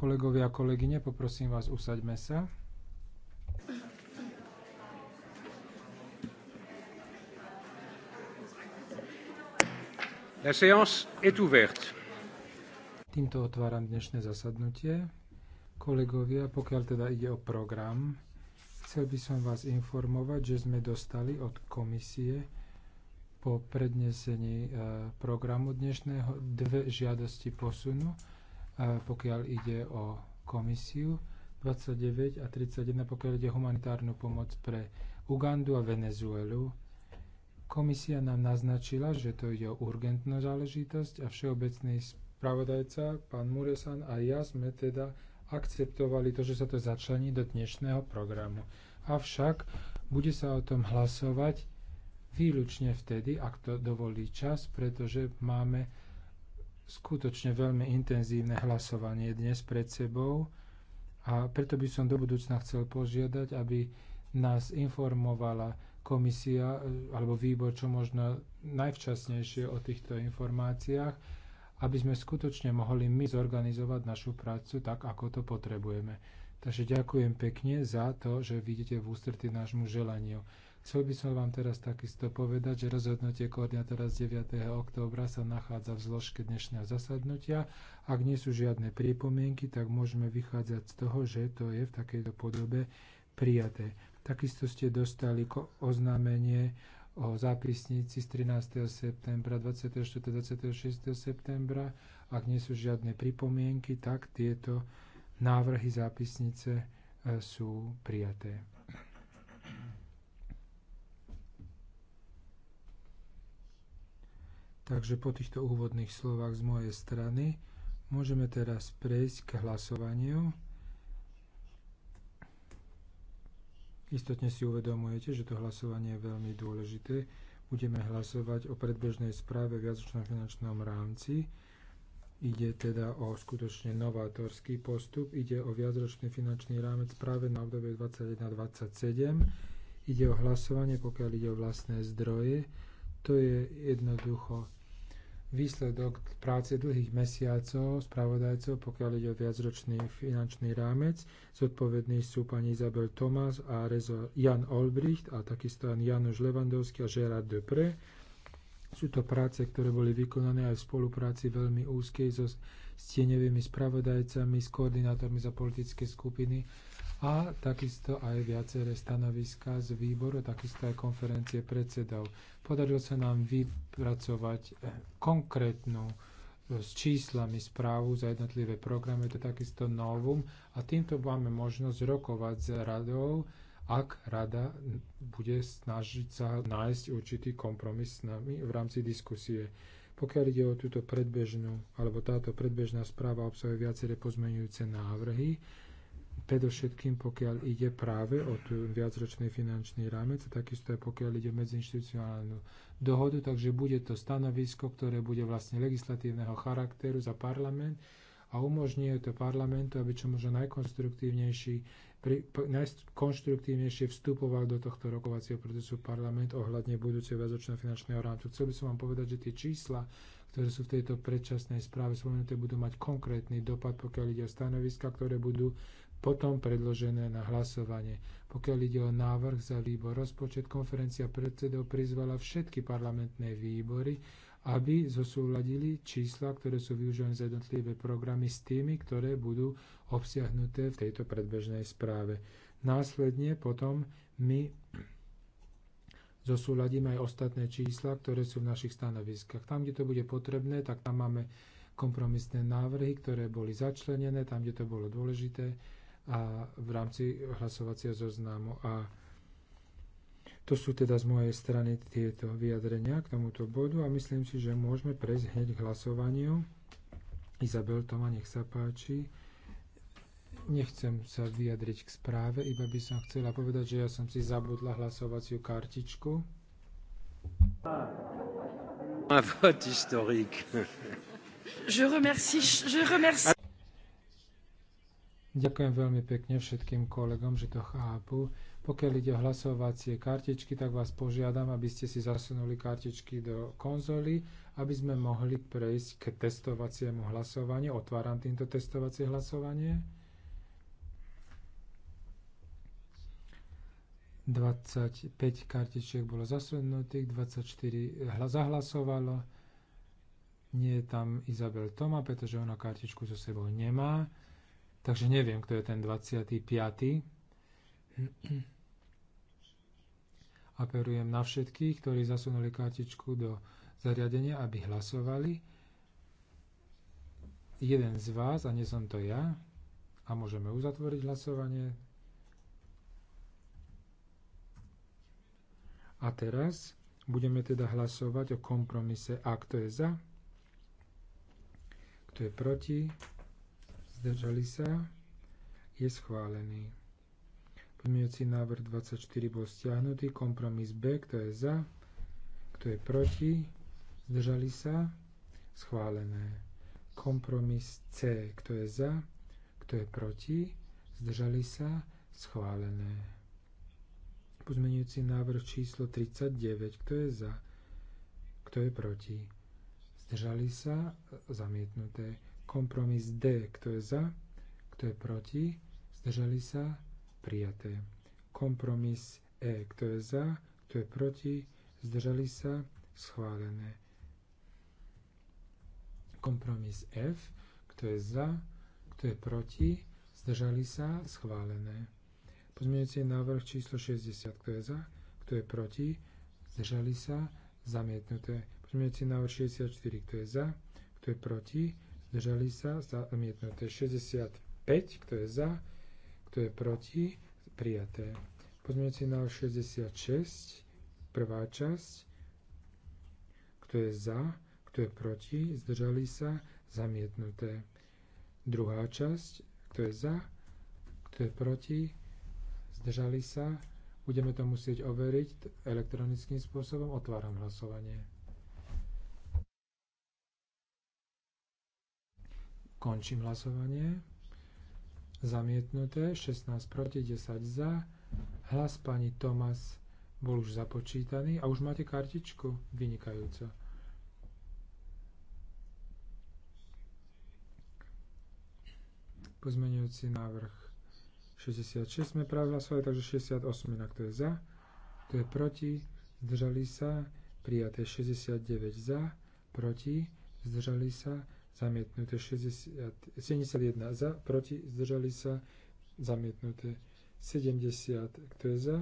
Kolegovia a kolegyne, poprosím vás, usaďme sa. La séance est ouverte. Týmto otváram dnešné zasadnutie. Kolegovia, pokiaľ teda ide o program, chcel by som vás informovať, že sme dostali od komisie po prednesení e, programu dnešného dve žiadosti posunu, e, pokiaľ ide o komisiu 29 a 31, pokiaľ ide o humanitárnu pomoc pre Ugandu a Venezuelu. Komisia nám naznačila, že to ide o urgentnú záležitosť a všeobecný spravodajca, pán Muresan a ja sme teda akceptovali to, že sa to začlení do dnešného programu. Avšak bude sa o tom hlasovať výlučne vtedy, ak to dovolí čas, pretože máme skutočne veľmi intenzívne hlasovanie dnes pred sebou a preto by som do budúcna chcel požiadať, aby nás informovala komisia e, alebo výbor čo možno najvčasnejšie o týchto informáciách, aby sme skutočne mohli my zorganizovať našu prácu tak, ako to potrebujeme. Takže ďakujem pekne za to, že vidíte v ústretí nášmu želaniu. Chcel by som vám teraz takisto povedať, že rozhodnutie koordinátora z 9. októbra sa nachádza v zložke dnešného zasadnutia. Ak nie sú žiadne pripomienky, tak môžeme vychádzať z toho, že to je v takejto podobe prijaté. Takisto ste dostali oznámenie o zápisnici z 13. septembra, 24. 26. septembra. Ak nie sú žiadne pripomienky, tak tieto návrhy zápisnice e, sú prijaté. Takže po týchto úvodných slovách z mojej strany môžeme teraz prejsť k hlasovaniu. Istotne si uvedomujete, že to hlasovanie je veľmi dôležité. Budeme hlasovať o predbežnej správe v jazyčnom finančnom rámci. Ide teda o skutočne novátorský postup, ide o viacročný finančný rámec práve na obdobie 21-27. Ide o hlasovanie, pokiaľ ide o vlastné zdroje. To je jednoducho výsledok práce dlhých mesiacov spravodajcov, pokiaľ ide o viacročný finančný rámec. Zodpovední sú pani Izabel Tomás a Rezo Jan Olbricht a takisto Janoš Levandovský a Gerard Depre. Sú to práce, ktoré boli vykonané aj v spolupráci veľmi úzkej so stieňovými spravodajcami, s koordinátormi za politické skupiny a takisto aj viaceré stanoviská z výboru, takisto aj konferencie predsedov. Podarilo sa nám vypracovať eh, konkrétnu eh, s číslami správu za jednotlivé programy, to takisto novum a týmto máme možnosť rokovať s radou, ak rada bude snažiť sa nájsť určitý kompromis s nami v rámci diskusie. Pokiaľ ide o túto predbežnú, alebo táto predbežná správa obsahuje viaceré pozmenujúce návrhy, predovšetkým pokiaľ ide práve o tú viacročný finančný rámec, a takisto aj pokiaľ ide o medziinstitucionálnu dohodu, takže bude to stanovisko, ktoré bude vlastne legislatívneho charakteru za parlament a umožňuje to parlamentu, aby čo možno najkonstruktívnejší pri, najkonštruktívnejšie vstupoval do tohto rokovacieho procesu parlament ohľadne budúceho viacročného finančného rámcu. Chcel by som vám povedať, že tie čísla, ktoré sú v tejto predčasnej správe spomenuté, budú mať konkrétny dopad, pokiaľ ide o stanoviska, ktoré budú potom predložené na hlasovanie. Pokiaľ ide o návrh za výbor rozpočet, konferencia predsedov prizvala všetky parlamentné výbory, aby zosúladili čísla, ktoré sú využívané za jednotlivé programy s tými, ktoré budú obsiahnuté v tejto predbežnej správe. Následne potom my zosúladíme aj ostatné čísla, ktoré sú v našich stanoviskách. Tam, kde to bude potrebné, tak tam máme kompromisné návrhy, ktoré boli začlenené, tam, kde to bolo dôležité a v rámci hlasovacieho zoznámu. A to sú teda z mojej strany tieto vyjadrenia k tomuto bodu a myslím si, že môžeme prejsť hneď k hlasovaniu. Izabel Toma, nech sa páči. Nechcem sa vyjadriť k správe, iba by som chcela povedať, že ja som si zabudla hlasovaciu kartičku. Un vote historique. Je remercie, je remercie. Ďakujem veľmi pekne všetkým kolegom, že to chápu. Pokiaľ ide o hlasovacie kartičky, tak vás požiadam, aby ste si zasunuli kartičky do konzoly, aby sme mohli prejsť k testovaciemu hlasovaniu. Otváram týmto testovacie hlasovanie. 25 kartičiek bolo zasunutých, 24 zahlasovalo. Nie je tam Izabel Toma, pretože ona kartičku so sebou nemá. Takže neviem, kto je ten 25. Aperujem na všetkých, ktorí zasunuli kartičku do zariadenia, aby hlasovali. Jeden z vás, a nie som to ja, a môžeme uzatvoriť hlasovanie. A teraz budeme teda hlasovať o kompromise A, kto je za, kto je proti, zdržali sa, je schválený. Pozmeňujúci návrh 24 bol stiahnutý, kompromis B, kto je za, kto je proti, zdržali sa, schválené. Kompromis C, kto je za, kto je proti, zdržali sa, schválené. Pozmeňujúci návrh číslo 39, kto je za, kto je proti, zdržali sa, zamietnuté. Kompromis D, kto je za, kto je proti, zdržali sa, prijaté. Kompromis E, kto je za, kto je proti, zdržali sa, schválené. Kompromis F, kto je za, kto je proti, zdržali sa, schválené. Pozmeňujúci návrh číslo 60, kto je za, kto je proti, zdržali sa, zamietnuté. Pozmeňujúci návrh 64, kto je za, kto je proti, zdržali sa, zamietnuté 65, kto je za, kto je proti, prijaté. Pozmeňujúci na 66, prvá časť, kto je za, kto je proti, zdržali sa, zamietnuté. Druhá časť, kto je za, kto je proti, zdržali sa, budeme to musieť overiť elektronickým spôsobom, otváram hlasovanie. Končím hlasovanie. Zamietnuté. 16 proti, 10 za. Hlas pani Tomas bol už započítaný. A už máte kartičku? Vynikajúco. Pozmeňujúci návrh 66 sme práve hlasovali, takže 68, na to je za, kto je proti, zdržali sa, prijaté 69 za, proti, zdržali sa, zamietnuté 60, 71 za, proti, zdržali sa, zamietnuté 70, kto je za,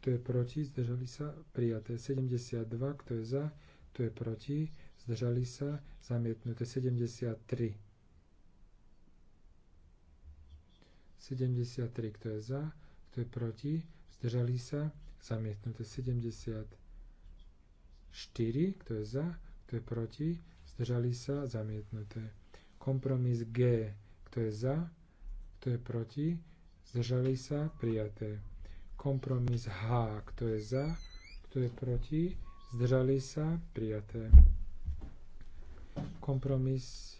kto je proti, zdržali sa, prijaté 72, kto je za, kto je proti, zdržali sa, zamietnuté 73. 73, kto je za, kto je proti, zdržali sa, zamietnuté 74, kto je za, kto je proti, zdržali sa, zamietnuté. Kompromis G, kto je za, kto je proti, zdržali sa, prijaté. Kompromis H, kto je za, kto je proti, zdržali sa, prijaté. Kompromis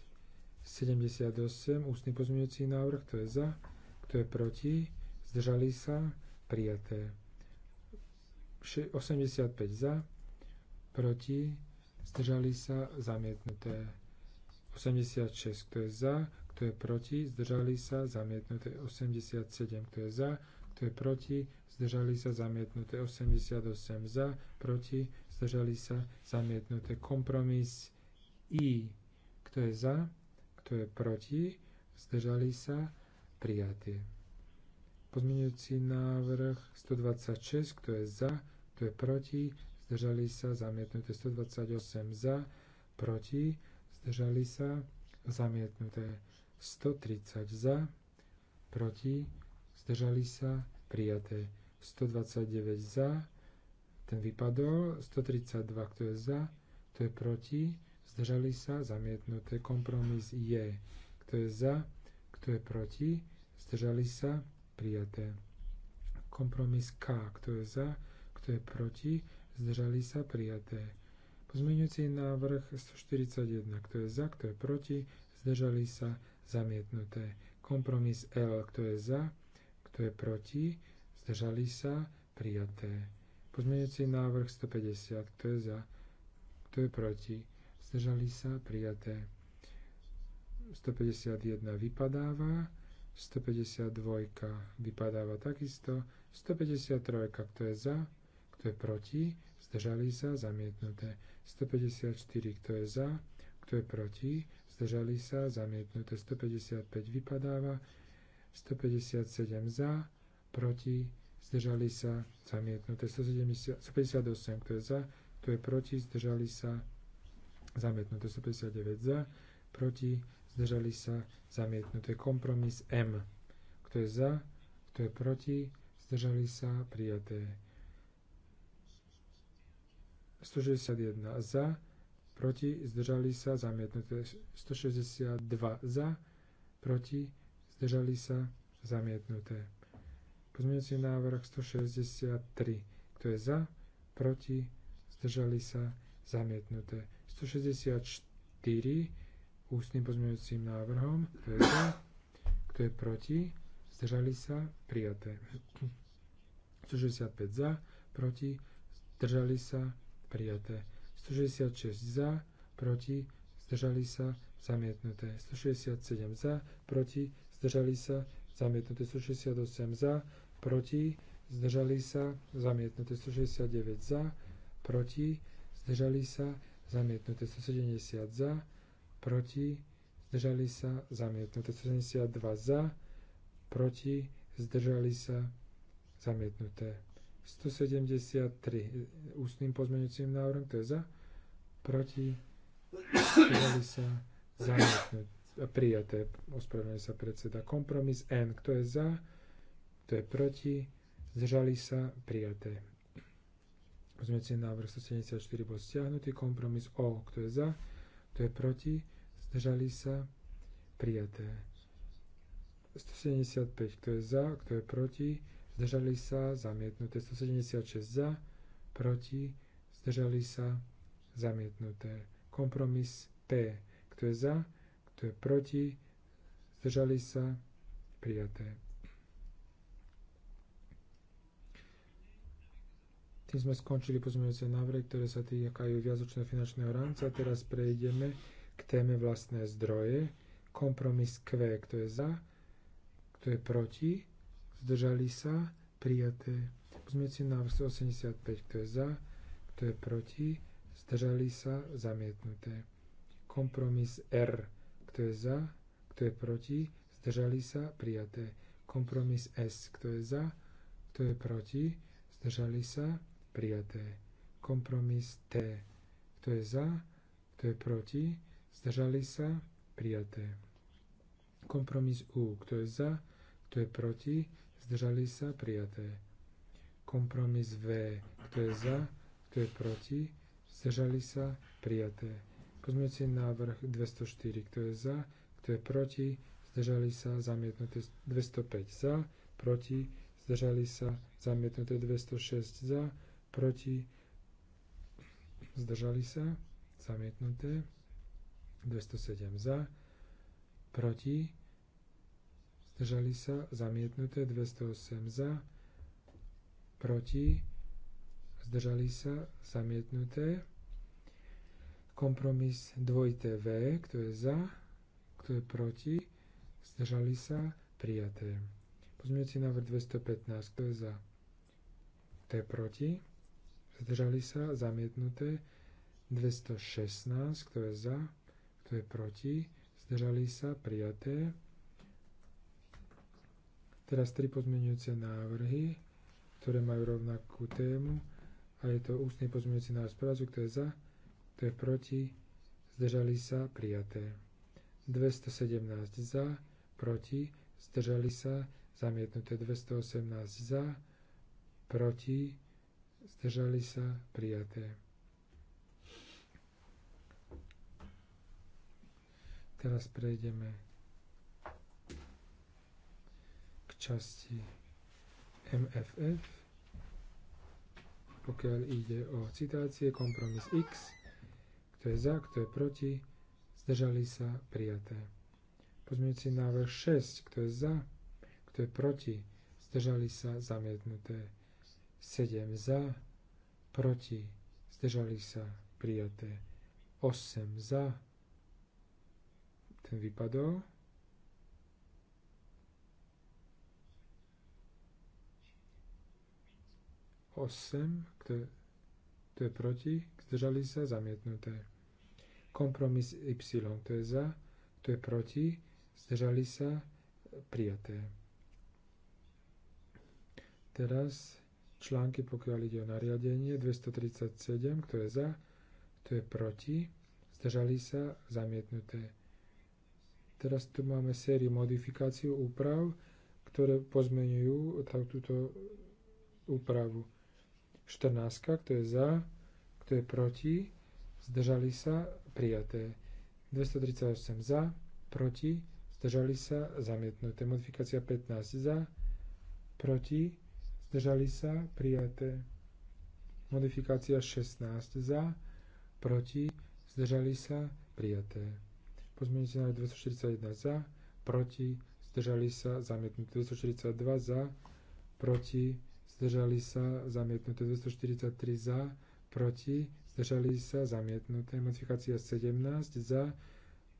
78, ústny pozmeňujúci návrh, kto je za, kto je proti, zdržali sa, prijaté. 85 za, proti, zdržali sa, zamietnuté. 86, kto je za, kto je proti, zdržali sa, zamietnuté. 87, kto je za, kto je proti, zdržali sa, zamietnuté. 88 za, proti, zdržali sa, zamietnuté. Kompromis I, kto je za, kto je proti, zdržali sa, prijatý. Pozmeňujúci návrh 126, kto je za, kto je proti, zdržali sa, zamietnuté 128 za, proti, zdržali sa, zamietnuté 130 za, proti, zdržali sa, prijaté 129 za, ten vypadol, 132, kto je za, kto je proti, zdržali sa, zamietnuté, kompromis je, kto je za, kto je proti, zdržali sa, prijaté. Kompromis K, kto je za, kto je proti, zdržali sa prijaté. Pozmeňujúci návrh 141, kto je za, kto je proti, zdržali sa zamietnuté. Kompromis L, kto je za, kto je proti, zdržali sa prijaté. Pozmeňujúci návrh 150, kto je za, kto je proti, zdržali sa prijaté. 151 vypadáva, 152 vypadáva takisto, 153 kto je za, kto je proti, zdržali sa, zamietnuté. 154, kto je za, kto je proti, zdržali sa, zamietnuté. 155 vypadáva, 157 za, proti, zdržali sa, zamietnuté. 170, 158, kto je za, kto je proti, zdržali sa, zamietnuté. 159 za, proti, zdržali sa, zamietnuté. Kompromis M. Kto je za, kto je proti, zdržali sa, prijaté. 161 za, proti, zdržali sa, zamietnuté 162 za, proti, zdržali sa, zamietnuté. Pozmeňujúci návrh 163, kto je za, proti, zdržali sa, zamietnuté. 164 ústnym pozmeňujúcim návrhom, kto je za, kto je proti, zdržali sa, prijaté. 165 za, proti, zdržali sa, prijaté. 166 za, proti, zdržali sa, zamietnuté. 167 za, proti, zdržali sa, zamietnuté. 168 za, proti, zdržali sa, zamietnuté. 169 za, proti, zdržali sa, zamietnuté. 170 za, proti, zdržali sa, zamietnuté. 172 za, proti, zdržali sa, zamietnuté. 173 ústnym pozmeňujúcim návrhom, to je za, proti, zdržali sa, zamietnúť, prijaté, ospravedlňuje sa predseda. Kompromis N, kto je za, kto je proti, zdržali sa, prijaté. Pozmeňujúci návrh 174 bol stiahnutý, kompromis O, kto je za, kto je proti, zdržali sa, prijaté. 175, kto je za, kto je proti, zdržali sa, zamietnuté 176 za, proti, zdržali sa, zamietnuté. Kompromis P, kto je za, kto je proti, zdržali sa, prijaté. Tým sme skončili pozmeňujúce návrhy, ktoré sa týkajú viazočného finančného rámca. Teraz prejdeme k téme vlastné zdroje. Kompromis Q, kto je za, kto je proti, zdržali sa, prijaté. Pozmeňujúci návrh 185, kto je za, kto je proti, zdržali sa, zamietnuté. Kompromis R, kto je za, kto je proti, zdržali sa, prijaté. Kompromis S, kto je za, kto je proti, zdržali sa, prijaté. Kompromis T, kto je za, kto je proti, zdržali sa, prijaté. Kompromis U, kto je za, kto je proti, zdržali sa, prijaté. Kompromis V, kto je za, kto je proti, zdržali sa, prijaté. Pozmeňujúci návrh 204, kto je za, kto je proti, zdržali sa, zamietnuté 205 za, proti, zdržali sa, zamietnuté 206 za, proti, zdržali sa, zamietnuté 207 za, proti, zdržali sa, zamietnuté 208 za, proti, zdržali sa, zamietnuté. Kompromis dvojité V, kto je za, kto je proti, zdržali sa, prijaté. Pozmeňujúci návrh 215, kto je za, kto je proti, zdržali sa, zamietnuté. 216, kto je za, kto je proti, zdržali sa, prijaté. Teraz tri pozmeňujúce návrhy, ktoré majú rovnakú tému a je to ústny pozmeňujúci návrh sprazu, kto je za, kto je proti, zdržali sa, prijaté. 217 za, proti, zdržali sa, zamietnuté 218 za, proti, zdržali sa, prijaté. Teraz prejdeme časti MFF, pokiaľ ide o citácie, kompromis X, kto je za, kto je proti, zdržali sa, prijaté. Pozmeňujúci návrh 6, kto je za, kto je proti, zdržali sa, zamietnuté. 7 za, proti, zdržali sa, prijaté. 8 za, ten vypadol. 8, kto, kto je proti, zdržali sa, zamietnuté. Kompromis Y, kto je za, kto je proti, zdržali sa, prijaté. Teraz články, pokiaľ ide o nariadenie 237, kto je za, kto je proti, zdržali sa, zamietnuté. Teraz tu máme sériu modifikácií úprav, ktoré pozmenujú túto úpravu. 14, kto je za, kto je proti, zdržali sa, prijaté. 238 za, proti, zdržali sa, zamietnuté. Modifikácia 15 za, proti, zdržali sa, prijaté. Modifikácia 16 za, proti, zdržali sa, prijaté. Pozmeňujúci na 241 za, proti, zdržali sa, zamietnuté. 242 za, proti, zdržali sa, zamietnuté 243 za, proti, zdržali sa, zamietnuté, modifikácia 17 za,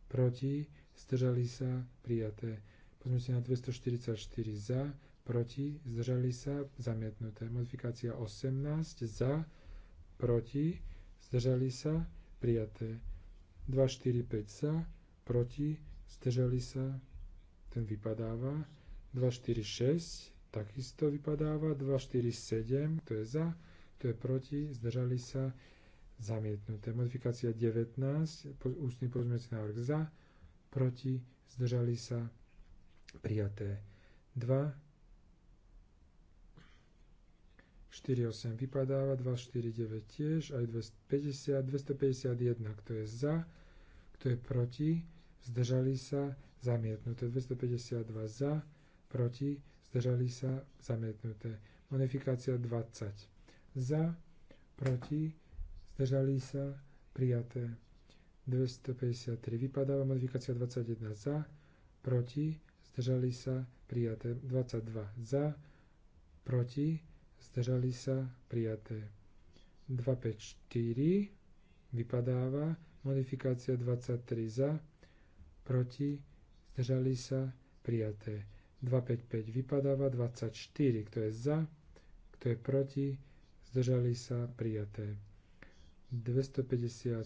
proti, zdržali sa, prijaté. Pozmite na 244 za, proti, zdržali sa, zamietnuté. Modifikácia 18 za, proti, zdržali sa, prijaté. 245 za, proti, zdržali sa, ten vypadáva. 246 takisto vypadáva 247, kto je za, kto je proti, zdržali sa, zamietnuté. Modifikácia 19, ústny pozmeňujúci návrh za, proti, zdržali sa, prijaté. 2, 8, vypadáva, 249 tiež, aj 250, 251, kto je za, kto je proti, zdržali sa, zamietnuté. 252 za, proti, zdržali sa, zamietnuté. Modifikácia 20. Za, proti, zdržali sa, prijaté. 253 vypadáva, modifikácia 21 za, proti, zdržali sa, prijaté. 22 za, proti, zdržali sa, prijaté. 254 vypadáva, modifikácia 23 za, proti, zdržali sa, prijaté. 255 vypadáva, 24, kto je za, kto je proti, zdržali sa prijaté. 256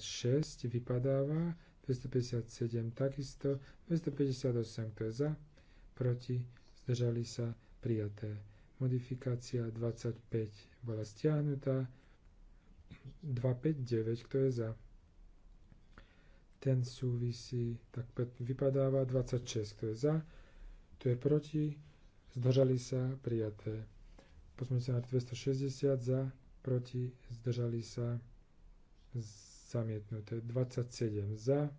vypadáva, 257 takisto, 258 kto je za, proti, zdržali sa prijaté. Modifikácia 25 bola stiahnutá, 259 kto je za. Ten súvisí, tak vypadáva 26 kto je za, kto je proti? Zdržali sa? Prijaté. sa na 260 za, proti, zdržali sa, zamietnuté. 27 za,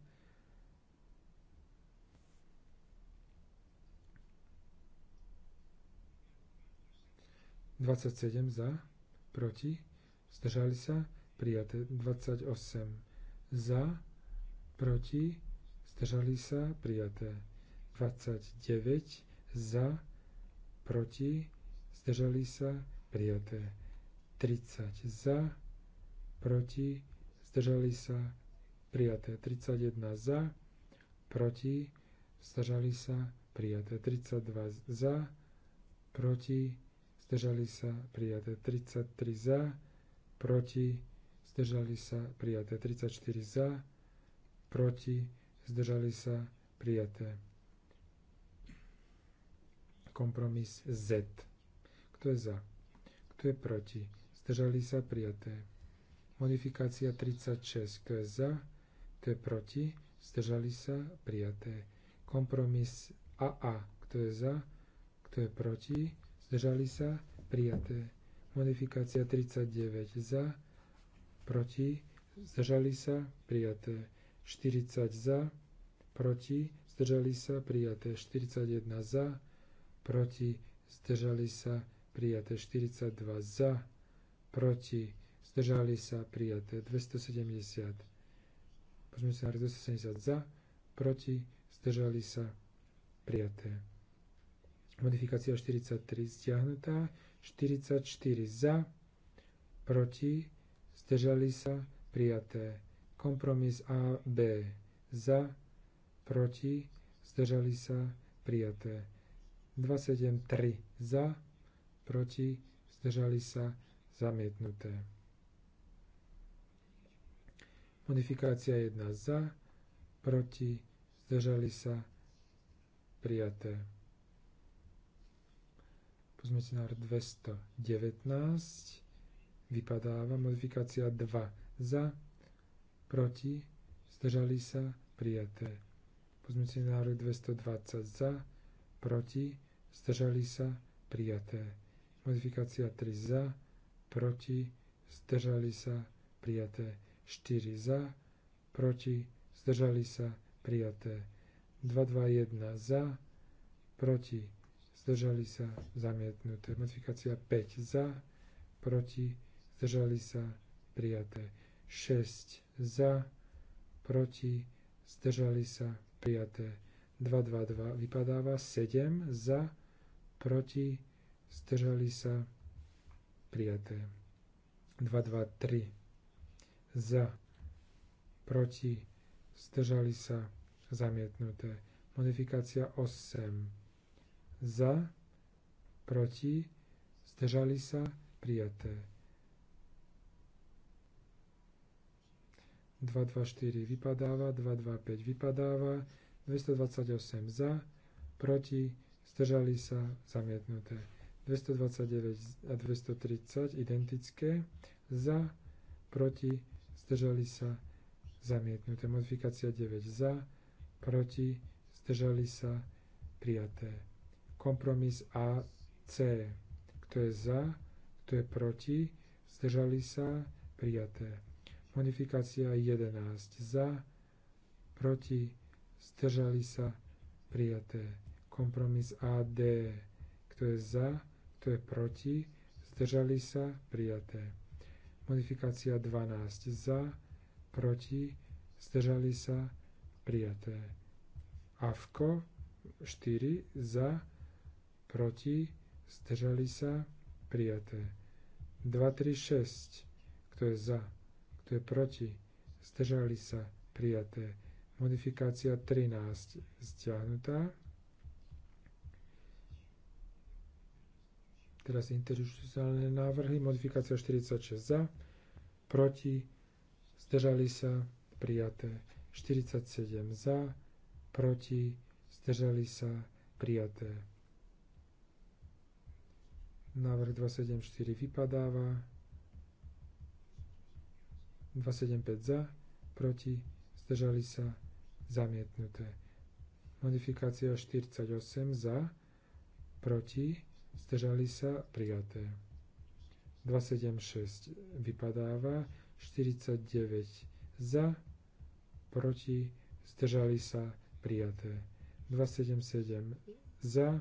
Dvadsaťsedem za, proti, zdržali sa, prijaté. osem za, proti, zdržali sa, prijaté. 29 za, proti, zdržali sa, prijaté. 30 za, proti, zdržali sa, prijaté. 31 za, proti, zdržali sa, prijaté. 32 za, proti, zdržali sa, prijaté. 33 za, proti, zdržali sa, prijaté. 34 za, proti, zdržali sa, prijaté. Kompromis Z. Kto je za? Kto je proti? Zdržali sa prijaté. Modifikácia 36. Kto je za? Kto je proti? Zdržali sa prijaté. Kompromis AA. Kto je za? Kto je proti? Zdržali sa prijaté. Modifikácia 39. Za? Proti? Zdržali sa prijaté. 40 za, proti, zdržali sa prijaté. 41 za, proti, zdržali sa, prijaté 42 za, proti, zdržali sa, prijaté 270. Pozme sa 270 za, proti, zdržali sa, prijaté. Modifikácia 43 stiahnutá, 44 za, proti, zdržali sa, prijaté. Kompromis A, B, za, proti, zdržali sa, prijaté. 273 za, proti, zdržali sa, zamietnuté. Modifikácia 1 za, proti, zdržali sa, prijaté. Pozmite návrh 219, vypadáva, modifikácia 2 za, proti, zdržali sa, prijaté. Pozmite návrh 220 za, proti, zdržali sa, prijaté. Modifikácia 3 za, proti, zdržali sa, prijaté. 4 za, proti, zdržali sa, prijaté. 1 za, proti, zdržali sa, zamietnuté. Modifikácia 5 za, proti, zdržali sa, prijaté. 6 za, proti, zdržali sa, prijaté. 2, 2, 2 vypadáva, 7 za, proti, zdržali sa, prijaté. 2, 2, 3 za, proti, zdržali sa, zamietnuté. Modifikácia 8 za, proti, zdržali sa, prijaté. 2, 2, 4 vypadáva, 2, 2, 5 vypadáva, 228 za, proti, zdržali sa, zamietnuté. 229 a 230 identické, za, proti, zdržali sa, zamietnuté. Modifikácia 9 za, proti, zdržali sa, prijaté. Kompromis A, C. Kto je za, kto je proti, zdržali sa, prijaté. Modifikácia 11 za, proti, zdržali sa, prijaté. Kompromis AD, kto je za, kto je proti, zdržali sa, prijaté. Modifikácia 12 za, proti, zdržali sa, prijaté. AVKO 4 za, proti, zdržali sa, prijaté. 236, kto je za, kto je proti, zdržali sa, prijaté. Modifikácia 13 stiahnutá. Teraz interinstitucionálne návrhy. Modifikácia 46 za, proti, zdržali sa, prijaté. 47 za, proti, zdržali sa, prijaté. Návrh 274 vypadáva. 275 za, proti, zdržali sa, prijaté zamietnuté. Modifikácia 48 za, proti, zdržali sa, prijaté. 276 vypadáva, 49 za, proti, zdržali sa, prijaté. 277 za,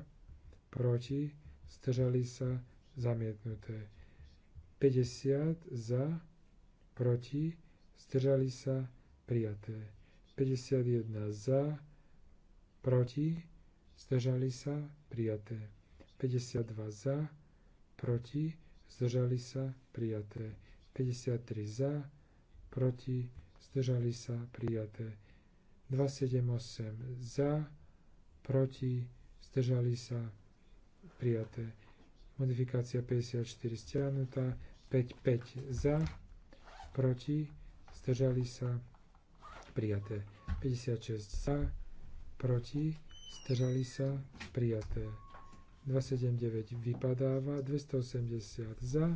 proti, zdržali sa, zamietnuté. 50 za, proti, zdržali sa, prijaté. 51 za, proti, zdržali sa, prijaté. 52 za, proti, zdržali sa, prijaté. 53 za, proti, zdržali sa, prijaté. 278 za, proti, zdržali sa, prijaté. Modifikácia 54 stiahnutá, 55 za, proti, zdržali sa, prijaté prijaté. 56 za, proti, zdržali sa, prijaté. 279 vypadáva, 280 za,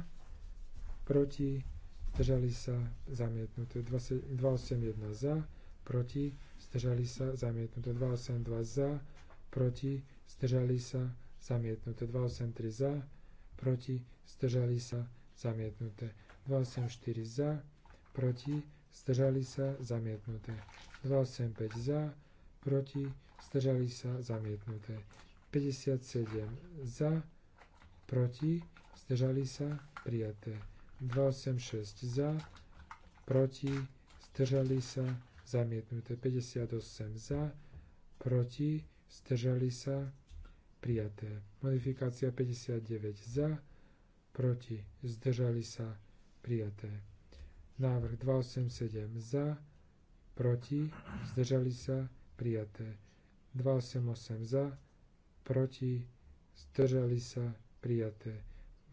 proti, zdržali sa, zamietnuté. 281 za, proti, zdržali sa, zamietnuté. 282 za, proti, zdržali sa, zamietnuté. 283 za, proti, zdržali sa, zamietnuté. 284 za, proti, zdržali sa, zamietnuté. 285 za, proti, zdržali sa, zamietnuté. 57 za, proti, zdržali sa, prijaté. 286 za, proti, zdržali sa, zamietnuté. 58 za, proti, zdržali sa, prijaté. Modifikácia 59 za, proti, zdržali sa, prijaté. Návrh 287 za, proti, zdržali sa, prijaté. 288 za, proti, zdržali sa, prijaté.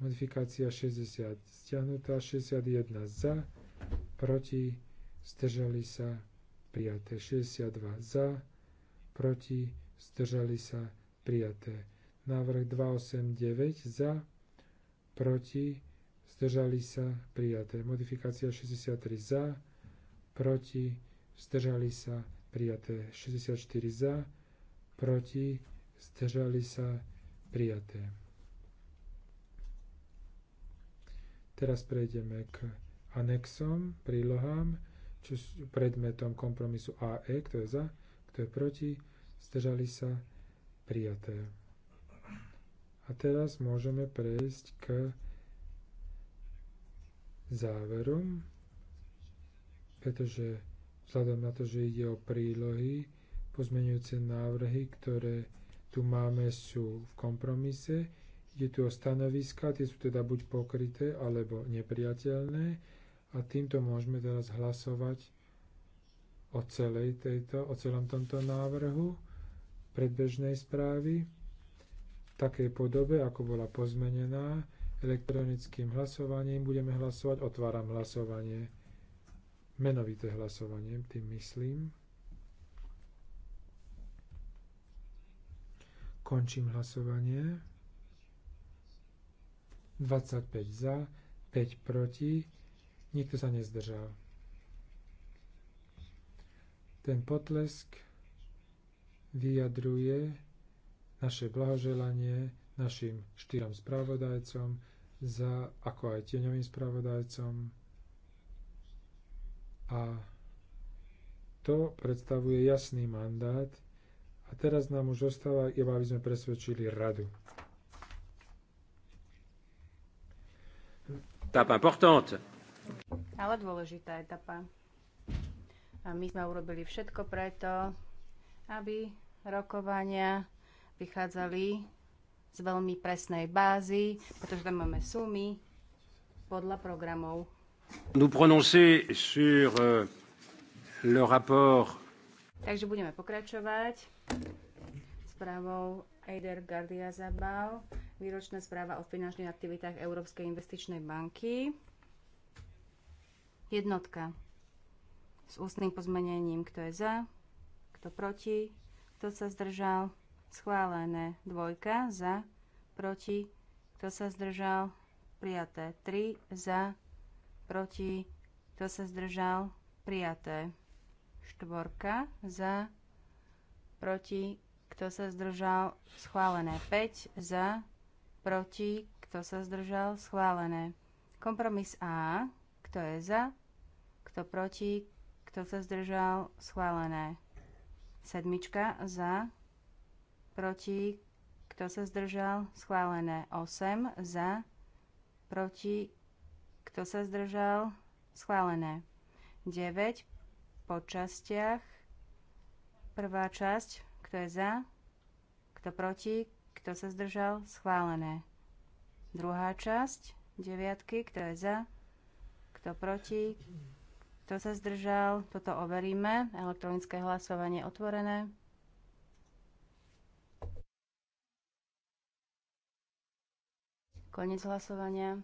Modifikácia 60 stiahnutá, 61 za, proti, zdržali sa, prijaté. 62 za, proti, zdržali sa, prijaté. Návrh 289 za, proti, zdržali sa, prijaté. Modifikácia 63 za, proti, zdržali sa, prijaté. 64 za, proti, zdržali sa, prijaté. Teraz prejdeme k anexom, prílohám, čo sú predmetom kompromisu AE, kto je za, kto je proti, zdržali sa, prijaté. A teraz môžeme prejsť k záverom, pretože vzhľadom na to, že ide o prílohy, pozmeňujúce návrhy, ktoré tu máme, sú v kompromise. Ide tu o stanoviska, tie sú teda buď pokryté, alebo nepriateľné. A týmto môžeme teraz hlasovať o, celej tejto, o celom tomto návrhu predbežnej správy v takej podobe, ako bola pozmenená elektronickým hlasovaním. Budeme hlasovať, otváram hlasovanie, menovité hlasovanie, tým myslím. Končím hlasovanie. 25 za, 5 proti, nikto sa nezdržal. Ten potlesk vyjadruje naše blahoželanie našim štyrom spravodajcom, za, ako aj tieňovým spravodajcom. A to predstavuje jasný mandát a teraz nám už ostáva, iba, aby sme presvedčili radu. Etapa importante. Ale dôležitá etapa. A my sme urobili všetko preto, aby rokovania vychádzali z veľmi presnej bázy, pretože tam máme sumy podľa programov. Nous prononcer sur euh, le rapport. Takže budeme pokračovať správou Eider Gardia Zabal, výročná správa o finančných aktivitách Európskej investičnej banky. Jednotka s ústnym pozmenením, kto je za, kto proti, kto sa zdržal, schválené. Dvojka za, proti, kto sa zdržal, prijaté. 3 za, proti, kto sa zdržal, prijaté. Štvorka za, proti, kto sa zdržal, schválené. 5 za, proti, kto sa zdržal, schválené. Kompromis A, kto je za, kto proti, kto sa zdržal, schválené. Sedmička za, proti, kto sa zdržal, schválené 8 za, proti, kto sa zdržal, schválené 9 po častiach, prvá časť, kto je za, kto proti, kto sa zdržal, schválené. Druhá časť, deviatky, kto je za, kto proti, kto sa zdržal, toto overíme, elektronické hlasovanie otvorené. Koniec hlasovania.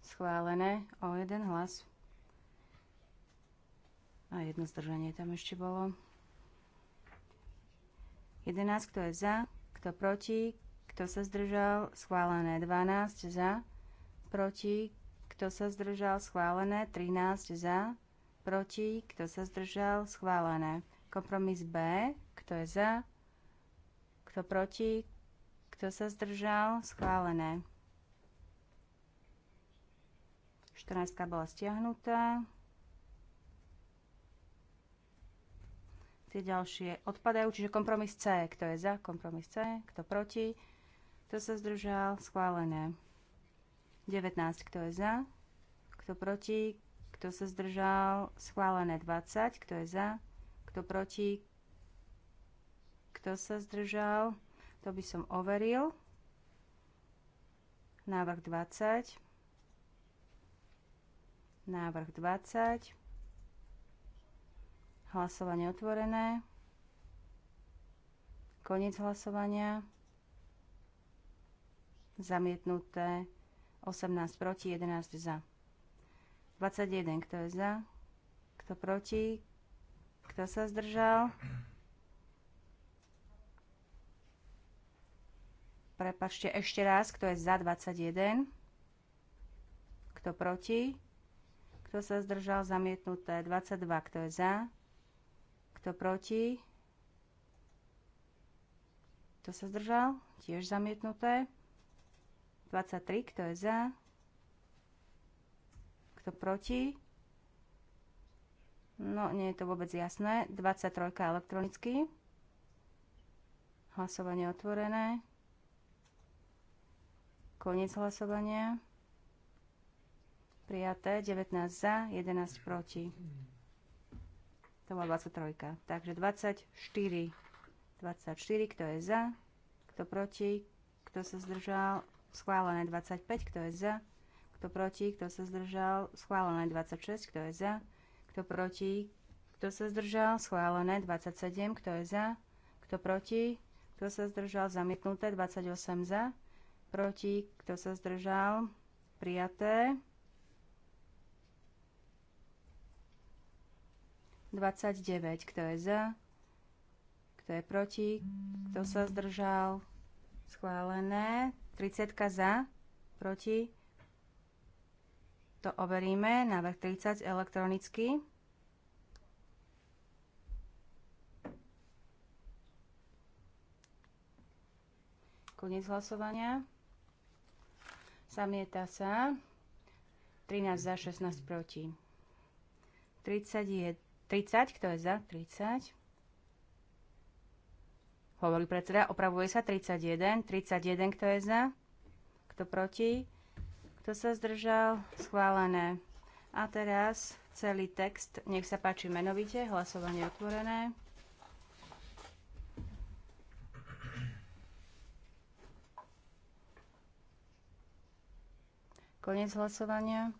Schválené o jeden hlas. A jedno zdržanie tam ešte bolo. 11, kto je za, kto proti, kto sa zdržal, schválené 12 za, proti, kto sa zdržal, schválené 13 za, proti, kto sa zdržal, schválené. Kompromis B, kto je za, kto proti, kto sa zdržal? Schválené. 14 bola stiahnutá. Tie ďalšie odpadajú, čiže kompromis C. Kto je za? Kompromis C. Kto proti? Kto sa zdržal? Schválené. 19. Kto je za? Kto proti? Kto sa zdržal? Schválené 20. Kto je za? Kto proti? Kto sa zdržal? To by som overil. Návrh 20. Návrh 20. Hlasovanie otvorené. Koniec hlasovania. Zamietnuté. 18 proti, 11 za. 21. Kto je za? Kto proti? Kto sa zdržal? Prepačte ešte raz, kto je za 21. Kto proti? Kto sa zdržal? Zamietnuté 22. Kto je za? Kto proti? Kto sa zdržal? Tiež zamietnuté. 23. Kto je za? Kto proti? No, nie je to vôbec jasné. 23. elektronicky. Hlasovanie otvorené. Koniec hlasovania. Prijaté. 19 za, 11 proti. To bola 23. Takže 24. 24, kto je za, kto proti, kto sa zdržal. Schválené 25, kto je za, kto proti, kto sa zdržal. Schválené 26, kto je za, kto proti, kto sa zdržal. Schválené 27, kto je za, kto proti, kto sa zdržal. Zamietnuté 28 za, proti, kto sa zdržal, prijaté. 29, kto je za, kto je proti, kto sa zdržal, schválené. 30 za, proti, to overíme, návrh 30 elektronicky. Koniec hlasovania. Zamieta sa. 13 za, 16 proti. 30 je... 30, kto je za? 30. Hovorí predseda, opravuje sa 31. 31, kto je za? Kto proti? Kto sa zdržal? Schválené. A teraz celý text, nech sa páči menovite, hlasovanie otvorené. Koniec hlasovania.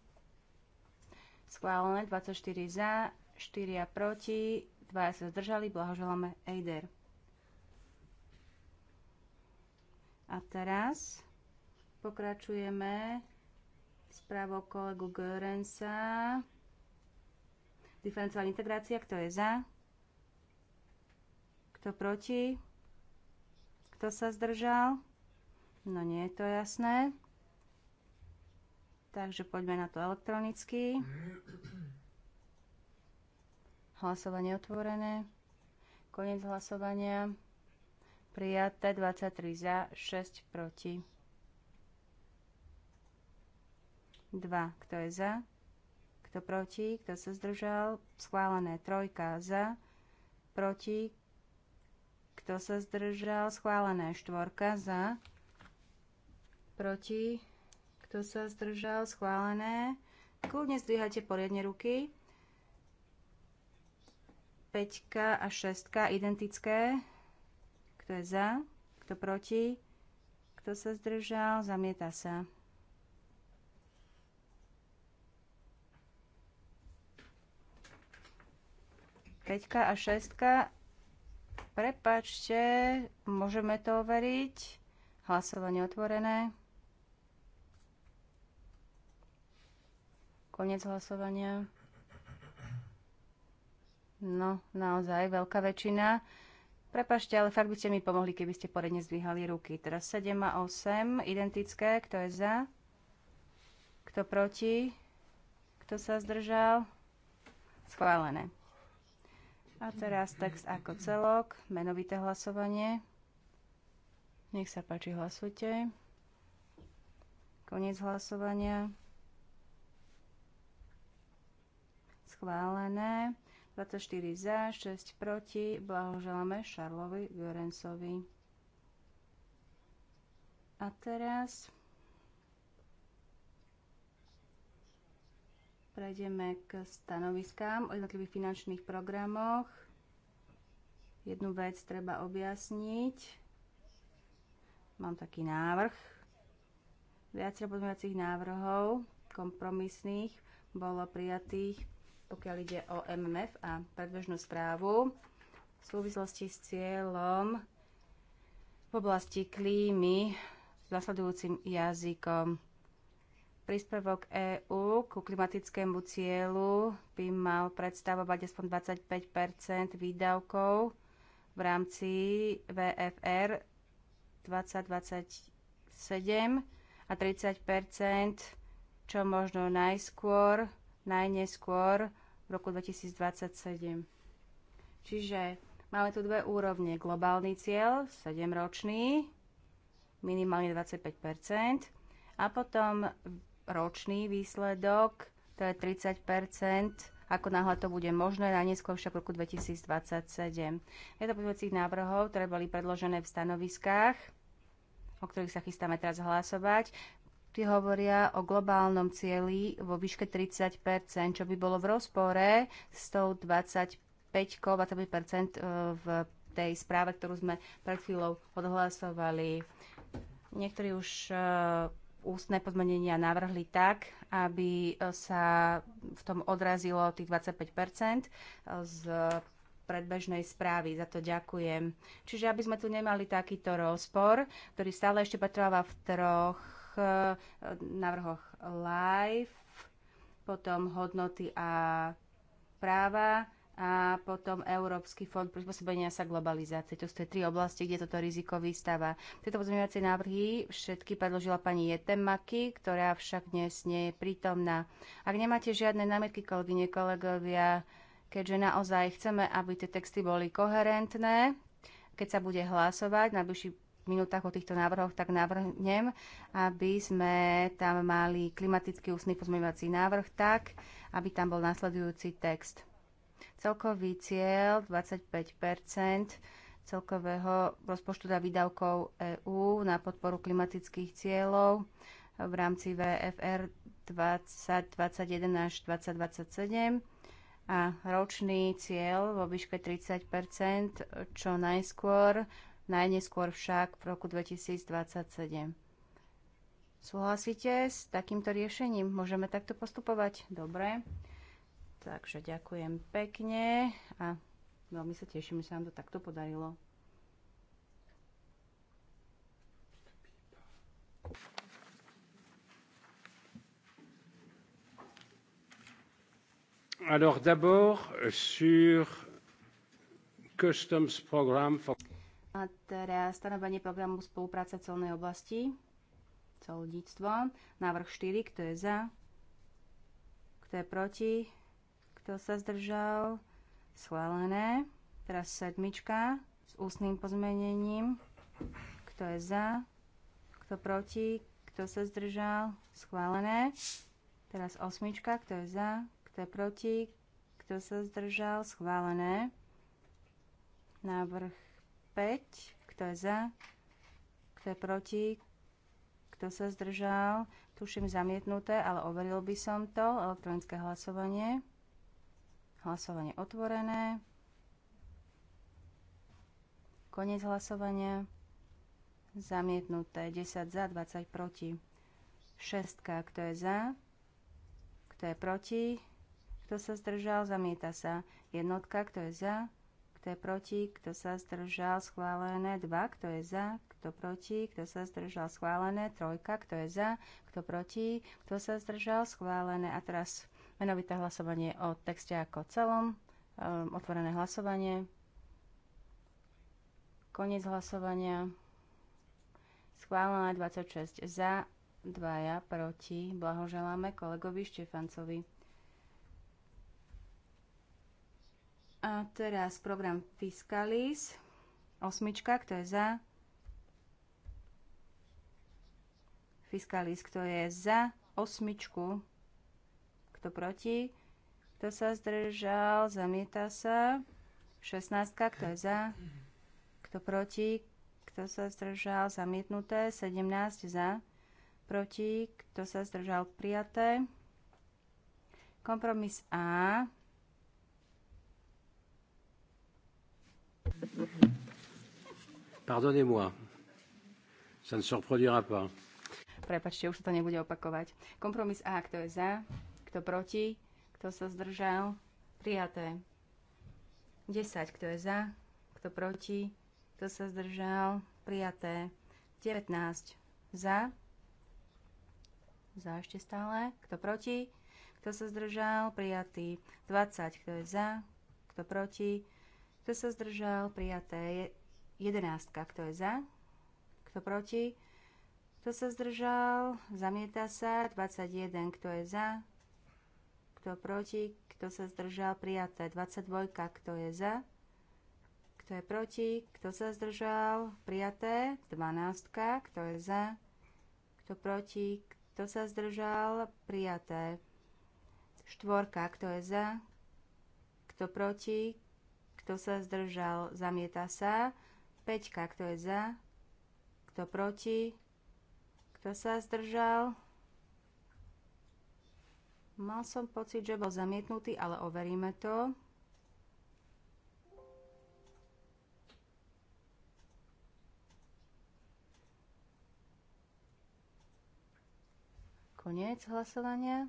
Schválené 24 za, 4 proti, 2 sa zdržali. Blahoželáme Eider. A teraz pokračujeme správou kolegu Görensa. Diferenciálna integrácia, kto je za? Kto proti? Kto sa zdržal? No nie je to jasné. Takže poďme na to elektronicky. Hlasovanie otvorené. Koniec hlasovania. Prijaté 23 za, 6 proti. 2. Kto je za? Kto proti? Kto sa zdržal? Schválené. Trojka za, proti. Kto sa zdržal? Schválené. Štvorka za, proti kto sa zdržal? Schválené. Kľudne zdvíhajte poriadne ruky. 5 a 6 identické. Kto je za? Kto proti? Kto sa zdržal? Zamieta sa. Peťka a šestka. Prepačte, môžeme to overiť. Hlasovanie otvorené. Konec hlasovania. No, naozaj, veľká väčšina. Prepašte, ale fakt by ste mi pomohli, keby ste poradne zdvíhali ruky. Teraz 7 a 8, identické. Kto je za? Kto proti? Kto sa zdržal? Schválené. A teraz text ako celok, menovité hlasovanie. Nech sa páči, hlasujte. Koniec hlasovania. schválené. 24 za, 6 proti. Blahoželáme Šarlovi Görensovi. A teraz prejdeme k stanoviskám o jednotlivých finančných programoch. Jednu vec treba objasniť. Mám taký návrh. Viacero pozmeňovacích návrhov kompromisných bolo prijatých pokiaľ ide o MMF a predbežnú správu v súvislosti s cieľom v oblasti klímy s nasledujúcim jazykom. Príspevok EÚ ku klimatickému cieľu by mal predstavovať aspoň 25 výdavkov v rámci VFR 2027 a 30 čo možno najskôr najneskôr v roku 2027. Čiže máme tu dve úrovne. Globálny cieľ, 7-ročný, minimálne 25 a potom ročný výsledok, to je 30 ako náhle to bude možné, najneskôr však v roku 2027. Je to pozvedcích návrhov, ktoré boli predložené v stanoviskách, o ktorých sa chystáme teraz hlasovať. Tí hovoria o globálnom cieli vo výške 30 čo by bolo v rozpore s tou 25 e, v tej správe, ktorú sme pred chvíľou odhlasovali. Niektorí už e, ústne pozmenenia navrhli tak, aby e, sa v tom odrazilo tých 25 z predbežnej správy. Za to ďakujem. Čiže aby sme tu nemali takýto rozpor, ktorý stále ešte patrova v troch Eh, návrhoch live, potom hodnoty a práva a potom Európsky fond prispôsobenia sa globalizácie. To sú tie tri oblasti, kde toto riziko vystáva. Tieto pozmeňovacie návrhy všetky predložila pani Jetemaky, ktorá však dnes nie je prítomná. Ak nemáte žiadne námietky, kolegyne, kolegovia, keďže naozaj chceme, aby tie texty boli koherentné, keď sa bude hlasovať na bližší minútach o týchto návrhoch, tak navrhnem, aby sme tam mali klimatický ústny pozmeňovací návrh tak, aby tam bol nasledujúci text. Celkový cieľ 25 celkového rozpočtu a výdavkov EÚ na podporu klimatických cieľov v rámci VFR 2021 až 2027 a ročný cieľ vo výške 30 čo najskôr najneskôr však v roku 2027. Súhlasíte s takýmto riešením? Môžeme takto postupovať? Dobre. Takže ďakujem pekne a veľmi sa teším, že sa nám to takto podarilo. Alors d'abord sur Customs Programme for a teraz stanovenie programu spolupráce v celnej oblasti, colníctvo, návrh 4, kto je za, kto je proti, kto sa zdržal, schválené. Teraz sedmička s ústnym pozmenením, kto je za, kto proti, kto sa zdržal, schválené. Teraz osmička, kto je za, kto je proti, kto sa zdržal, schválené. Návrh 5. Kto je za? Kto je proti? Kto sa zdržal? Tuším zamietnuté, ale overil by som to. Elektronické hlasovanie. Hlasovanie otvorené. Konec hlasovania. Zamietnuté. 10 za, 20 proti. 6. Kto je za? Kto je proti? Kto sa zdržal? Zamieta sa. Jednotka. Kto je za? kto je proti, kto sa zdržal, schválené 2, kto je za, kto proti, kto sa zdržal, schválené 3, kto je za, kto proti, kto sa zdržal, schválené. A teraz menovité hlasovanie o texte ako celom, um, otvorené hlasovanie, koniec hlasovania, schválené 26 za, 2 proti. Blahoželáme kolegovi Štefancovi. A teraz program Fiscalis. Osmička, kto je za? Fiscalis, kto je za osmičku? Kto proti? Kto sa zdržal? Zamieta sa. Šestnáctka, kto je za? Kto proti? Kto sa zdržal? Zamietnuté. Sedemnáct, za. Proti? Kto sa zdržal? Prijaté. Kompromis A. Pardonnez-moi, ça ne se reproduira pas. Prepačte, už sa to nebude opakovať. Kompromis A, kto je za, kto proti, kto sa zdržal, prijaté. 10, kto je za, kto proti, kto sa zdržal, prijaté. 19, za, za ešte stále, kto proti, kto sa zdržal, prijatý. 20, kto je za, kto proti, kto sa zdržal? Prijaté. 11. Kto je za? Kto proti? Kto sa zdržal? Zamieta sa. 21. Kto je za? Kto proti? Kto sa zdržal? Prijaté. 22. Kto je za? Kto je proti? Kto sa zdržal? Prijaté. 12. Kto je za? Kto proti? Kto sa zdržal? Prijaté. Štvorka. Kto je za? Kto proti? kto sa zdržal, zamieta sa. Peťka, kto je za, kto proti, kto sa zdržal. Mal som pocit, že bol zamietnutý, ale overíme to. Koniec hlasovania.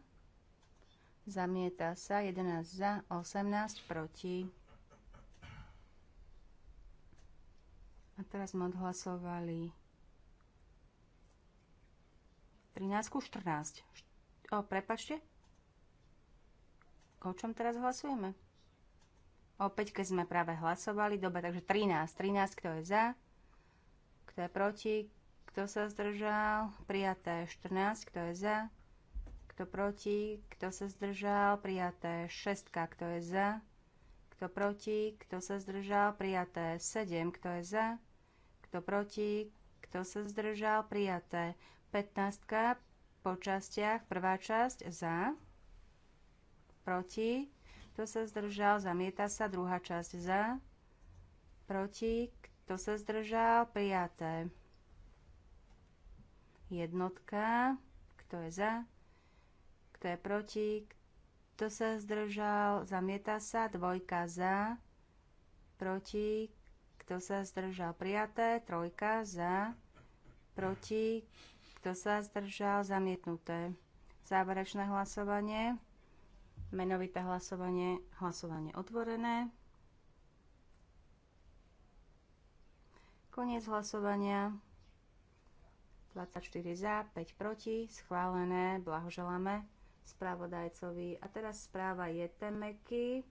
Zamieta sa 11 za, 18 proti. A teraz sme odhlasovali 13 ku 14. O, prepačte. O čom teraz hlasujeme? Opäť, keď sme práve hlasovali. Dobre, takže 13. 13, kto je za? Kto je proti? Kto sa zdržal? Prijaté 14, kto je za? Kto proti? Kto sa zdržal? Prijaté 6, kto je za? Kto proti? Kto sa zdržal? Prijaté. 7. Kto je za? Kto proti? Kto sa zdržal? Prijaté. 15. Po častiach. Prvá časť. Za. Proti. Kto sa zdržal? Zamieta sa. Druhá časť. Za. Proti. Kto sa zdržal? Prijaté. Jednotka. Kto je za? Kto je proti? Kto sa zdržal? Zamieta sa. Dvojka za. Proti. Kto sa zdržal? Prijaté. Trojka za. Proti. Kto sa zdržal? Zamietnuté. Záverečné hlasovanie. Menovité hlasovanie. Hlasovanie otvorené. Koniec hlasovania. 24 za, 5 proti, schválené, blahoželáme spravodajcovi. A teraz správa je Temeky,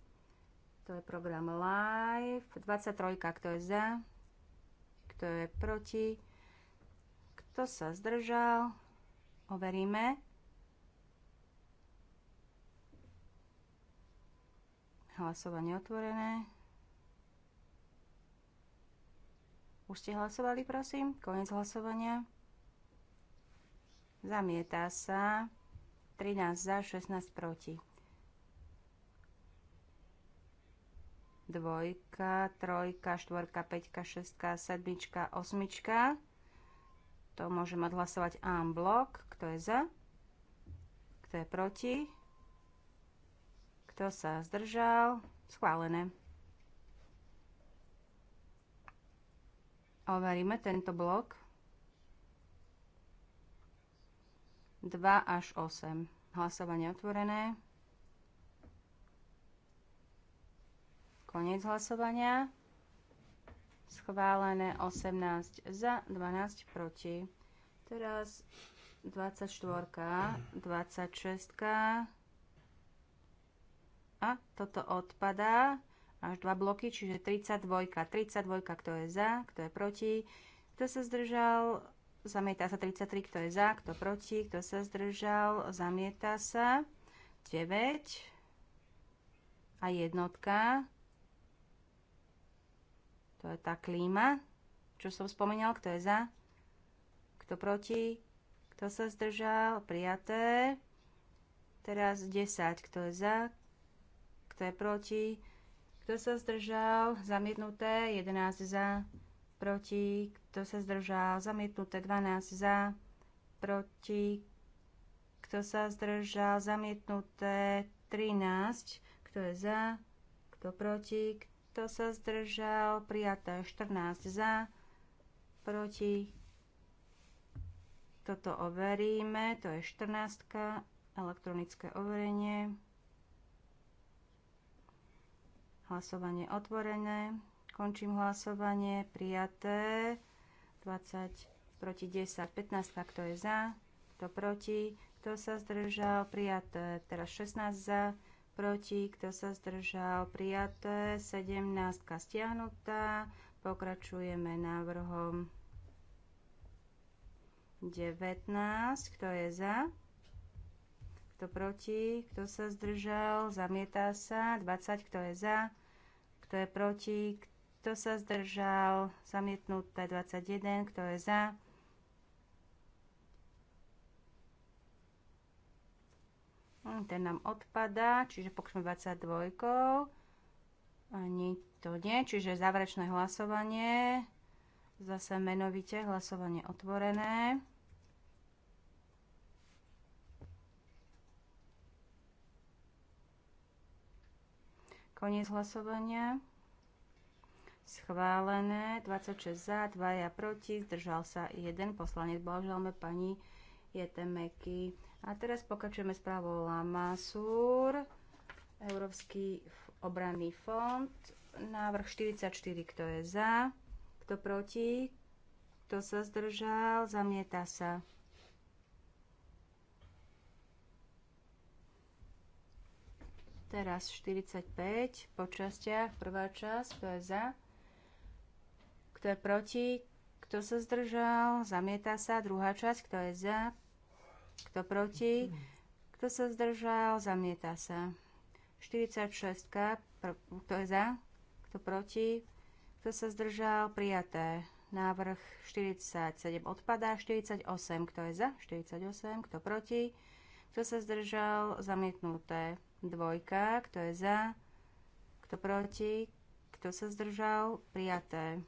to je program Live, 23, kto je za, kto je proti, kto sa zdržal, overíme. Hlasovanie otvorené. Už ste hlasovali, prosím? Koniec hlasovania. Zamieta sa. 13 za, 16 proti. Dvojka, trojka, štvorka, peťka, šestka, sedmička, osmička. To môžeme odhlasovať en blok. Kto je za? Kto je proti? Kto sa zdržal? Schválené. Overíme tento blok. 2 až 8. Hlasovanie otvorené. Koniec hlasovania. Schválené 18 za, 12 proti. Teraz 24, 26 a toto odpadá až dva bloky, čiže 32. 32, kto je za, kto je proti, kto sa zdržal, Zamieta sa 33, kto je za, kto proti, kto sa zdržal. Zamieta sa 9 a jednotka. To je tá klíma, čo som spomenal, kto je za, kto proti, kto sa zdržal, prijaté. Teraz 10, kto je za, kto je proti, kto sa zdržal, zamietnuté, 11 za, proti, kto sa zdržal, zamietnuté 12 za, proti, kto sa zdržal, zamietnuté 13, kto je za, kto proti, kto sa zdržal, prijaté 14 za, proti, toto overíme, to je 14, elektronické overenie, hlasovanie otvorené. Končím hlasovanie. Prijaté. 20 proti 10. 15. Kto je za? Kto proti? Kto sa zdržal? Prijaté. Teraz 16 za. Proti. Kto sa zdržal? Prijaté. 17. Stiahnutá. Pokračujeme návrhom 19. Kto je za? Kto proti? Kto sa zdržal? Zamietá sa. 20. Kto je za? Kto je proti? Kto kto sa zdržal? Zamietnuté 21. Kto je za? Hm, ten nám odpadá, čiže pokúšme 22. Ani to nie, čiže záverečné hlasovanie. Zase menovite hlasovanie otvorené. Koniec hlasovania. Schválené. 26 za, 2 ja proti. Zdržal sa 1 poslanec. Blahoželáme pani Jetemeky. A teraz pokračujeme právou Lamasúr. Európsky obranný fond. Návrh 44, kto je za, kto proti, kto sa zdržal, zamieta sa. Teraz 45 po častiach, prvá časť, kto je za, kto je proti? Kto sa zdržal? Zamieta sa. Druhá časť. Kto je za? Kto proti? Kto sa zdržal? Zamieta sa. 46. Kto je za? Kto proti? Kto sa zdržal? Prijaté. Návrh 47 odpadá. 48. Kto je za? 48. Kto proti? Kto sa zdržal? Zamietnuté. Dvojka. Kto je za? Kto proti? Kto sa zdržal? Prijaté.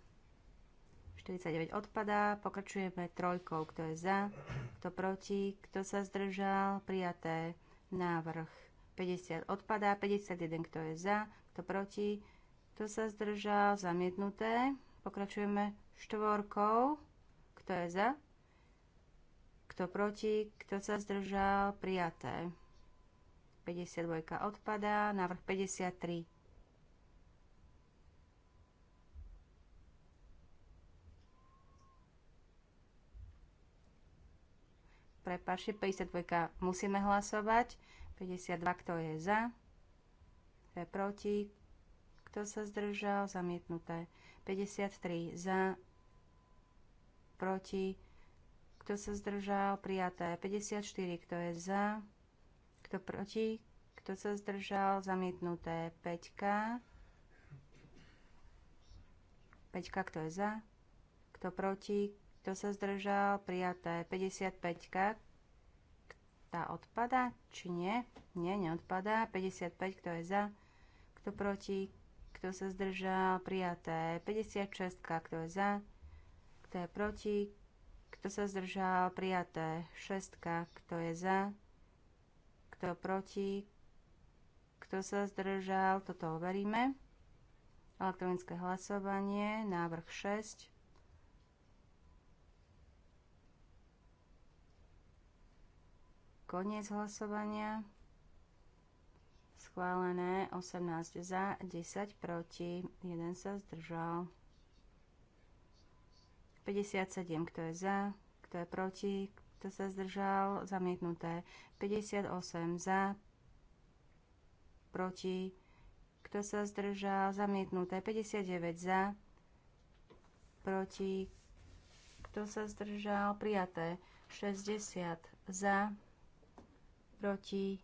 49 odpadá. Pokračujeme trojkou. Kto je za? Kto proti? Kto sa zdržal? Prijaté. Návrh 50 odpadá. 51. Kto je za? Kto proti? Kto sa zdržal? Zamietnuté. Pokračujeme štvorkou. Kto je za? Kto proti? Kto sa zdržal? Prijaté. 52 odpadá. Návrh 53 prepašte, 52 musíme hlasovať, 52 kto je za, kto je proti, kto sa zdržal, zamietnuté, 53 za, proti, kto sa zdržal, prijaté, 54 kto je za, kto proti, kto sa zdržal, zamietnuté 5. 5, kto je za, kto proti, kto sa zdržal? Prijaté. 55. Tá odpada? Či nie? Nie, neodpadá. 55. Kto je za? Kto proti? Kto sa zdržal? Prijaté. 56. Kto je za? Kto je proti? Kto sa zdržal? Prijaté. 6. Kto je za? Kto proti? Kto sa zdržal? Toto overíme. Elektronické hlasovanie. Návrh 6. Koniec hlasovania. Schválené 18 za, 10 proti, 1 sa zdržal. 57, kto je za, kto je proti, kto sa zdržal, zamietnuté. 58 za, proti, kto sa zdržal, zamietnuté. 59 za, proti, kto sa zdržal, prijaté. 60 za, proti,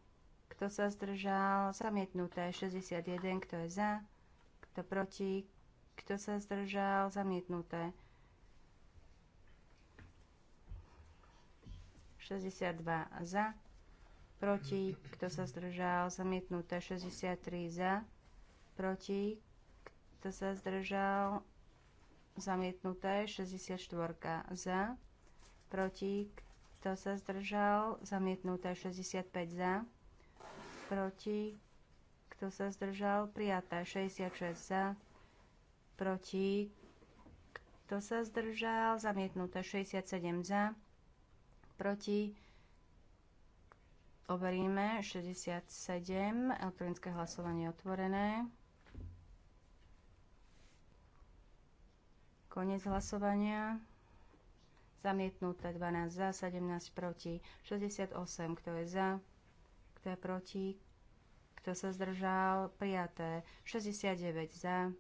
kto sa zdržal, zamietnuté 61, kto je za, kto proti, kto sa zdržal, zamietnuté 62 za, proti, kto sa zdržal, zamietnuté 63 za, proti, kto sa zdržal, zamietnuté 64 za, proti, kto kto sa zdržal, zamietnuté 65 za, proti, kto sa zdržal, prijaté 66 za, proti, kto sa zdržal, zamietnuté 67 za, proti, overíme 67, elektronické hlasovanie otvorené. Koniec hlasovania zamietnuté 12 za, 17 proti, 68, kto je za, kto je proti, kto sa zdržal, prijaté 69 za,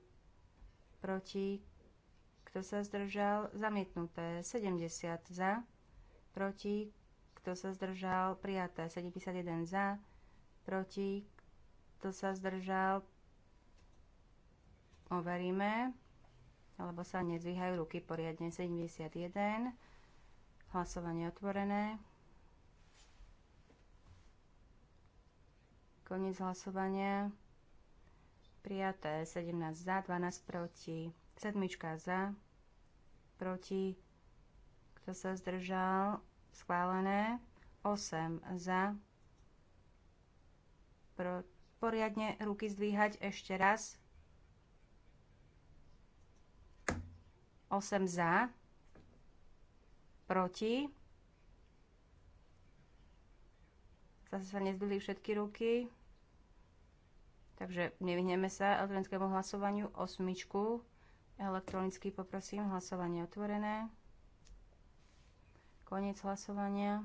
proti, kto sa zdržal, zamietnuté 70 za, proti, kto sa zdržal, prijaté 71 za, proti, kto sa zdržal, overíme, alebo sa nezvíhajú ruky poriadne 71, Hlasovanie otvorené. Koniec hlasovania. Prijaté 17 za, 12 proti. Sedmička za, proti. Kto sa zdržal? Schválené. 8 za. Pro, poriadne ruky zdvíhať ešte raz. 8 za proti. Zase sa nezdvihli všetky ruky. Takže nevyhneme sa elektronickému hlasovaniu. Osmičku. Elektronicky poprosím. Hlasovanie otvorené. Koniec hlasovania.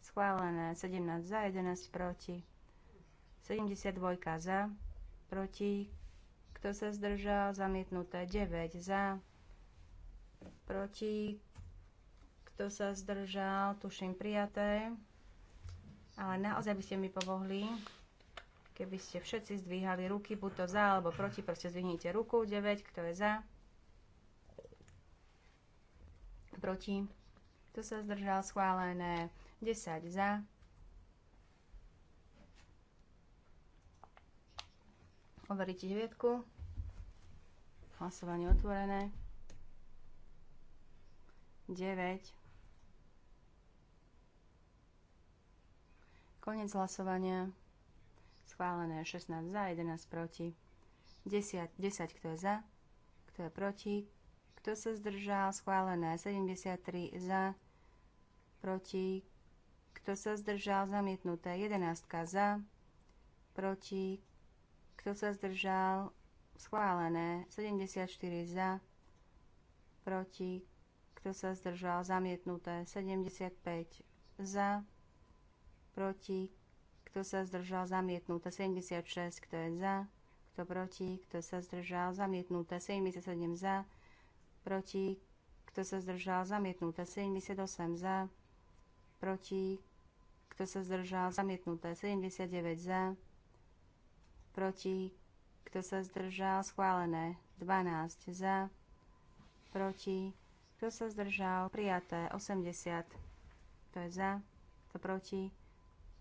Schválené. 17 za, 11 proti. 72 za, proti. Kto sa zdržal? Zamietnuté. 9 za, proti. Kto sa zdržal? Tuším prijaté. Ale naozaj by ste mi pomohli, keby ste všetci zdvíhali ruky, buď to za alebo proti, proste zdvihnite ruku. 9, kto je za? Proti. Kto sa zdržal? Schválené. 10 za. Overíte 9. Hlasovanie otvorené. 9. Konec hlasovania. Schválené 16 za, 11 proti. 10, 10 kto je za, kto je proti, kto sa zdržal, schválené 73 za, proti, kto sa zdržal, zamietnuté 11 za, proti, kto sa zdržal, schválené 74 za, proti, kto sa zdržal, zamietnuté 75 za, proti, kto sa zdržal, zamietnuté 76, kto je za, kto proti, kto sa zdržal, zamietnuté 77 za, proti, kto sa zdržal, zamietnuté 78 za, proti, kto sa zdržal, zamietnuté 79 za, proti, kto sa zdržal, schválené 12 za, proti, kto sa zdržal, prijaté 80, to je za, to proti,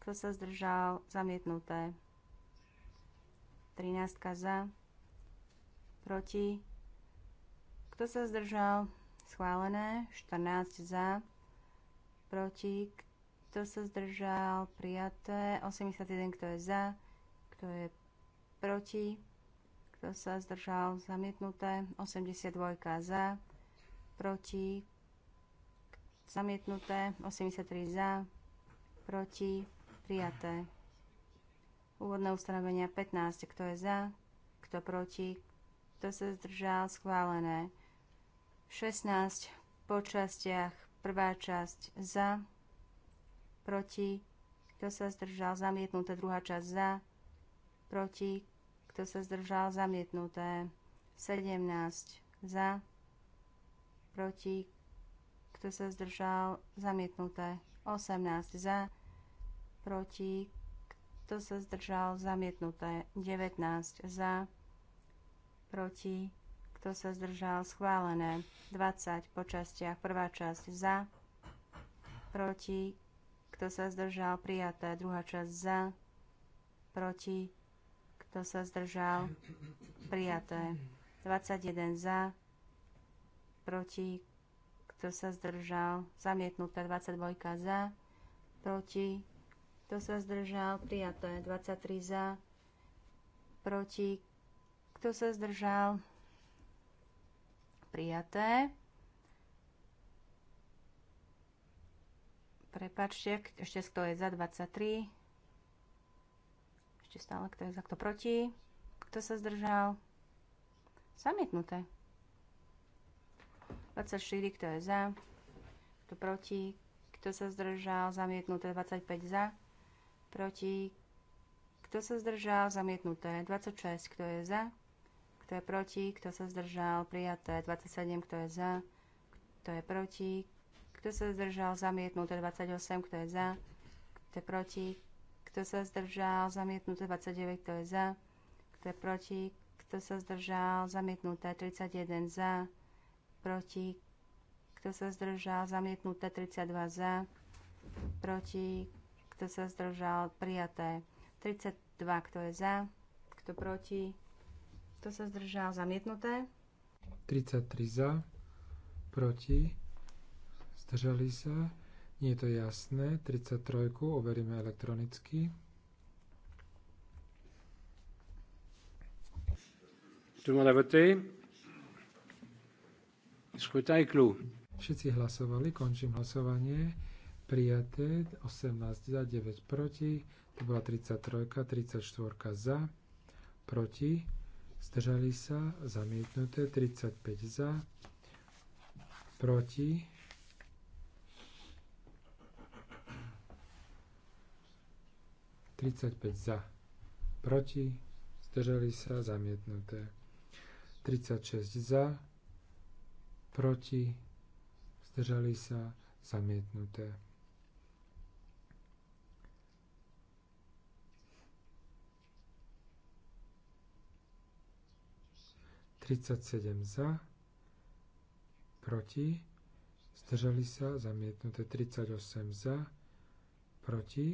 kto sa zdržal? Zamietnuté. 13 za. Proti. Kto sa zdržal? Schválené. 14 za. Proti. Kto sa zdržal? Prijaté. 81. Kto je za? Kto je proti? Kto sa zdržal? Zamietnuté. 82 za. Proti. Zamietnuté. 83 za. Proti prijaté. Úvodné ustanovenia 15, kto je za, kto proti, kto sa zdržal, schválené. 16 po častiach, prvá časť za, proti, kto sa zdržal, zamietnuté, druhá časť za, proti, kto sa zdržal, zamietnuté, 17 za, proti, kto sa zdržal, zamietnuté, 18 za, proti, kto sa zdržal, zamietnuté. 19 za, proti, kto sa zdržal, schválené. 20 po častiach, prvá časť za, proti, kto sa zdržal, prijaté. Druhá časť za, proti, kto sa zdržal, prijaté. 21 za, proti, kto sa zdržal, zamietnuté. 22 za, proti, kto sa zdržal? Prijaté. 23 za. Proti. Kto sa zdržal? Prijaté. Prepačte, ešte kto je za 23. Ešte stále kto je za, kto proti. Kto sa zdržal? Zamietnuté. 24, kto je za, kto proti, kto sa zdržal, zamietnuté 25 za, proti, kto sa zdržal, zamietnuté 26, kto je za, kto je proti, kto sa zdržal, prijaté 27, kto je za, kto je proti, kto sa zdržal, zamietnuté 28, kto je za, kto je proti, kto sa zdržal, zamietnuté 29, kto je za, kto je proti, kto sa zdržal, zamietnuté 31 za, proti, kto sa zdržal, zamietnuté 32 za, proti, kto sa zdržal, prijaté. 32, kto je za, kto proti, kto sa zdržal, zamietnuté. 33 za, proti, zdržali sa, nie je to jasné, 33 overíme elektronicky. Všetci hlasovali, končím hlasovanie prijaté, 18 za, 9 proti, to bola 33, 34 za, proti, zdržali sa, zamietnuté, 35 za, proti, 35 za, proti, zdržali sa, zamietnuté. 36 za, proti, zdržali sa, zamietnuté. 37 za, proti, zdržali sa, zamietnuté 38 za, proti,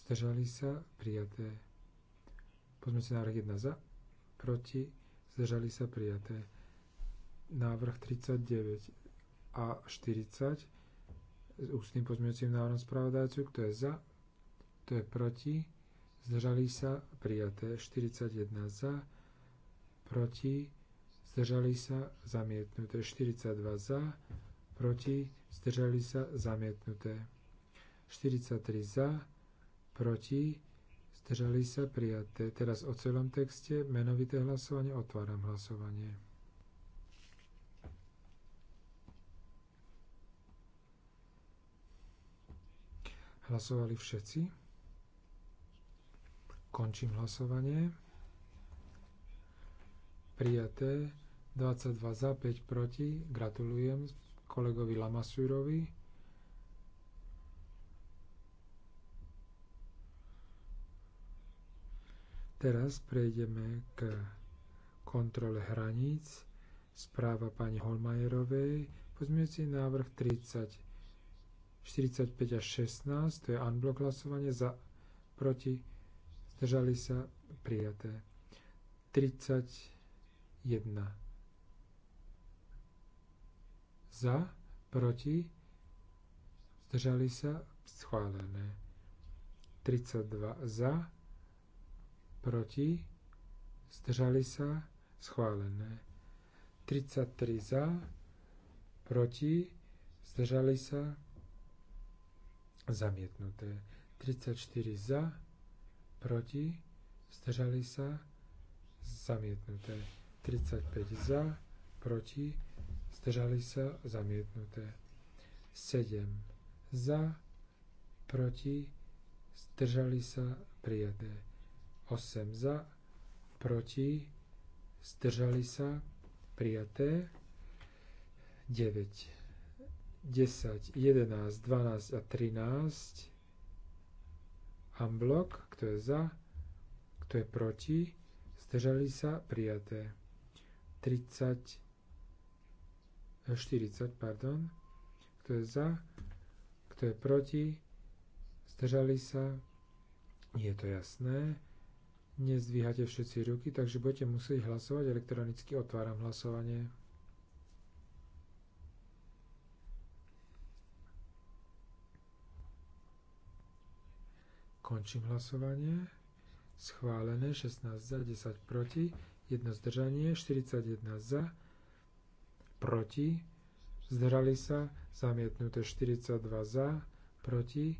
zdržali sa, prijaté. Pozme si návrh 1 za, proti, zdržali sa, prijaté. Návrh 39 a 40 s ústnym pozmeňujúcim návrhom spravodajcu, kto je za, kto je proti, zdržali sa, prijaté. 41 za, proti, zdržali sa, zamietnuté. 42 za, proti, zdržali sa, zamietnuté. 43 za, proti, zdržali sa, prijaté. Teraz o celom texte menovité hlasovanie, otváram hlasovanie. Hlasovali všetci. Končím hlasovanie prijaté, 22 za, 5 proti. Gratulujem kolegovi Lamasurovi. Teraz prejdeme k kontrole hraníc. Správa pani Holmajerovej. Pozmieci návrh 30, 45 až 16, to je unblock hlasovanie za, proti, zdržali sa, prijaté. 30, 1. Za, proti, zdržali sa, schválené. 32 za, proti, zdržali sa, schválené. 33 za, proti, zdržali sa, zamietnuté. 34 za, proti, zdržali sa, zamietnuté. 35 za, proti, zdržali sa, zamietnuté. 7 za, proti, zdržali sa, prijaté. 8 za, proti, zdržali sa, prijaté. 9, 10, 11, 12 a 13 unblock, kto je za, kto je proti, zdržali sa, prijaté. 30, 40, eh, pardon. Kto je za, kto je proti, zdržali sa, je to jasné. Nezdvíhate všetci ruky, takže budete musieť hlasovať elektronicky. Otváram hlasovanie. Končím hlasovanie. Schválené 16 za 10 proti jedno zdržanie, 41 za, proti, zdržali sa, zamietnuté 42 za, proti,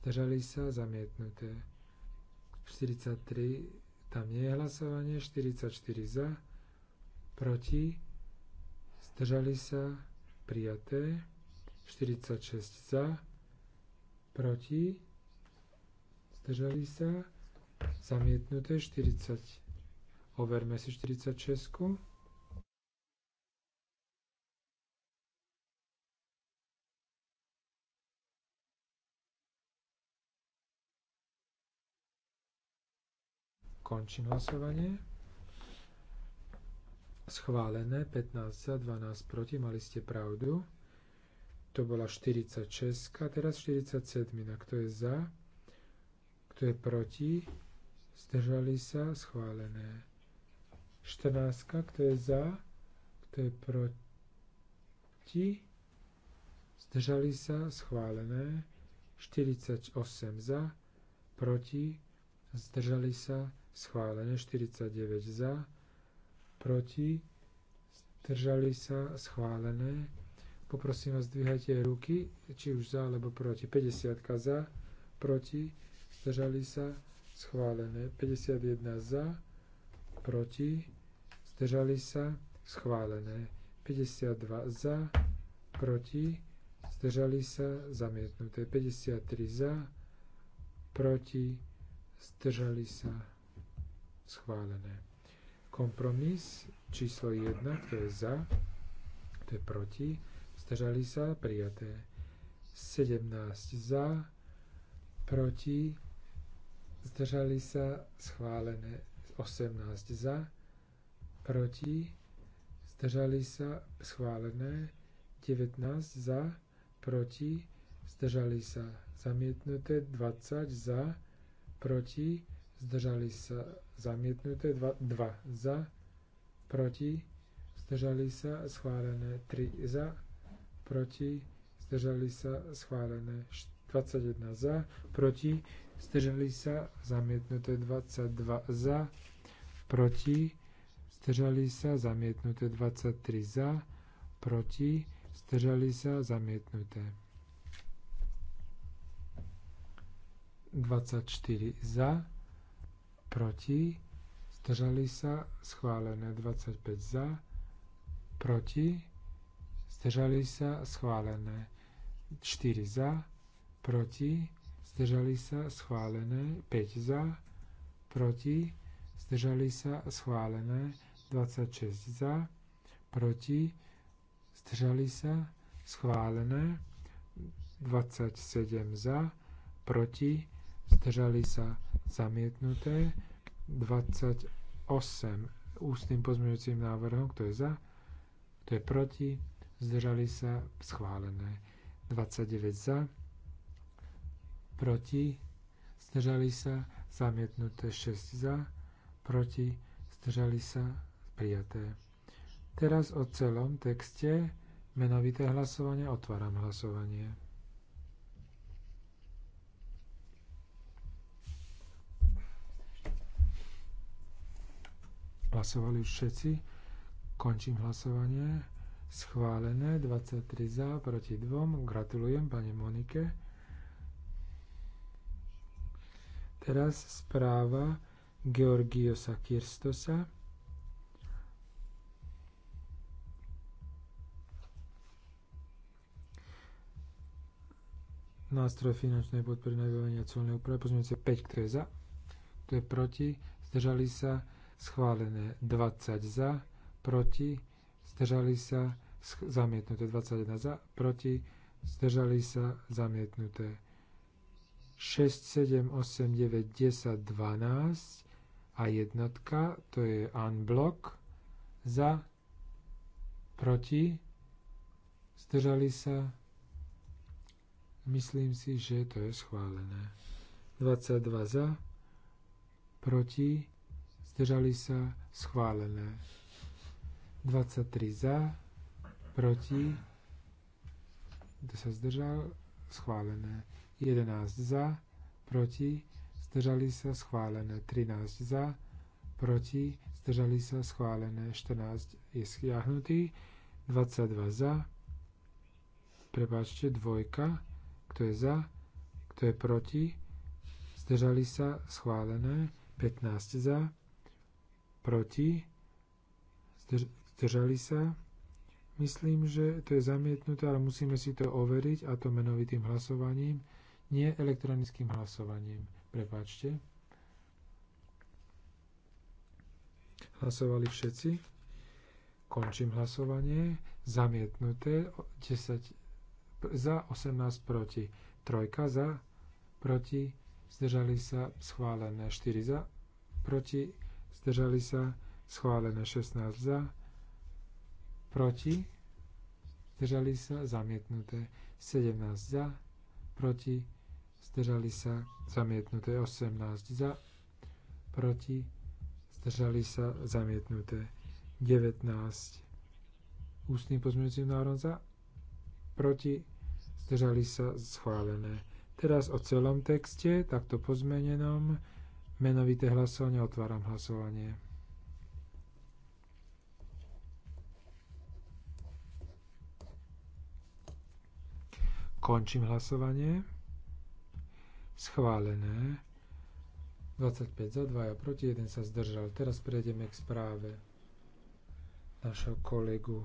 zdržali sa, zamietnuté 43, tam nie je hlasovanie, 44 za, proti, zdržali sa, prijaté, 46 za, proti, zdržali sa, zamietnuté 40. Overme si 46. Končím hlasovanie. Schválené 15 za, 12 proti, mali ste pravdu. To bola 46, teraz 47, A kto je za, kto je proti, zdržali sa, schválené. 14, kto je za, kto je proti, zdržali sa, schválené. 48 za, proti, zdržali sa, schválené. 49 za, proti, zdržali sa, schválené. Poprosím vás, zdvíhajte ruky, či už za alebo proti. 50 za, proti, zdržali sa, schválené. 51 za, proti, zdržali sa, schválené. 52 za, proti, zdržali sa, zamietnuté. 53 za, proti, zdržali sa, schválené. Kompromis číslo 1, kto je za, kto je proti, zdržali sa, prijaté. 17 za, proti, zdržali sa, schválené. 18 za, proti, zdržali sa schválené, 19 za, proti, zdržali sa zamietnuté, 20 za, proti, zdržali sa zamietnuté, 2, 2 za, proti, zdržali sa schválené, 3 za, proti, zdržali sa schválené, 21 za, proti, zdržali sa zamietnuté, 22 za, proti, zdržali sa, zamietnuté 23 za, proti, zdržali sa, zamietnuté 24 za, proti, zdržali sa, schválené 25 za, proti, zdržali sa, schválené 4 za, proti, zdržali sa, schválené 5 za, proti, zdržali sa, schválené 26 za, proti, zdržali sa, schválené, 27 za, proti, zdržali sa, zamietnuté, 28 ústnym pozmeňujúcim návrhom, kto je za, kto je proti, zdržali sa, schválené, 29 za, proti, zdržali sa, zamietnuté 6 za, proti, zdržali sa, Prijaté. Teraz o celom texte menovité hlasovanie otváram hlasovanie. Hlasovali už všetci. Končím hlasovanie. Schválené 23 za proti 2. Gratulujem pani Monike. Teraz správa Georgiosa Kirstosa nástroj finančnej podpory na vyvolenie colnej úpravy, pozmeňujúce 5, kto je za, kto je proti, zdržali sa, schválené 20 za, proti, zdržali sa, zamietnuté 21 za, proti, zdržali sa, zamietnuté 6, 7, 8, 9, 10, 12 a jednotka, to je unblock, za, proti, zdržali sa, Myslím si, že to je schválené. 22 za, proti, zdržali sa, schválené. 23 za, proti, kto sa zdržal, schválené. 11 za, proti, zdržali sa, schválené. 13 za, proti, zdržali sa, schválené. 14 je schiahnutý, 22 za, prepáčte, dvojka, kto je za? Kto je proti? Zdržali sa? Schválené. 15 za. Proti? Zdržali sa? Myslím, že to je zamietnuté, ale musíme si to overiť a to menovitým hlasovaním, nie elektronickým hlasovaním. Prepáčte. Hlasovali všetci. Končím hlasovanie. Zamietnuté. 10 za, 18 proti. Trojka za, proti, zdržali sa, schválené 4 za, proti, zdržali sa, schválené 16 za, proti, zdržali sa, zamietnuté 17 za, proti, zdržali sa, zamietnuté 18 za, proti, zdržali sa, zamietnuté 19 ústnym pozmeňujúcim návrhom za, proti, zdržali sa schválené. Teraz o celom texte, takto pozmenenom, menovité hlasovanie, otváram hlasovanie. Končím hlasovanie. Schválené. 25 za, 2 proti, 1 sa zdržal. Teraz prejdeme k správe našho kolegu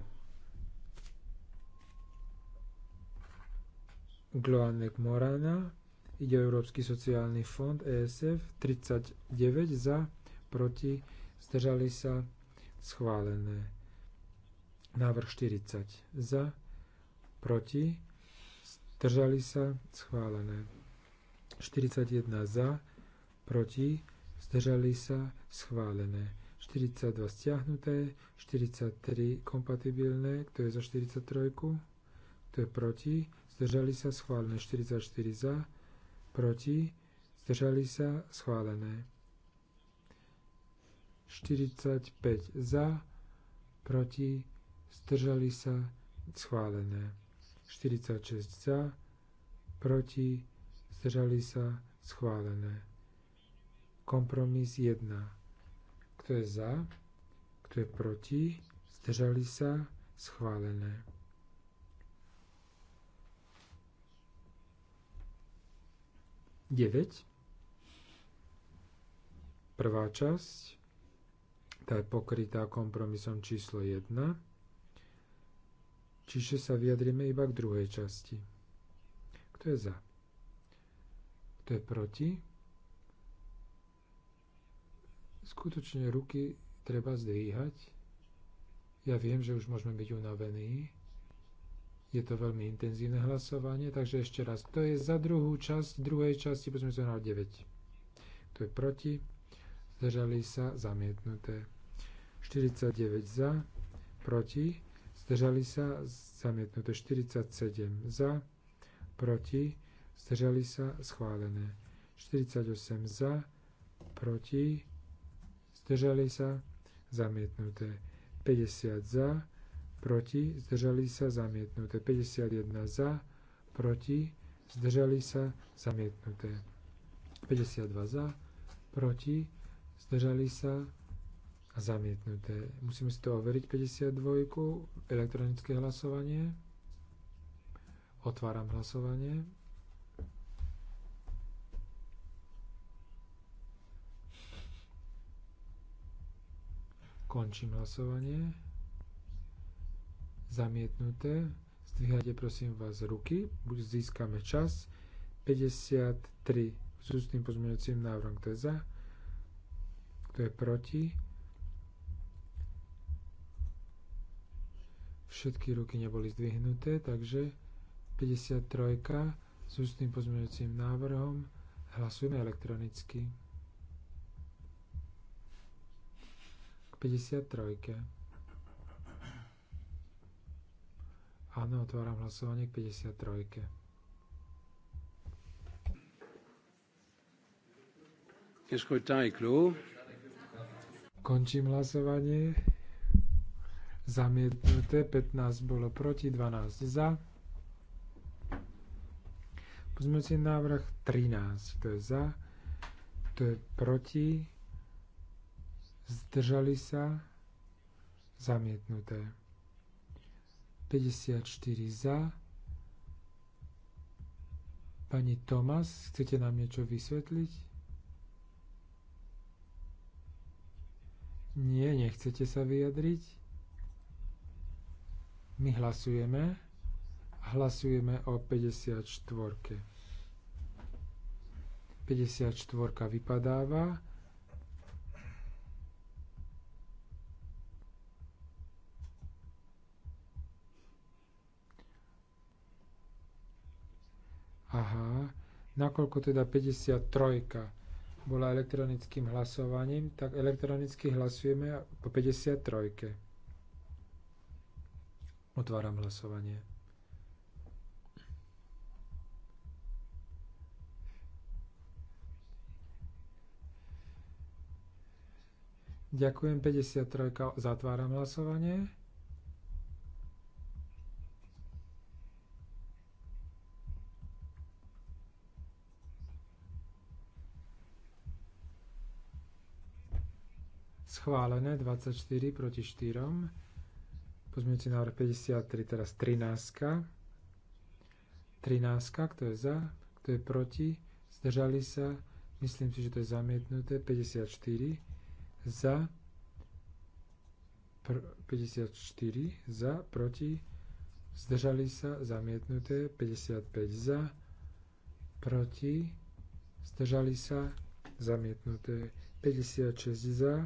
Gloanek Morana, ide o Európsky sociálny fond ESF 39 za, proti, zdržali sa, schválené. Návrh 40 za, proti, zdržali sa, schválené. 41 za, proti, zdržali sa, schválené. 42 stiahnuté, 43 kompatibilné, to je za 43, kto je proti, zdržali sa schválené 44 za, proti, zdržali sa schválené 45 za, proti, zdržali sa schválené 46 za, proti, zdržali sa schválené. Kompromis 1. Kto je za, kto je proti, zdržali sa schválené. 9. Prvá časť, tá je pokrytá kompromisom číslo 1, čiže sa vyjadrime iba k druhej časti. Kto je za? Kto je proti? Skutočne ruky treba zdvíhať. Ja viem, že už môžeme byť unavení. Je to veľmi intenzívne hlasovanie, takže ešte raz, kto je za druhú časť, druhej časti poďme sa na 9? Kto je proti? Zdržali sa zamietnuté. 49 za, proti, zdržali sa zamietnuté. 47 za, proti, zdržali sa schválené. 48 za, proti, zdržali sa zamietnuté. 50 za, proti, zdržali sa zamietnuté. 51 za, proti, zdržali sa zamietnuté. 52 za, proti, zdržali sa zamietnuté. Musíme si to overiť 52, elektronické hlasovanie. Otváram hlasovanie. Končím hlasovanie. Zamietnuté. Zdvíhajte prosím vás ruky, buď získame čas. 53 s ústnym pozmeňujúcim návrhom, kto je za, kto je proti. Všetky ruky neboli zdvihnuté, takže 53 s ústnym pozmeňujúcim návrhom. Hlasujeme elektronicky. K 53. Áno, otváram hlasovanie k 53. Končím hlasovanie. Zamietnuté. 15 bolo proti, 12 za. si návrh 13. To je za. To je proti. Zdržali sa. Zamietnuté. 54 za. Pani Tomas, chcete nám niečo vysvetliť? Nie, nechcete sa vyjadriť? My hlasujeme. Hlasujeme o 54. 54 vypadáva. Aha, nakoľko teda 53 bola elektronickým hlasovaním, tak elektronicky hlasujeme po 53. Otváram hlasovanie. Ďakujem, 53. Zatváram hlasovanie. Schválené 24 proti 4. Pozmeňujúci návrh 53, teraz 13. 13, kto je za, kto je proti, zdržali sa, myslím si, že to je zamietnuté, 54 za, 54 za, proti, zdržali sa, zamietnuté, 55 za, proti, zdržali sa, zamietnuté, 56 za,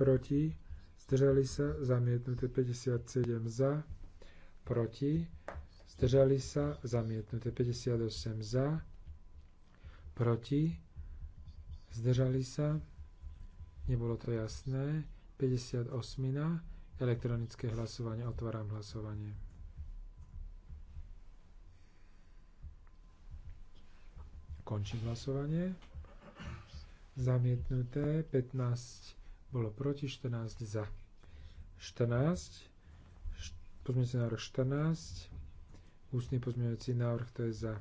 proti, zdržali sa, zamietnuté 57 za, proti, zdržali sa, zamietnuté 58 za, proti, zdržali sa, nebolo to jasné, 58 na, elektronické hlasovanie, otváram hlasovanie. Končím hlasovanie. Zamietnuté 15 bolo proti, 14 za. 14, pozmeňujúci návrh 14, ústny pozmeňujúci návrh, kto je za.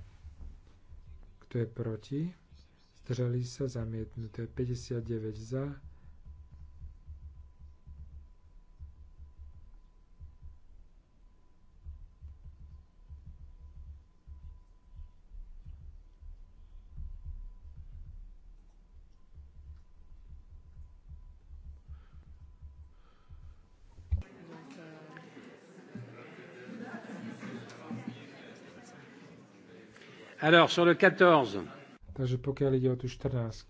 Kto je proti? Zdržali sa, zamietnuté 59 za, Alors, sur le 14. Takže pokiaľ ide o tú 14.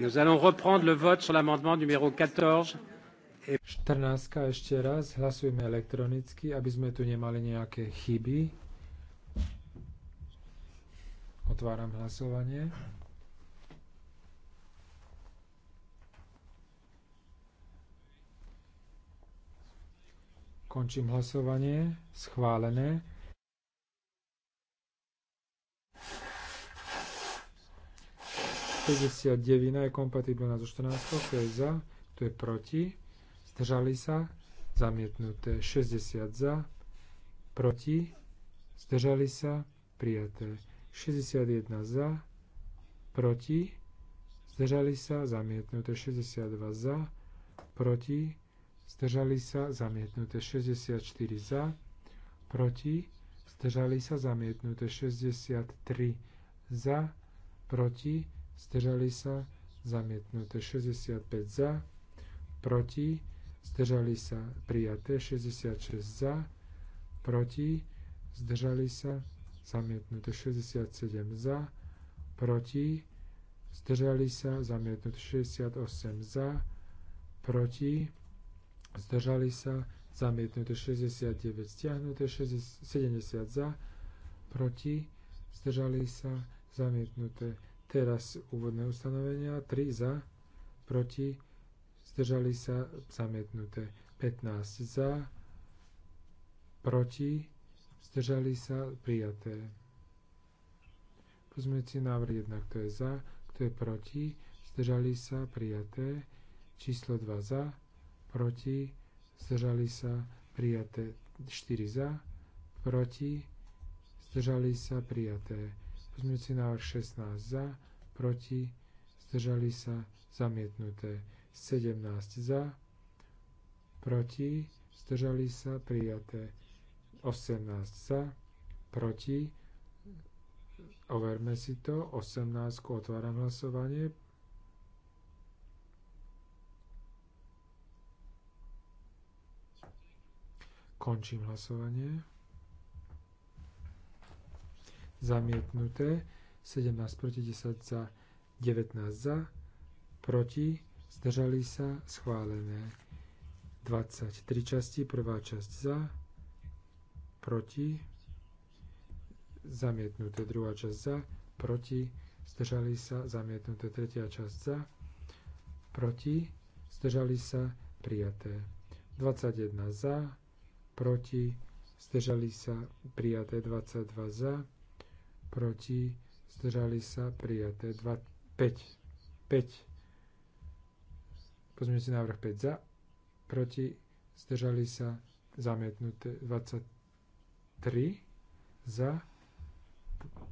Nous allons reprendre le vote sur l'amendement numéro 14. 14 ešte raz, hlasujeme elektronicky, aby sme tu nemali nejaké chyby. Otváram hlasovanie. Končím hlasovanie. Schválené. devina je kompatibilná so 14, kto je za, to je proti, zdržali sa, zamietnuté 60 za, proti, zdržali sa, prijaté 61 za, proti, zdržali sa, zamietnuté 62 za, proti, zdržali sa, zamietnuté 64 za, proti, zdržali sa, zamietnuté 63 za, proti, zdržali sa, zamietnuté 65 za, proti, zdržali sa, prijaté 66 za, proti, zdržali sa, zamietnuté 67 za, proti, zdržali sa, zamietnuté 68 za, proti, zdržali sa, zamietnuté 69, stiahnuté 60, 70 za, proti, zdržali sa, zamietnuté. Teraz úvodné ustanovenia, 3 za, proti, zdržali sa, zamietnuté. 15 za, proti, zdržali sa, prijaté. Pozmeňujúci návrh 1, kto je za, kto je proti, zdržali sa, prijaté. Číslo 2 za, proti, zdržali sa prijaté 4 za, proti, zdržali sa prijaté. Pozmeňujúci návrh 16 za, proti, zdržali sa zamietnuté. 17 za, proti, zdržali sa prijaté. 18 za, proti, overme si to. 18 otváram hlasovanie, Končím hlasovanie. Zamietnuté. 17 proti 10 za, 19 za, proti, zdržali sa, schválené. 23 časti, prvá časť za, proti, zamietnuté, druhá časť za, proti, zdržali sa, zamietnuté, tretia časť za, proti, zdržali sa, prijaté. 21 za, proti, zdržali sa prijaté 22 za, proti, zdržali sa prijaté 2, 5, 5, si návrh 5 za, proti, zdržali sa zamietnuté 23 za,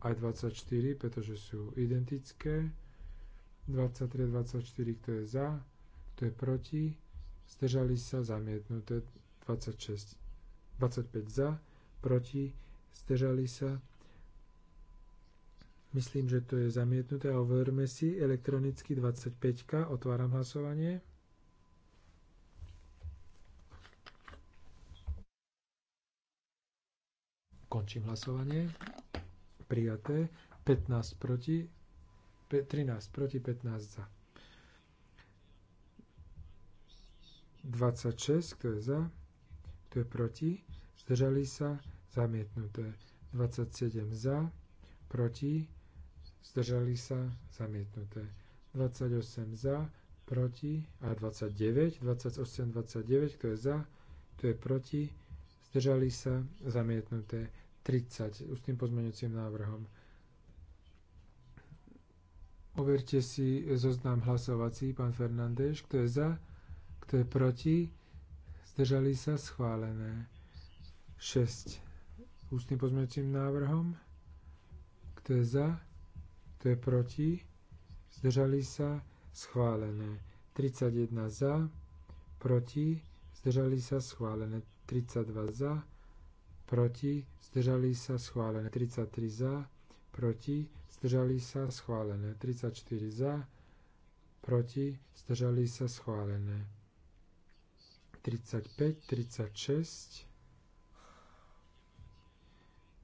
aj 24, pretože sú identické. 23 a 24, kto je za, kto je proti, zdržali sa zamietnuté 26 25 za, proti, zdržali sa. Myslím, že to je zamietnuté a overme si elektronicky 25. Otváram hlasovanie. Končím hlasovanie. Prijaté. 15 proti, 13 proti, 15 za. 26, kto je za? kto je proti, zdržali sa, zamietnuté. 27 za, proti, zdržali sa, zamietnuté. 28 za, proti a 29, 28, 29, kto je za, kto je proti, zdržali sa, zamietnuté. 30 s tým pozmeňujúcim návrhom. Overte si zoznam hlasovací, pán Fernández, kto je za, kto je proti, zdržali sa schválené. 6 ústnym pozmeňujúcim návrhom, kto je za, kto je proti, zdržali sa schválené. 31 za, proti, zdržali sa schválené. 32 za, proti, zdržali sa schválené. 33 za, proti, zdržali sa schválené. 34 za, proti, zdržali sa schválené. 35, 36.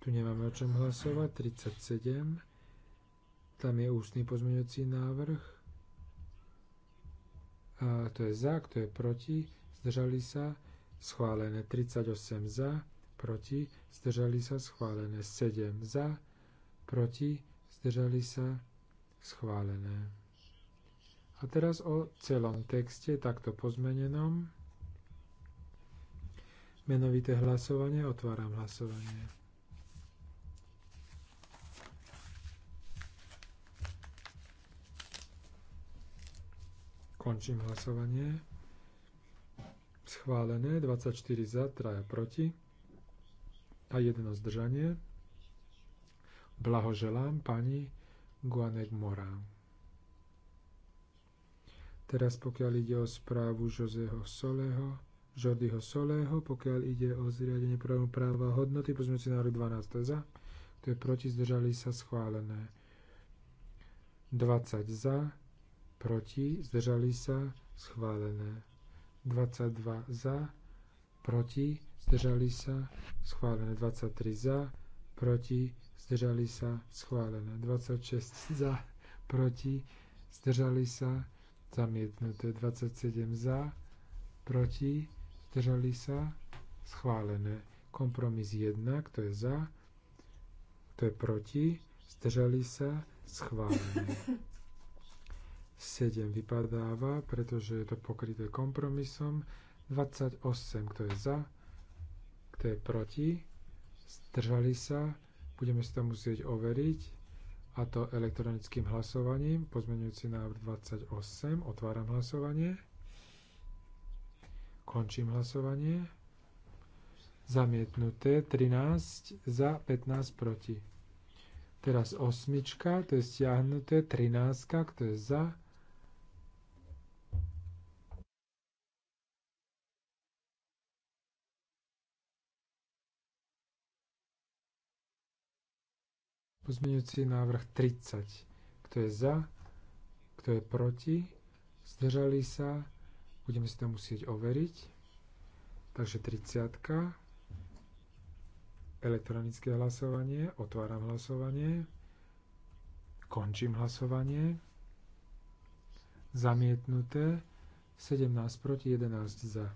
Tu nemáme o čom hlasovať. 37. Tam je ústny pozmeňujúci návrh. A to je za, kto je proti. Zdržali sa. Schválené 38 za, proti. Zdržali sa. Schválené 7 za, proti. Zdržali sa. Schválené. A teraz o celom texte, takto pozmenenom. Menovité hlasovanie. Otváram hlasovanie. Končím hlasovanie. Schválené 24 za, 3 proti a jedno zdržanie. Blahoželám pani Guanek Morán. Teraz pokiaľ ide o správu Joseho Soleho, Jordiho Solého, pokiaľ ide o zriadenie programu práva a hodnoty, pozmeňujúci návrh 12, za, to je proti, zdržali sa schválené. 20 za, proti, zdržali sa schválené. 22 za, proti, zdržali sa schválené. 23 za, proti, zdržali sa schválené. 26 za, proti, zdržali sa zamietnuté. 27 za, proti, zdržali sa, schválené. Kompromis 1, kto je za, kto je proti, zdržali sa, schválené. 7 vypadáva, pretože je to pokryté kompromisom. 28, kto je za, kto je proti, zdržali sa, budeme si to musieť overiť, a to elektronickým hlasovaním, pozmeňujúci návrh 28, otváram hlasovanie. Končím hlasovanie. Zamietnuté 13 za 15 proti. Teraz osmička, to je stiahnuté, 13, kto je za. Pozmeňujúci návrh 30. Kto je za? Kto je proti? Zdržali sa? Budeme si to musieť overiť. Takže 30. Elektronické hlasovanie. Otváram hlasovanie. Končím hlasovanie. Zamietnuté. 17 proti 11 za.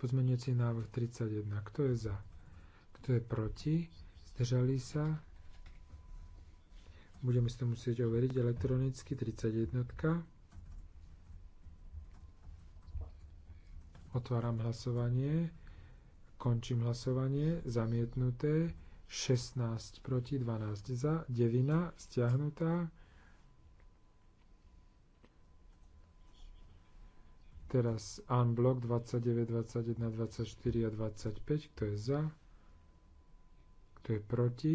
Pozmeňujúci návrh 31. Kto je za? Kto je proti? Zdržali sa? Budeme si to musieť overiť elektronicky. 31. Otváram hlasovanie. Končím hlasovanie. Zamietnuté. 16 proti 12 za. Devina stiahnutá. Teraz unblock 29, 21, 24 a 25. Kto je za? Kto je proti?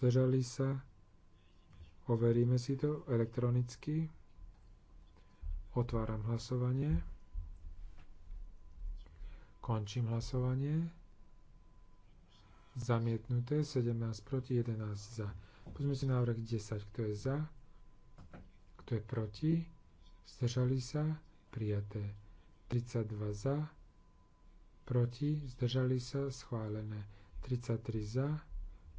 Zdržali sa? Overíme si to elektronicky. Otváram hlasovanie. Končím hlasovanie. Zamietnuté 17 proti 11 za. Pozme si návrh 10. Kto je za? Kto je proti? Zdržali sa? Prijaté. 32 za. Proti? Zdržali sa? Schválené. 33 za.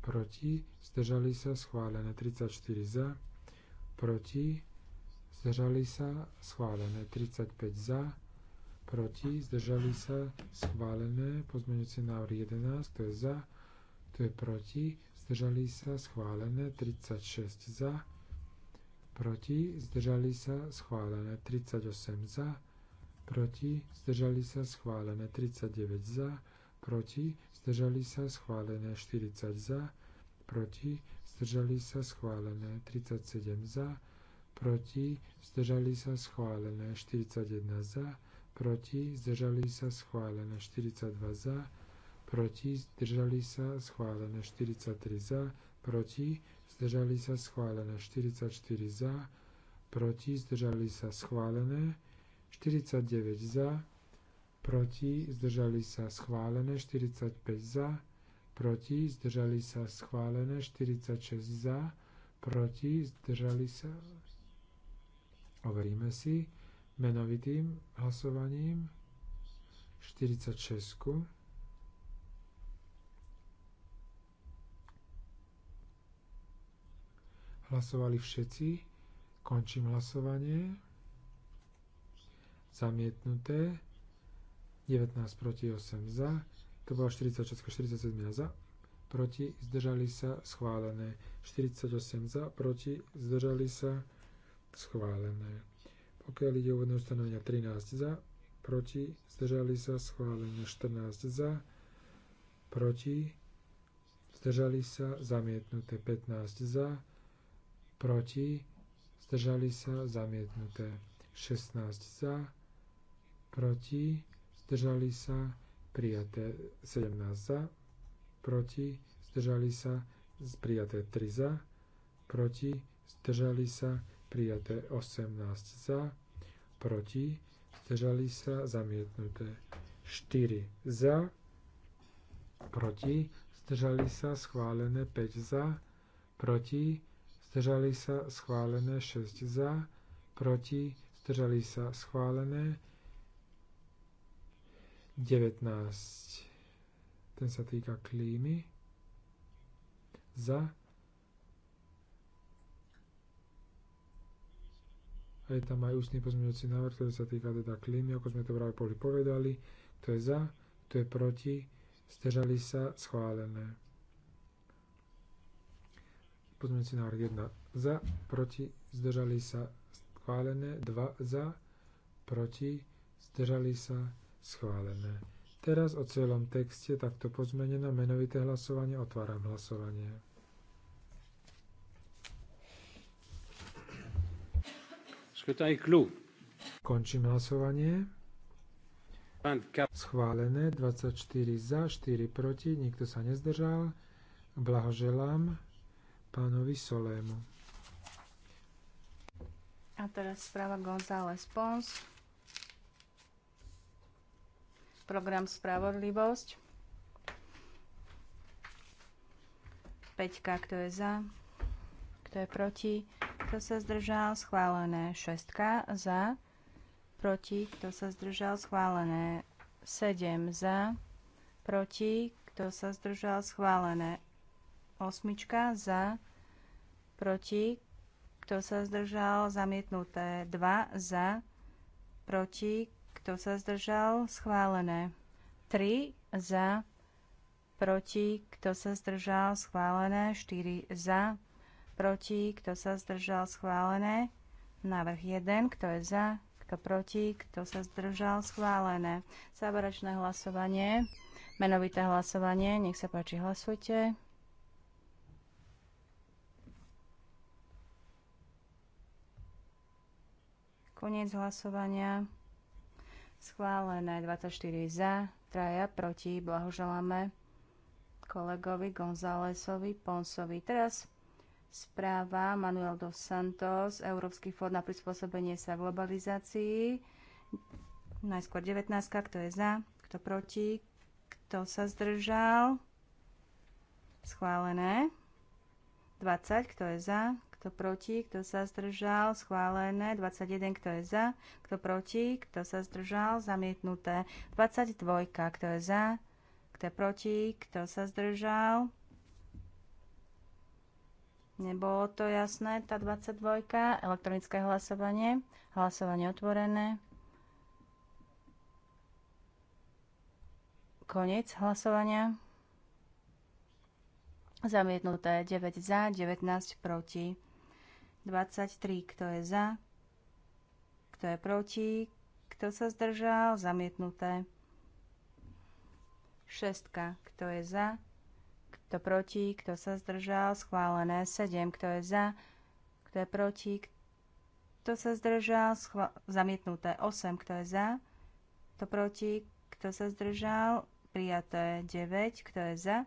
Proti? Zdržali sa? Schválené. 34 za. Proti? Zdržali sa? Schválené. 35 za proti, zdržali sa, schválené. pozmeňujúce návrhy 11, to je za, to je proti, zdržali sa, schválené. 36 za, proti, zdržali sa, schválené. 38 za, proti, zdržali sa, schválené. 39 za, proti, zdržali sa, schválené. 40 za, proti, zdržali sa, schválené. 37 za, proti, zdržali sa, schválené. 41 za, proti, zdržali sa, schválené 42 za, proti, zdržali sa, schválené 43 za, proti, zdržali sa, schválené 44 za, proti, zdržali sa, schválené 49 za, proti, zdržali sa, schválené 45 za, proti, zdržali sa, schválené 46 za, proti, zdržali sa, overíme si, menovitým hlasovaním 46. Hlasovali všetci. Končím hlasovanie. Zamietnuté. 19 proti 8 za. To bola 46, 47 za. Proti zdržali sa schválené. 48 za. Proti zdržali sa schválené. Pokiaľ ide úvodné ustanovenia 13 za, proti, zdržali sa, schválené 14 za, proti, zdržali sa, zamietnuté 15 za, proti, zdržali sa, zamietnuté 16 za, proti, zdržali sa, prijaté 17 za, proti, zdržali sa, prijaté 3 za, proti, zdržali sa, prijaté 18 za, proti, zdržali sa, zamietnuté. 4 za, proti, zdržali sa, schválené 5 za, proti, zdržali sa, schválené 6 za, proti, zdržali sa, schválené 19. Ten sa týka klímy. Za, je tam aj ústny pozmeňujúci návrh, ktorý sa týka teda klímy, ako sme to práve boli povedali. Kto je za, kto je proti, zdržali sa, schválené. Pozmeňujúci návrh 1 za, proti, zdržali sa, schválené. 2 za, proti, zdržali sa, schválené. Teraz o celom texte takto pozmenené menovité hlasovanie otváram hlasovanie. Scrutin est clos. Končím hlasovanie. Schválené 24 za, 4 proti, nikto sa nezdržal. Blahoželám pánovi Solému. A teraz správa González Pons. Program Spravodlivosť. Peťka, kto je za, kto je proti kto sa zdržal, schválené. 6 za, proti, kto sa zdržal, schválené. Sedem za, proti, kto sa zdržal, schválené. Osmička za, proti, kto sa zdržal, zamietnuté. Dva za, proti, kto sa zdržal, schválené. Tri za, proti, kto sa zdržal, schválené. Štyri za, proti, kto sa zdržal, schválené. Návrh 1, kto je za, kto proti, kto sa zdržal, schválené. Záverečné hlasovanie, menovité hlasovanie, nech sa páči, hlasujte. Koniec hlasovania. Schválené 24 za, traja proti, blahoželáme kolegovi Gonzálesovi Ponsovi. Teraz správa Manuel dos Santos, Európsky fond na prispôsobenie sa globalizácii. Najskôr 19, kto je za, kto proti, kto sa zdržal. Schválené. 20, kto je za, kto proti, kto sa zdržal, schválené, 21, kto je za, kto proti, kto sa zdržal, zamietnuté, 22, kto je za, kto je proti, kto sa zdržal, Nebolo to jasné, tá 22, elektronické hlasovanie, hlasovanie otvorené. Koniec hlasovania. Zamietnuté 9 za, 19 proti. 23, kto je za, kto je proti, kto sa zdržal, zamietnuté. 6, kto je za, kto proti? Kto sa zdržal? Schválené. 7. Kto je za? Kto je proti? Kto sa zdržal? Schva- zamietnuté. 8. Kto je za? Kto proti? Kto sa zdržal? Prijaté. 9. Kto je za?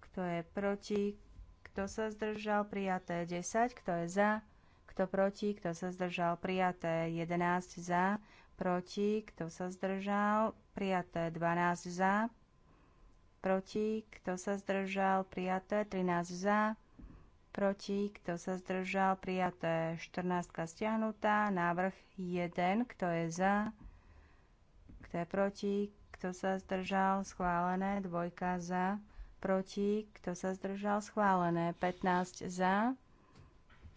Kto je proti? Kto sa zdržal? Prijaté. 10. Kto je za? Kto proti? Kto sa zdržal? Prijaté. 11. Za. Proti? Kto sa zdržal? Prijaté. 12. Za proti, kto sa zdržal, prijaté, 13 za, proti, kto sa zdržal, prijaté, 14 stiahnutá, návrh 1, kto je za, kto je proti, kto sa zdržal, schválené, dvojka za, proti, kto sa zdržal, schválené, 15 za,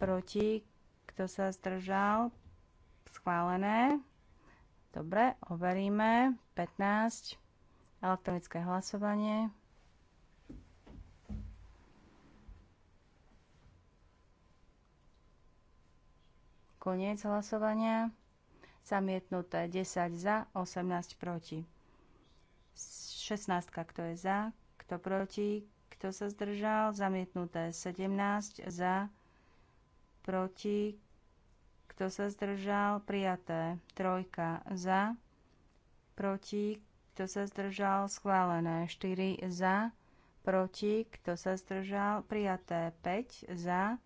proti, kto sa zdržal, schválené, dobre, overíme, 15, Elektronické hlasovanie. Koniec hlasovania. Zamietnuté 10 za, 18 proti. 16, kto je za, kto proti, kto sa zdržal. Zamietnuté 17 za, proti, kto sa zdržal. Prijaté 3 za, proti, kto sa zdržal, schválené 4 za, proti, kto sa zdržal, prijaté 5 za,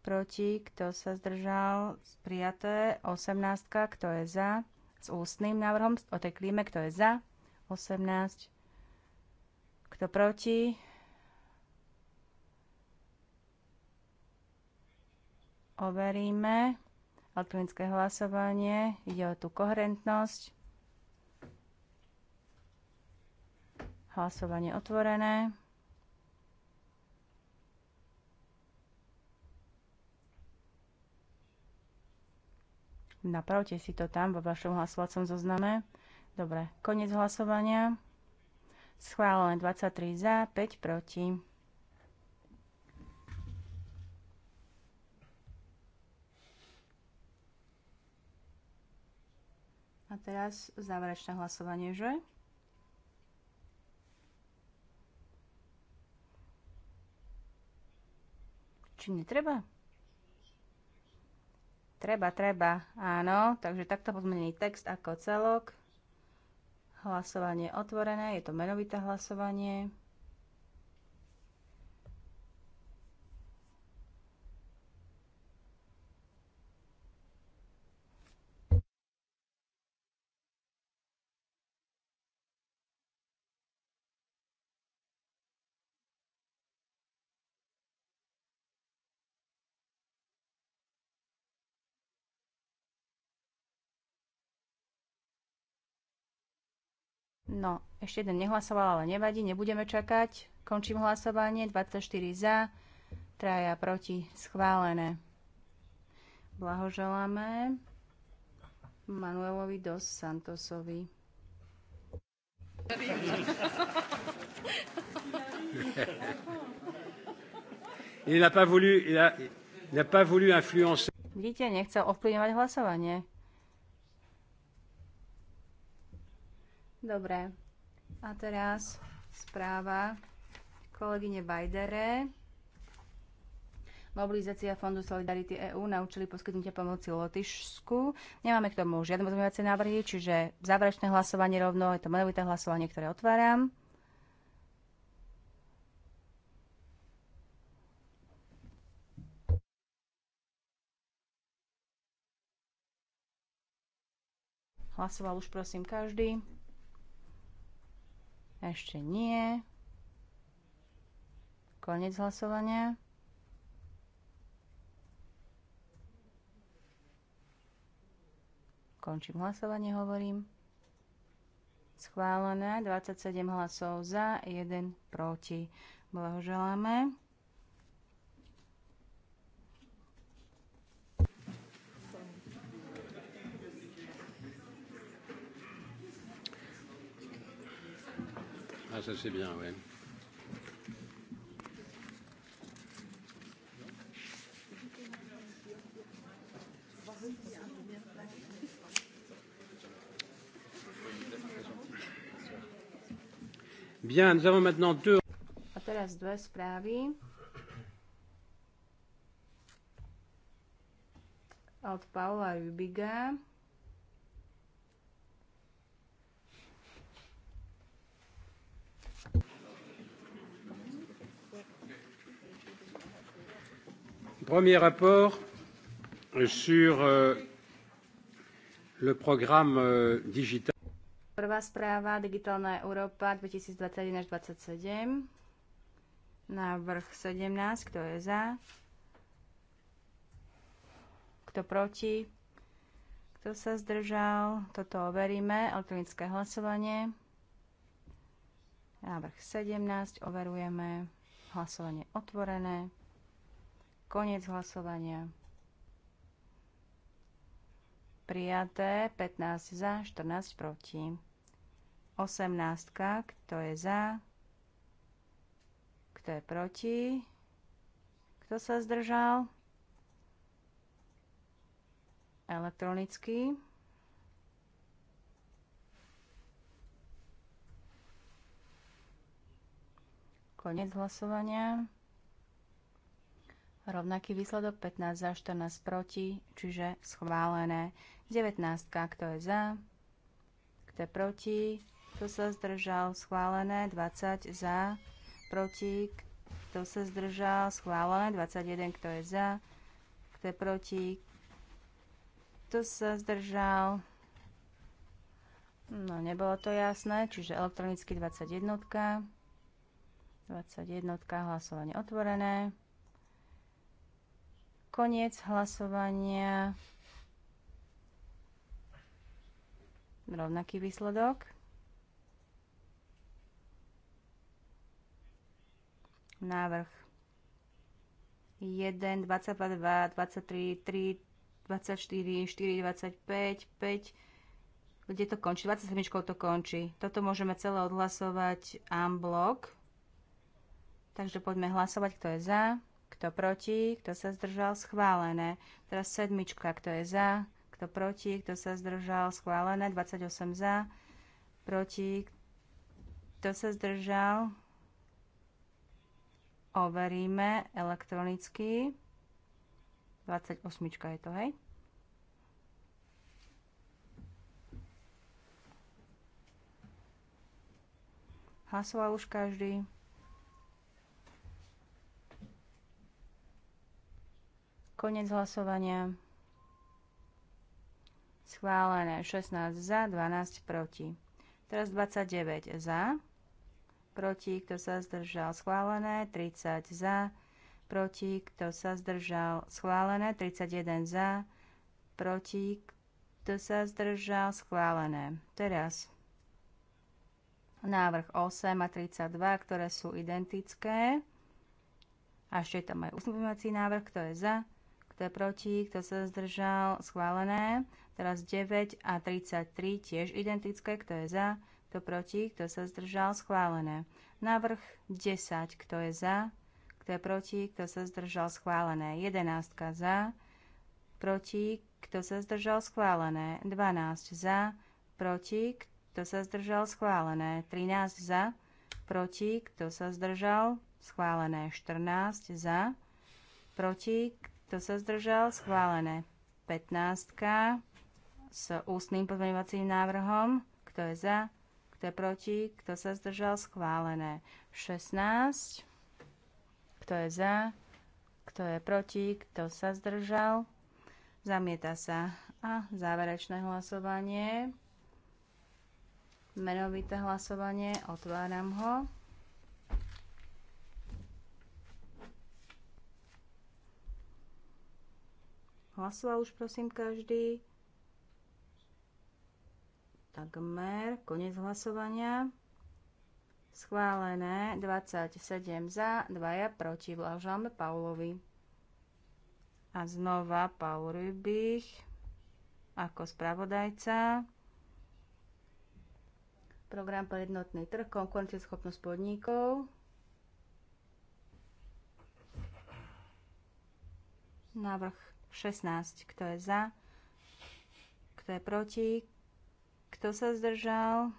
proti, kto sa zdržal, prijaté 18, kto je za, s ústnym návrhom o tej klíme, kto je za, 18, kto proti, overíme, elektronické hlasovanie, ide o tú koherentnosť, Hlasovanie otvorené. Napravte si to tam vo vašom hlasovacom zozname. Dobre, koniec hlasovania. Schválené 23 za, 5 proti. A teraz záverečné hlasovanie, že? Či netreba? treba? Treba, áno. Takže takto pozmenený text ako celok. Hlasovanie otvorené, je to menovité hlasovanie. No, ešte jeden nehlasoval, ale nevadí, nebudeme čakať. Končím hlasovanie. 24 za, traja proti, schválené. Blahoželáme Manuelovi dos Santosovi. Il n'a pas voulu, il a, il a pas voulu influencer. Vidíte, nechcel ovplyvňovať hlasovanie. Dobre. A teraz správa kolegyne Bajdere. Mobilizácia Fondu Solidarity EÚ na účely poskytnutia pomoci Lotyšsku. Nemáme k tomu žiadne pozmeňovacie návrhy, čiže záverečné hlasovanie rovno, je to menovité hlasovanie, ktoré otváram. Hlasoval už prosím každý. Ešte nie. Konec hlasovania. Končím hlasovanie, hovorím. Schválené, 27 hlasov za, 1 proti. Blahoželáme. Ah, ça c'est bien, oui. Bien, nous avons maintenant deux... A teraz dve správy. Od Paula Rubiga. Premier rapport sur euh, le programme euh, digital. Prvá správa Digitálna Európa 2021 až 27. Návrh 17, kto je za? Kto proti? Kto sa zdržal? Toto overíme. Elektronické hlasovanie. Návrh 17 overujeme. Hlasovanie otvorené. Koniec hlasovania. Prijaté 15 za, 14 proti. 18. Kto je za? Kto je proti? Kto sa zdržal? Elektronicky. Koniec hlasovania. Rovnaký výsledok 15 za 14 proti, čiže schválené. 19, kto je za, kto je proti, kto sa zdržal, schválené. 20 za, proti, kto sa zdržal, schválené. 21, kto je za, kto je proti, kto sa zdržal. No, nebolo to jasné, čiže elektronicky 21. 21. hlasovanie otvorené. Koniec hlasovania. Rovnaký výsledok. Návrh 1, 22, 23, 3, 24, 4, 25, 5, kde to končí? 27 to končí. Toto môžeme celé odhlasovať unblock. Takže poďme hlasovať, kto je za. Kto proti? Kto sa zdržal? Schválené. Teraz sedmička. Kto je za? Kto proti? Kto sa zdržal? Schválené. 28 za. Proti? Kto sa zdržal? Overíme elektronicky. 28 je to, hej? Hlasoval už každý. Konec hlasovania. Schválené 16 za, 12 proti. Teraz 29 za, proti, kto sa zdržal. Schválené 30 za, proti, kto sa zdržal. Schválené 31 za, proti, kto sa zdržal. Schválené. Teraz návrh 8 a 32, ktoré sú identické. A ešte tam aj usmievací návrh, kto je za, kto je proti, kto sa zdržal, schválené. Teraz 9 a 33 tiež identické, kto je za, kto proti, kto sa zdržal, schválené. Návrh 10, kto je za, kto je proti, kto sa zdržal, schválené. 11 za, proti, kto sa zdržal, schválené. 12 za, proti, kto sa zdržal, schválené. 13 za, proti, kto sa zdržal, schválené. 14 za, proti, kto sa zdržal? Schválené. 15 s ústnym pozmeňovacím návrhom. Kto je za? Kto je proti? Kto sa zdržal? Schválené. 16. Kto je za? Kto je proti? Kto sa zdržal? Zamieta sa. A záverečné hlasovanie. Menovité hlasovanie. Otváram ho. Hlasoval už prosím každý. Takmer. Konec hlasovania. Schválené 27 za, 2 proti. vlážame Paulovi. A znova Paul Rybich ako spravodajca. Program pre jednotný trh, schopnosť podnikov. Návrh 16. Kto je za? Kto je proti? Kto sa zdržal?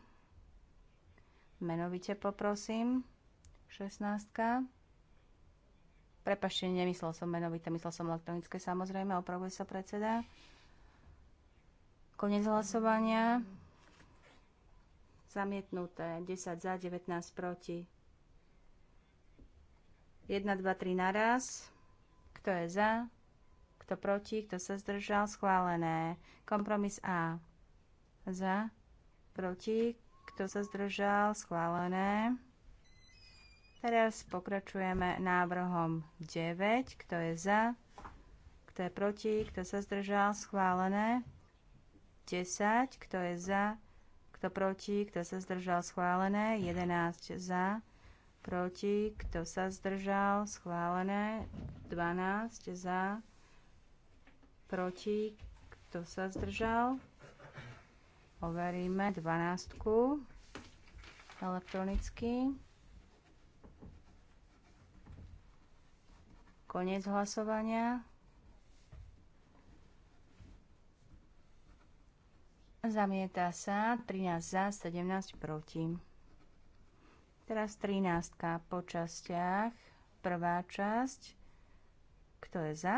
Menovite poprosím. 16. Prepašte, nemyslel som menovite, myslel som elektronické samozrejme, opravuje sa predseda. Konec hlasovania. Zamietnuté. 10 za, 19 proti. 1, 2, 3 naraz. Kto je za? Kto proti? Kto sa zdržal? Schválené. Kompromis A. Za. Proti. Kto sa zdržal? Schválené. Teraz pokračujeme návrhom 9. Kto je za? Kto je proti? Kto sa zdržal? Schválené. 10. Kto je za? Kto proti? Kto sa zdržal? Schválené. 11. Za proti, kto sa zdržal, schválené, 12 za, proti, kto sa zdržal. Overíme 12 elektronicky. Koniec hlasovania. Zamieta sa 13 za, 17 proti. Teraz 13 po častiach. Prvá časť. Kto je za?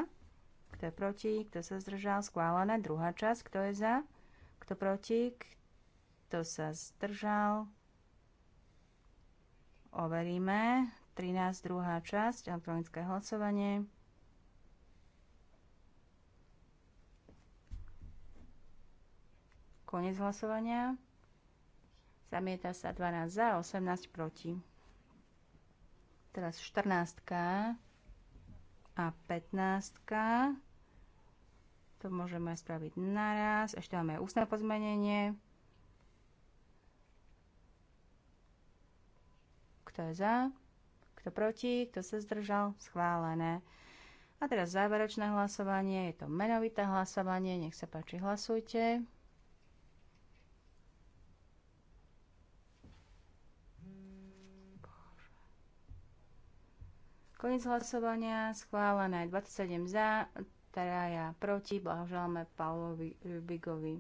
kto je proti, kto sa zdržal, schválené. Druhá časť, kto je za, kto proti, kto sa zdržal, overíme. 13. druhá časť, elektronické hlasovanie. Konec hlasovania. Zamieta sa 12 za, 18 proti. Teraz 14 a 15. To môžeme spraviť naraz. Ešte máme ústne pozmenenie. Kto je za? Kto proti? Kto sa zdržal? Schválené. A teraz záverečné hlasovanie. Je to menovité hlasovanie. Nech sa páči, hlasujte. Koniec hlasovania schválené 27 za, traja proti. Blahoželáme Pavlovi Rubigovi.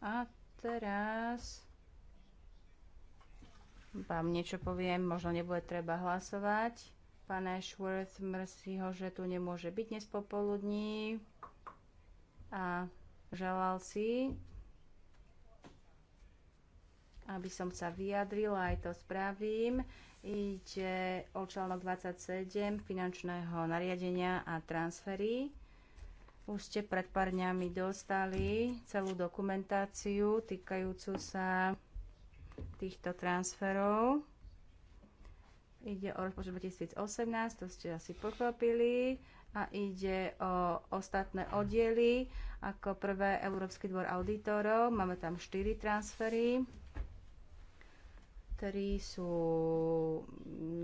A teraz vám niečo poviem, možno nebude treba hlasovať. Pán Ashworth, mrzí ho, že tu nemôže byť dnes popoludní a želal si, aby som sa vyjadrila, aj to spravím. Ide o článok 27 finančného nariadenia a transfery. Už ste pred pár dňami dostali celú dokumentáciu týkajúcu sa týchto transferov. Ide o rozpočet 2018, to ste asi pochopili. A ide o ostatné oddiely. Ako prvé Európsky dvor auditorov, máme tam 4 transfery tri sú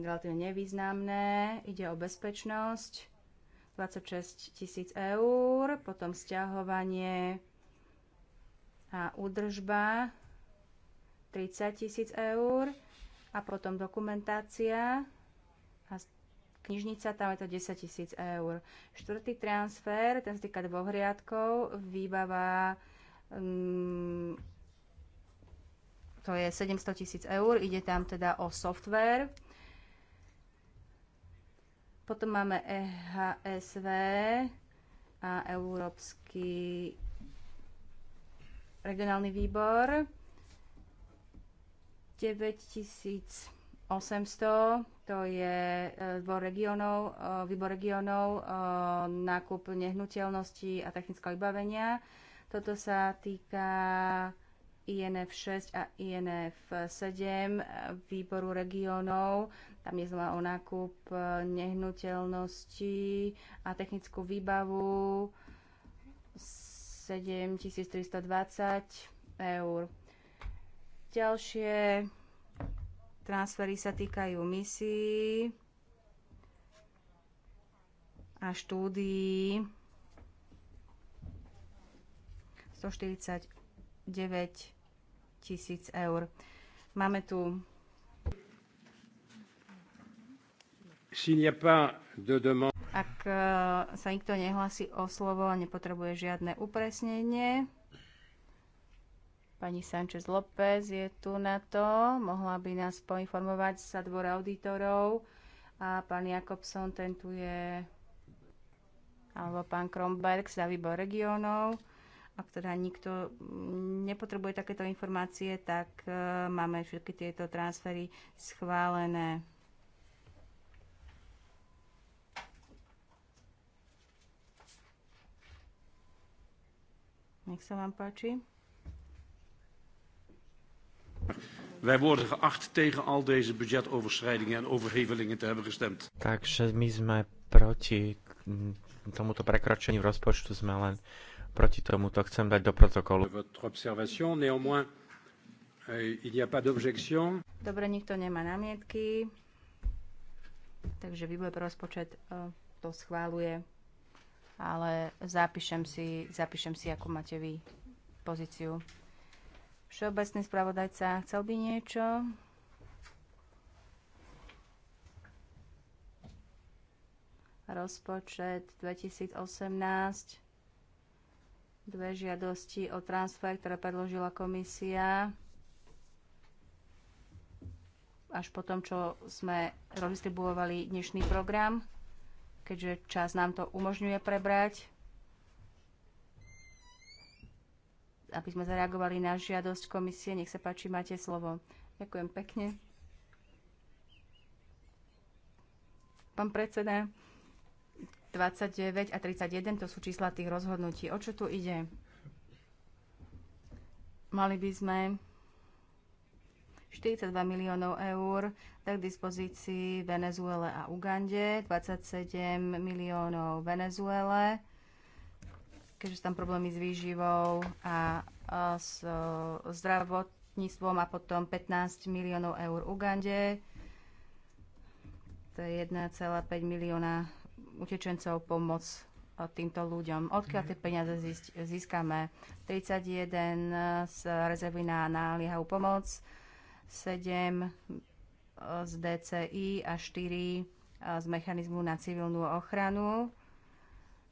relatívne nevýznamné. Ide o bezpečnosť 26 tisíc eur, potom stiahovanie a údržba 30 tisíc eur a potom dokumentácia a knižnica, tam je to 10 tisíc eur. Štvrtý transfer, ten sa týka dvoch riadkov, výbava um, to je 700 tisíc eur, ide tam teda o software. Potom máme EHSV a Európsky regionálny výbor 9800 to je e, dvor regionov, e, výbor regionov, e, nákup nehnuteľnosti a technického vybavenia. Toto sa týka INF 6 a INF 7 výboru regiónov. Tam je znova o nákup e, nehnuteľnosti a technickú výbavu 7320 eur. Ďalšie transfery sa týkajú misií a štúdií 149 tisíc eur. Máme tu Ak e, sa nikto nehlasí o slovo a nepotrebuje žiadne upresnenie, pani Sanchez López je tu na to, mohla by nás poinformovať sa dvor auditorov a pán Jakobson, ten tu je, alebo pán Kromberg za výbor regionov ak teda nikto mm, nepotrebuje takéto informácie, tak e, máme všetky tieto transfery schválené. Nech sa vám páči. Wij worden geacht tegen al deze budgetoverschrijdingen en overhevelingen te hebben gestemd. Takže my sme proti mm, tomuto prekročeniu rozpočtu sme len Proti tomu to chcem dať do protokolu. Euh, Dobre, nikto nemá námietky, takže výbor pre rozpočet e, to schváluje, ale zapíšem si, zapíšem si, ako máte vy pozíciu. Všeobecný spravodajca chcel by niečo? Rozpočet 2018 dve žiadosti o transfer, ktoré predložila komisia až po tom, čo sme rozdistribuovali dnešný program, keďže čas nám to umožňuje prebrať, aby sme zareagovali na žiadosť komisie. Nech sa páči, máte slovo. Ďakujem pekne. Pán predseda, 29 a 31, to sú čísla tých rozhodnutí. O čo tu ide? Mali by sme 42 miliónov eur tak k dispozícii Venezuele a Ugande, 27 miliónov Venezuele, keďže sú tam problémy s výživou a, a s e, zdravotníctvom a potom 15 miliónov eur Ugande, to je 1,5 milióna utečencov, pomoc e, týmto ľuďom. Odkiaľ tie peniaze získame? 31 e, z rezervy na náliehavú pomoc, 7 e, z DCI a 4 z mechanizmu na civilnú ochranu.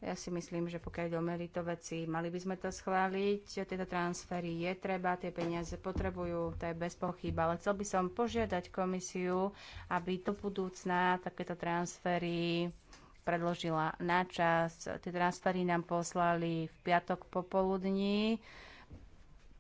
Ja si myslím, že pokiaľ ide o merito veci, mali by sme to schváliť. Tieto transfery je treba, tie peniaze potrebujú, to je bez pochyb. Ale chcel by som požiadať komisiu, aby do budúcná takéto transfery predložila na čas. Tie transfery nám poslali v piatok popoludní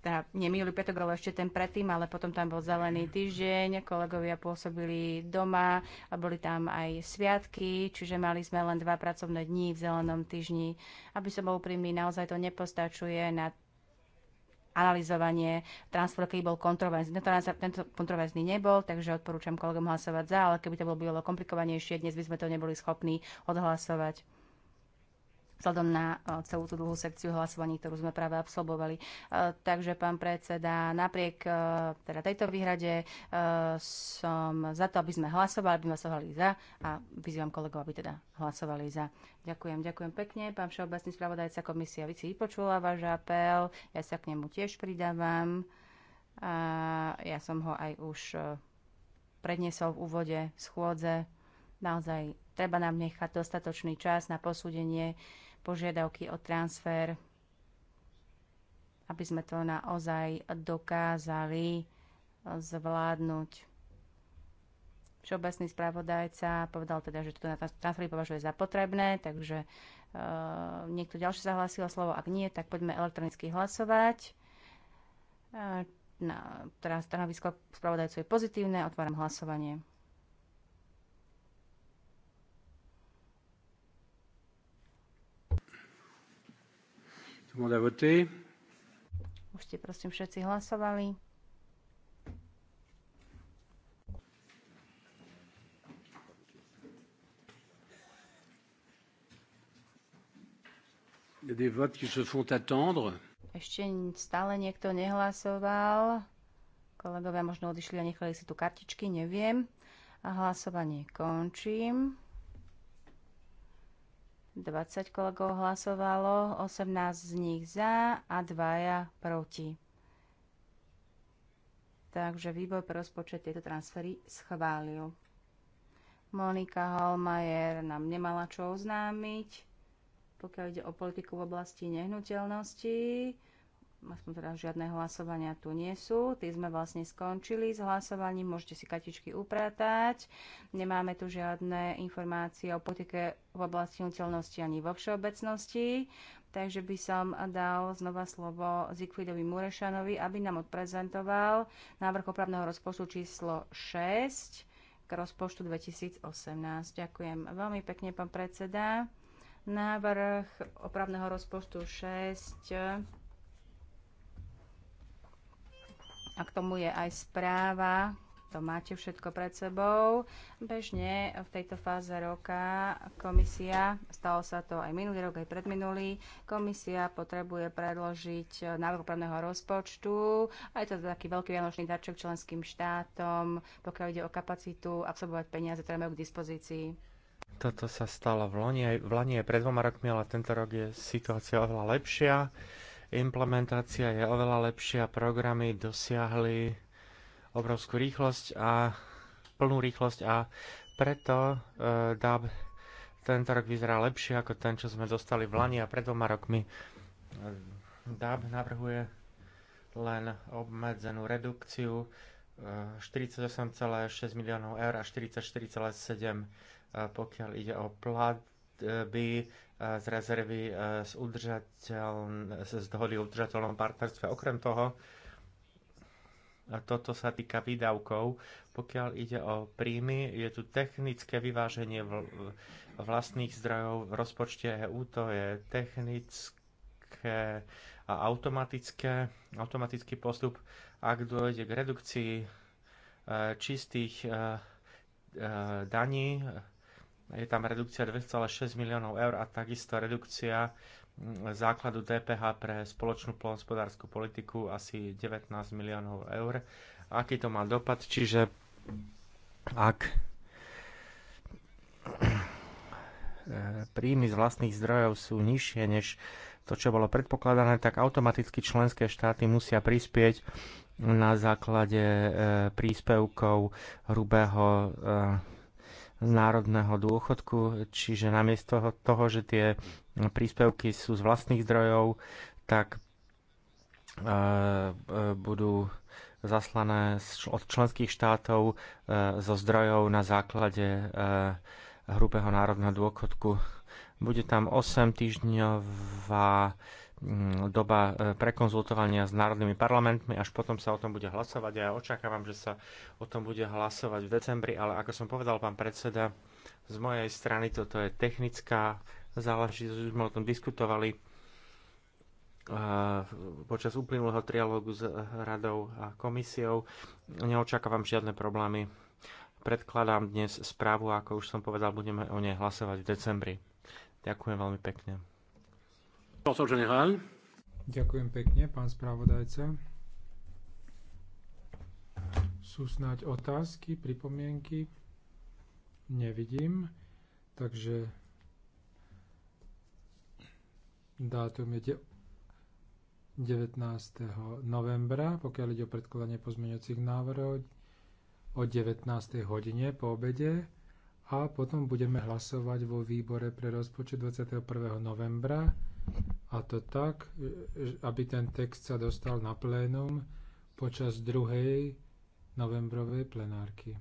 teda nie minulý piatok, ale ešte ten predtým, ale potom tam bol zelený týždeň, kolegovia pôsobili doma a boli tam aj sviatky, čiže mali sme len dva pracovné dní v zelenom týždni. Aby som bol úprimný, naozaj to nepostačuje na analyzovanie transferu, keď bol kontroverzný. Tento, tento kontroverzný nebol, takže odporúčam kolegom hlasovať za, ale keby to bolo, bolo komplikovanejšie, dnes by sme to neboli schopní odhlasovať vzhľadom na e, celú tú dlhú sekciu hlasovaní, ktorú sme práve absolvovali. E, takže, pán predseda, napriek e, teda tejto výhrade som za to, aby sme hlasovali, aby sme hlasovali za a vyzývam kolegov, aby teda hlasovali za. Ďakujem, ďakujem pekne. Pán všeobecný spravodajca komisia, vy si vypočula váš apel, ja sa k nemu tiež pridávam. A ja som ho aj už predniesol v úvode schôdze. Naozaj treba nám nechať dostatočný čas na posúdenie požiadavky o transfer, aby sme to naozaj dokázali eh, zvládnuť. Všeobecný spravodajca povedal teda, že toto na transfery považuje za potrebné, takže uh, niekto ďalší zahlásil slovo. Ak nie, tak poďme elektronicky hlasovať. Uh, na, teraz stanovisko spravodajcu je pozitívne, otváram hlasovanie. Už ste prosím všetci hlasovali. Des votes qui se font attendre. Ešte stále niekto nehlasoval. Kolegovia možno odišli a nechali si tu kartičky, neviem. A hlasovanie končím. 20 kolegov hlasovalo, 18 z nich za a 2 proti. Takže výbor pre rozpočet tieto transfery schválil. Monika Holmajer nám nemala čo oznámiť, pokiaľ ide o politiku v oblasti nehnuteľnosti aspoň teda žiadne hlasovania tu nie sú. Tí sme vlastne skončili s hlasovaním, môžete si katičky upratať. Nemáme tu žiadne informácie o politike v oblasti nutelnosti ani vo všeobecnosti. Takže by som dal znova slovo Zikvidovi Murešanovi, aby nám odprezentoval návrh opravného rozpočtu číslo 6 k rozpočtu 2018. Ďakujem veľmi pekne, pán predseda. Návrh opravného rozpočtu 6 a k tomu je aj správa, to máte všetko pred sebou. Bežne v tejto fáze roka komisia, stalo sa to aj minulý rok, aj predminulý, komisia potrebuje predložiť návrh opravného rozpočtu. A je to taký veľký vianočný darček členským štátom, pokiaľ ide o kapacitu absorbovať peniaze, ktoré majú k dispozícii. Toto sa stalo v Lani, v Lani je pred dvoma rokmi, ale tento rok je situácia oveľa lepšia implementácia je oveľa lepšia, programy dosiahli obrovskú rýchlosť a plnú rýchlosť a preto uh, e, DAB tento rok vyzerá lepšie ako ten, čo sme dostali v Lani a pred dvoma rokmi. E, DAB navrhuje len obmedzenú redukciu 48,6 e, miliónov eur a 44,7 pokiaľ ide o platby z rezervy z, udržateľ, z dohody o udržateľnom partnerstve. Okrem toho, a toto sa týka výdavkov. Pokiaľ ide o príjmy, je tu technické vyváženie vlastných zdrojov v rozpočte EU, to je technické a automatické, automatický postup, ak dojde k redukcii e, čistých e, e, daní, je tam redukcia 2,6 miliónov eur a takisto redukcia mm, základu DPH pre spoločnú poľnohospodárskú politiku asi 19 miliónov eur. Aký to má dopad? Čiže ak eh, príjmy z vlastných zdrojov sú nižšie než to, čo bolo predpokladané, tak automaticky členské štáty musia prispieť na základe eh, príspevkov hrubého eh, národného dôchodku, čiže namiesto toho, že tie príspevky sú z vlastných zdrojov, tak e, e, budú zaslané od členských štátov e, zo zdrojov na základe hrubého národného dôchodku. Bude tam 8 týždňová Mm, doba e, prekonzultovania s národnými parlamentmi, až potom sa o tom bude hlasovať. A ja očakávam, že sa o tom bude hlasovať v decembri, ale ako som povedal pán predseda, z mojej strany toto je technická záležitosť, už sme o tom diskutovali e, počas uplynulého trialógu s radou a komisiou. Neočakávam žiadne problémy. Predkladám dnes správu, ako už som povedal, budeme o nej hlasovať v decembri. Ďakujem veľmi pekne. Ďakujem pekne, pán spravodajca. Sú snáď otázky, pripomienky? Nevidím, takže dátum je 19. novembra, pokiaľ ide o predkladanie pozmeňujúcich návrhov o 19. hodine po obede a potom budeme hlasovať vo výbore pre rozpočet 21. novembra a to tak, e, e, aby ten text sa dostal na plénum počas druhej novembrovej plenárky.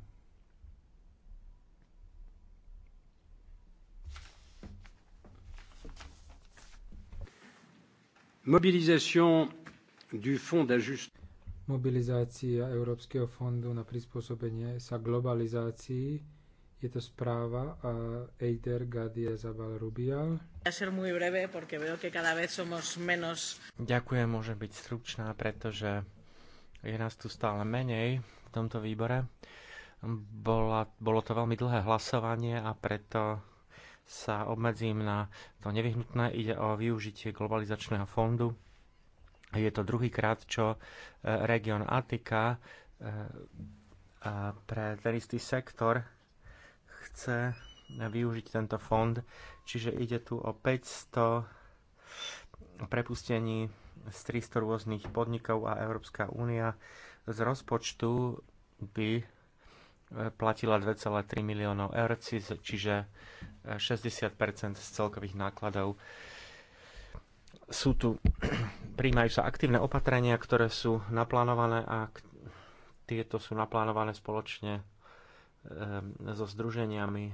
Mobilisation du fond d'ajustement mobilizácia Európskeho fondu na prispôsobenie sa globalizácii je to správa a Eider Gadia Zabal Rubial. Ďakujem, môžem byť stručná, pretože je nás tu stále menej v tomto výbore. Bola, bolo to veľmi dlhé hlasovanie a preto sa obmedzím na to nevyhnutné. Ide o využitie globalizačného fondu. Je to druhýkrát, čo e, region Atika e, pre ten istý sektor chce využiť tento fond, čiže ide tu o 500 prepustení z 300 rôznych podnikov a Európska únia z rozpočtu by e, platila 2,3 miliónov eur, čiže 60 e, z celkových nákladov. Sú tu, príjmajú sa aktívne opatrenia, ktoré sú naplánované a tieto sú naplánované spoločne Ehm, so združeniami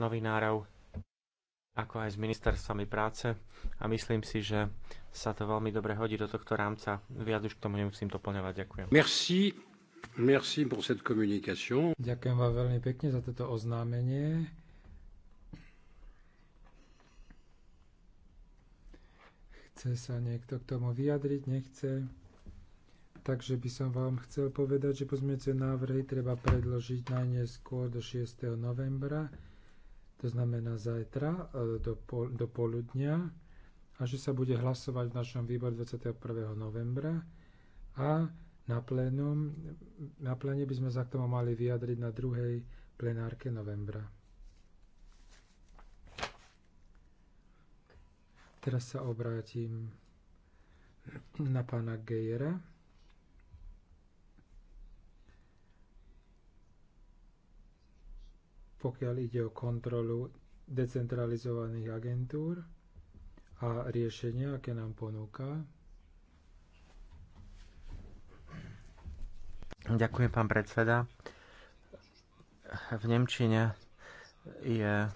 novinárov, ako aj s ministerstvami práce a myslím si, že sa to veľmi dobre hodí do tohto rámca. Viac už k tomu nemusím doplňovať. Ďakujem. Merci. Merci pour cette communication. Ďakujem vám veľmi pekne za toto oznámenie. Chce sa niekto k tomu vyjadriť? Nechce. Takže by som vám chcel povedať, že pozmeňujúce návrhy treba predložiť najneskôr do 6. novembra, to znamená zajtra e, do, pol, do poludnia, a že sa bude hlasovať v našom výbore 21. novembra a na plénum, na pléne by sme sa k tomu mali vyjadriť na druhej plenárke novembra. Teraz sa obrátim na pána Gejera. pokiaľ ide o kontrolu decentralizovaných agentúr a riešenia, aké nám ponúka. Ďakujem, pán predseda. V Nemčine je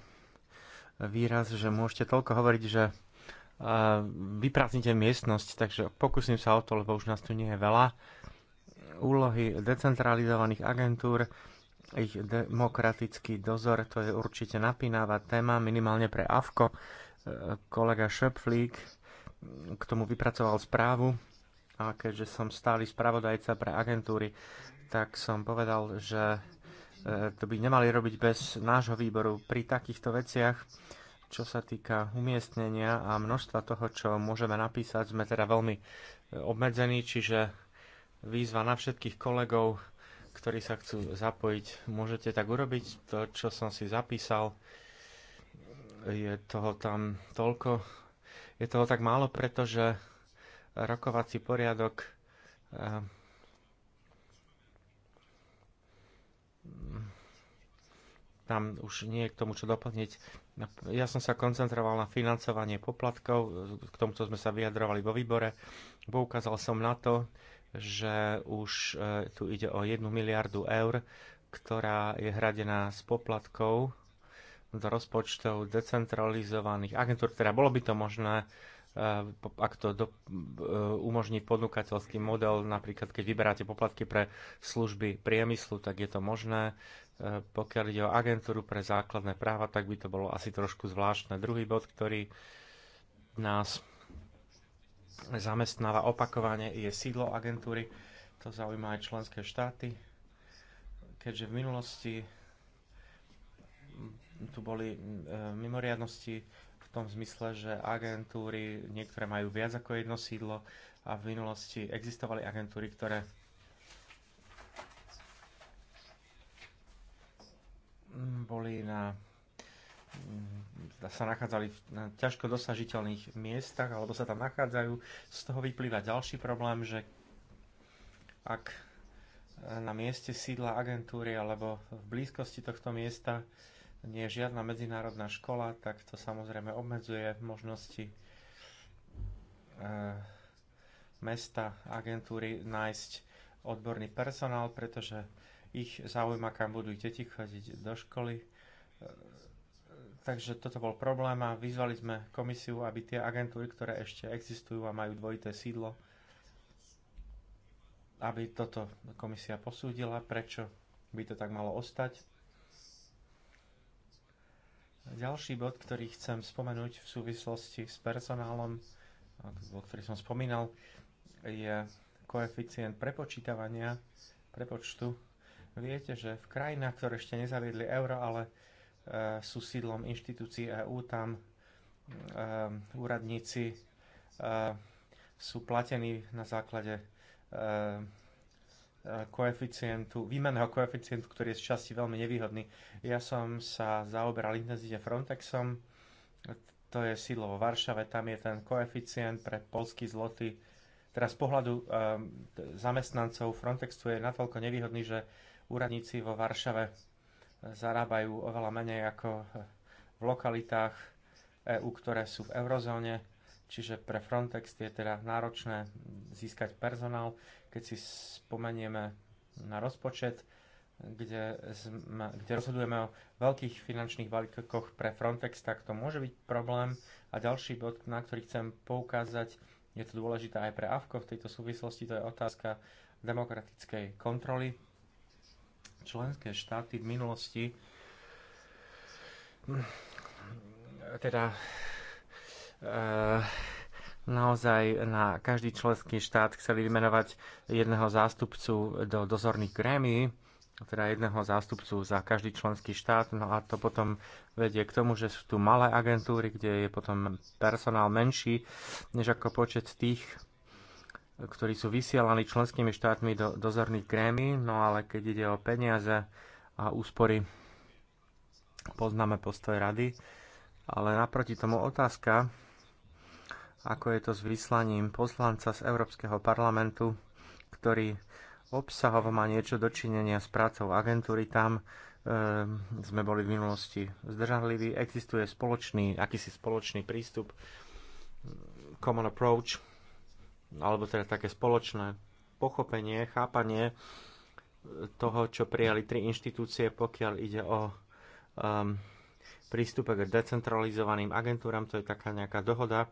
výraz, že môžete toľko hovoriť, že vyprázdnite miestnosť, takže pokúsim sa o to, lebo už nás tu nie je veľa. Úlohy decentralizovaných agentúr ich demokratický dozor. To je určite napínavá téma, minimálne pre AVKO. E, kolega Šöpflík k tomu vypracoval správu a keďže som stály spravodajca pre agentúry, tak som povedal, že e, to by nemali robiť bez nášho výboru pri takýchto veciach čo sa týka umiestnenia a množstva toho, čo môžeme napísať, sme teda veľmi e, obmedzení, čiže výzva na všetkých kolegov, ktorí sa chcú zapojiť, môžete tak urobiť. To, čo som si zapísal, je toho tam toľko, je toho tak málo, pretože rokovací poriadok eh, tam už nie je k tomu, čo doplniť. Ja som sa koncentroval na financovanie poplatkov, k tomuto sme sa vyjadrovali vo výbore. Poukázal som na to, že už e, tu ide o 1 miliardu eur, ktorá je hradená z poplatkov z rozpočtov decentralizovaných agentúr, teda bolo by to možné, e, ak to do, e, umožní podnikateľský model, napríklad keď vyberáte poplatky pre služby priemyslu, tak je to možné. Pokiaľ ide o agentúru pre základné práva, tak by to bolo asi trošku zvláštne. Druhý bod, ktorý nás zamestnáva opakovane, je sídlo agentúry. To zaujíma aj členské štáty, keďže v minulosti tu boli e, mimoriadnosti v tom zmysle, že agentúry, niektoré majú viac ako jedno sídlo a v minulosti existovali agentúry, ktoré boli na Mm, sa nachádzali na ťažko dosažiteľných miestach alebo sa tam nachádzajú. Z toho vyplýva ďalší problém, že ak e, na mieste sídla agentúry alebo v blízkosti tohto miesta nie je žiadna medzinárodná škola, tak to samozrejme obmedzuje možnosti e, mesta, agentúry nájsť odborný personál, pretože ich zaujíma, kam budú deti chodiť do školy. E, Takže toto bol problém a vyzvali sme komisiu, aby tie agentúry, ktoré ešte existujú a majú dvojité sídlo, aby toto komisia posúdila, prečo by to tak malo ostať. Ďalší bod, ktorý chcem spomenúť v súvislosti s personálom, o ktorý som spomínal, je koeficient prepočítavania, prepočtu. Viete, že v krajinách, ktoré ešte nezaviedli euro, ale sú e, sídlom inštitúcií EÚ. Tam e, úradníci e, sú platení na základe koeficientu, výmenného koeficientu, ktorý je z časti veľmi nevýhodný. Ja som sa zaoberal intenzívne Frontexom, to je sídlo vo Varšave, tam je ten koeficient pre polský zloty. Teraz z pohľadu um, zamestnancov Frontextu je natoľko nevýhodný, že úradníci vo Varšave zarábajú oveľa menej ako v lokalitách EÚ, ktoré sú v eurozóne. Čiže pre Frontex je teda náročné získať personál. Keď si spomenieme na rozpočet, kde, sme, kde rozhodujeme o veľkých finančných balíkoch pre Frontex, tak to môže byť problém. A ďalší bod, na ktorý chcem poukázať, je to dôležité aj pre AFKO v tejto súvislosti, to je otázka demokratickej kontroly členské štáty v minulosti teda eh, naozaj na každý členský štát chceli vymenovať jedného zástupcu do dozorných grémií, teda jedného zástupcu za každý členský štát. No a to potom vedie k tomu, že sú tu malé agentúry, kde je potom personál menší, než ako počet tých ktorí sú vysielaní členskými štátmi do dozorných krémy, no ale keď ide o peniaze a úspory, poznáme postoj rady. Ale naproti tomu otázka, ako je to s vyslaním poslanca z Európskeho parlamentu, ktorý obsahovo má niečo dočinenia s prácou agentúry tam, e, sme boli v minulosti zdržanliví, existuje spoločný, akýsi spoločný prístup, common approach, alebo teda také spoločné pochopenie, chápanie toho, čo prijali tri inštitúcie, pokiaľ ide o um, prístupe k decentralizovaným agentúram. To je taká nejaká dohoda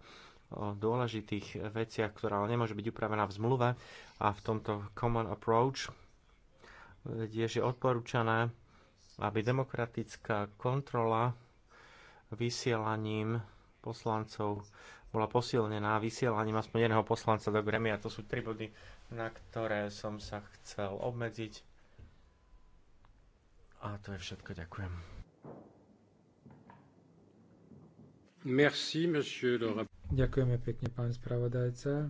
o dôležitých veciach, ktorá ale nemôže byť upravená v zmluve a v tomto common approach je, že odporúčané, aby demokratická kontrola vysielaním poslancov bola posilnená vysielaním aspoň jedného poslanca do a To sú tri body, na ktoré som sa chcel obmedziť. A to je všetko. Ďakujem. Merci, monsieur le... Ďakujeme pekne, pán spravodajca,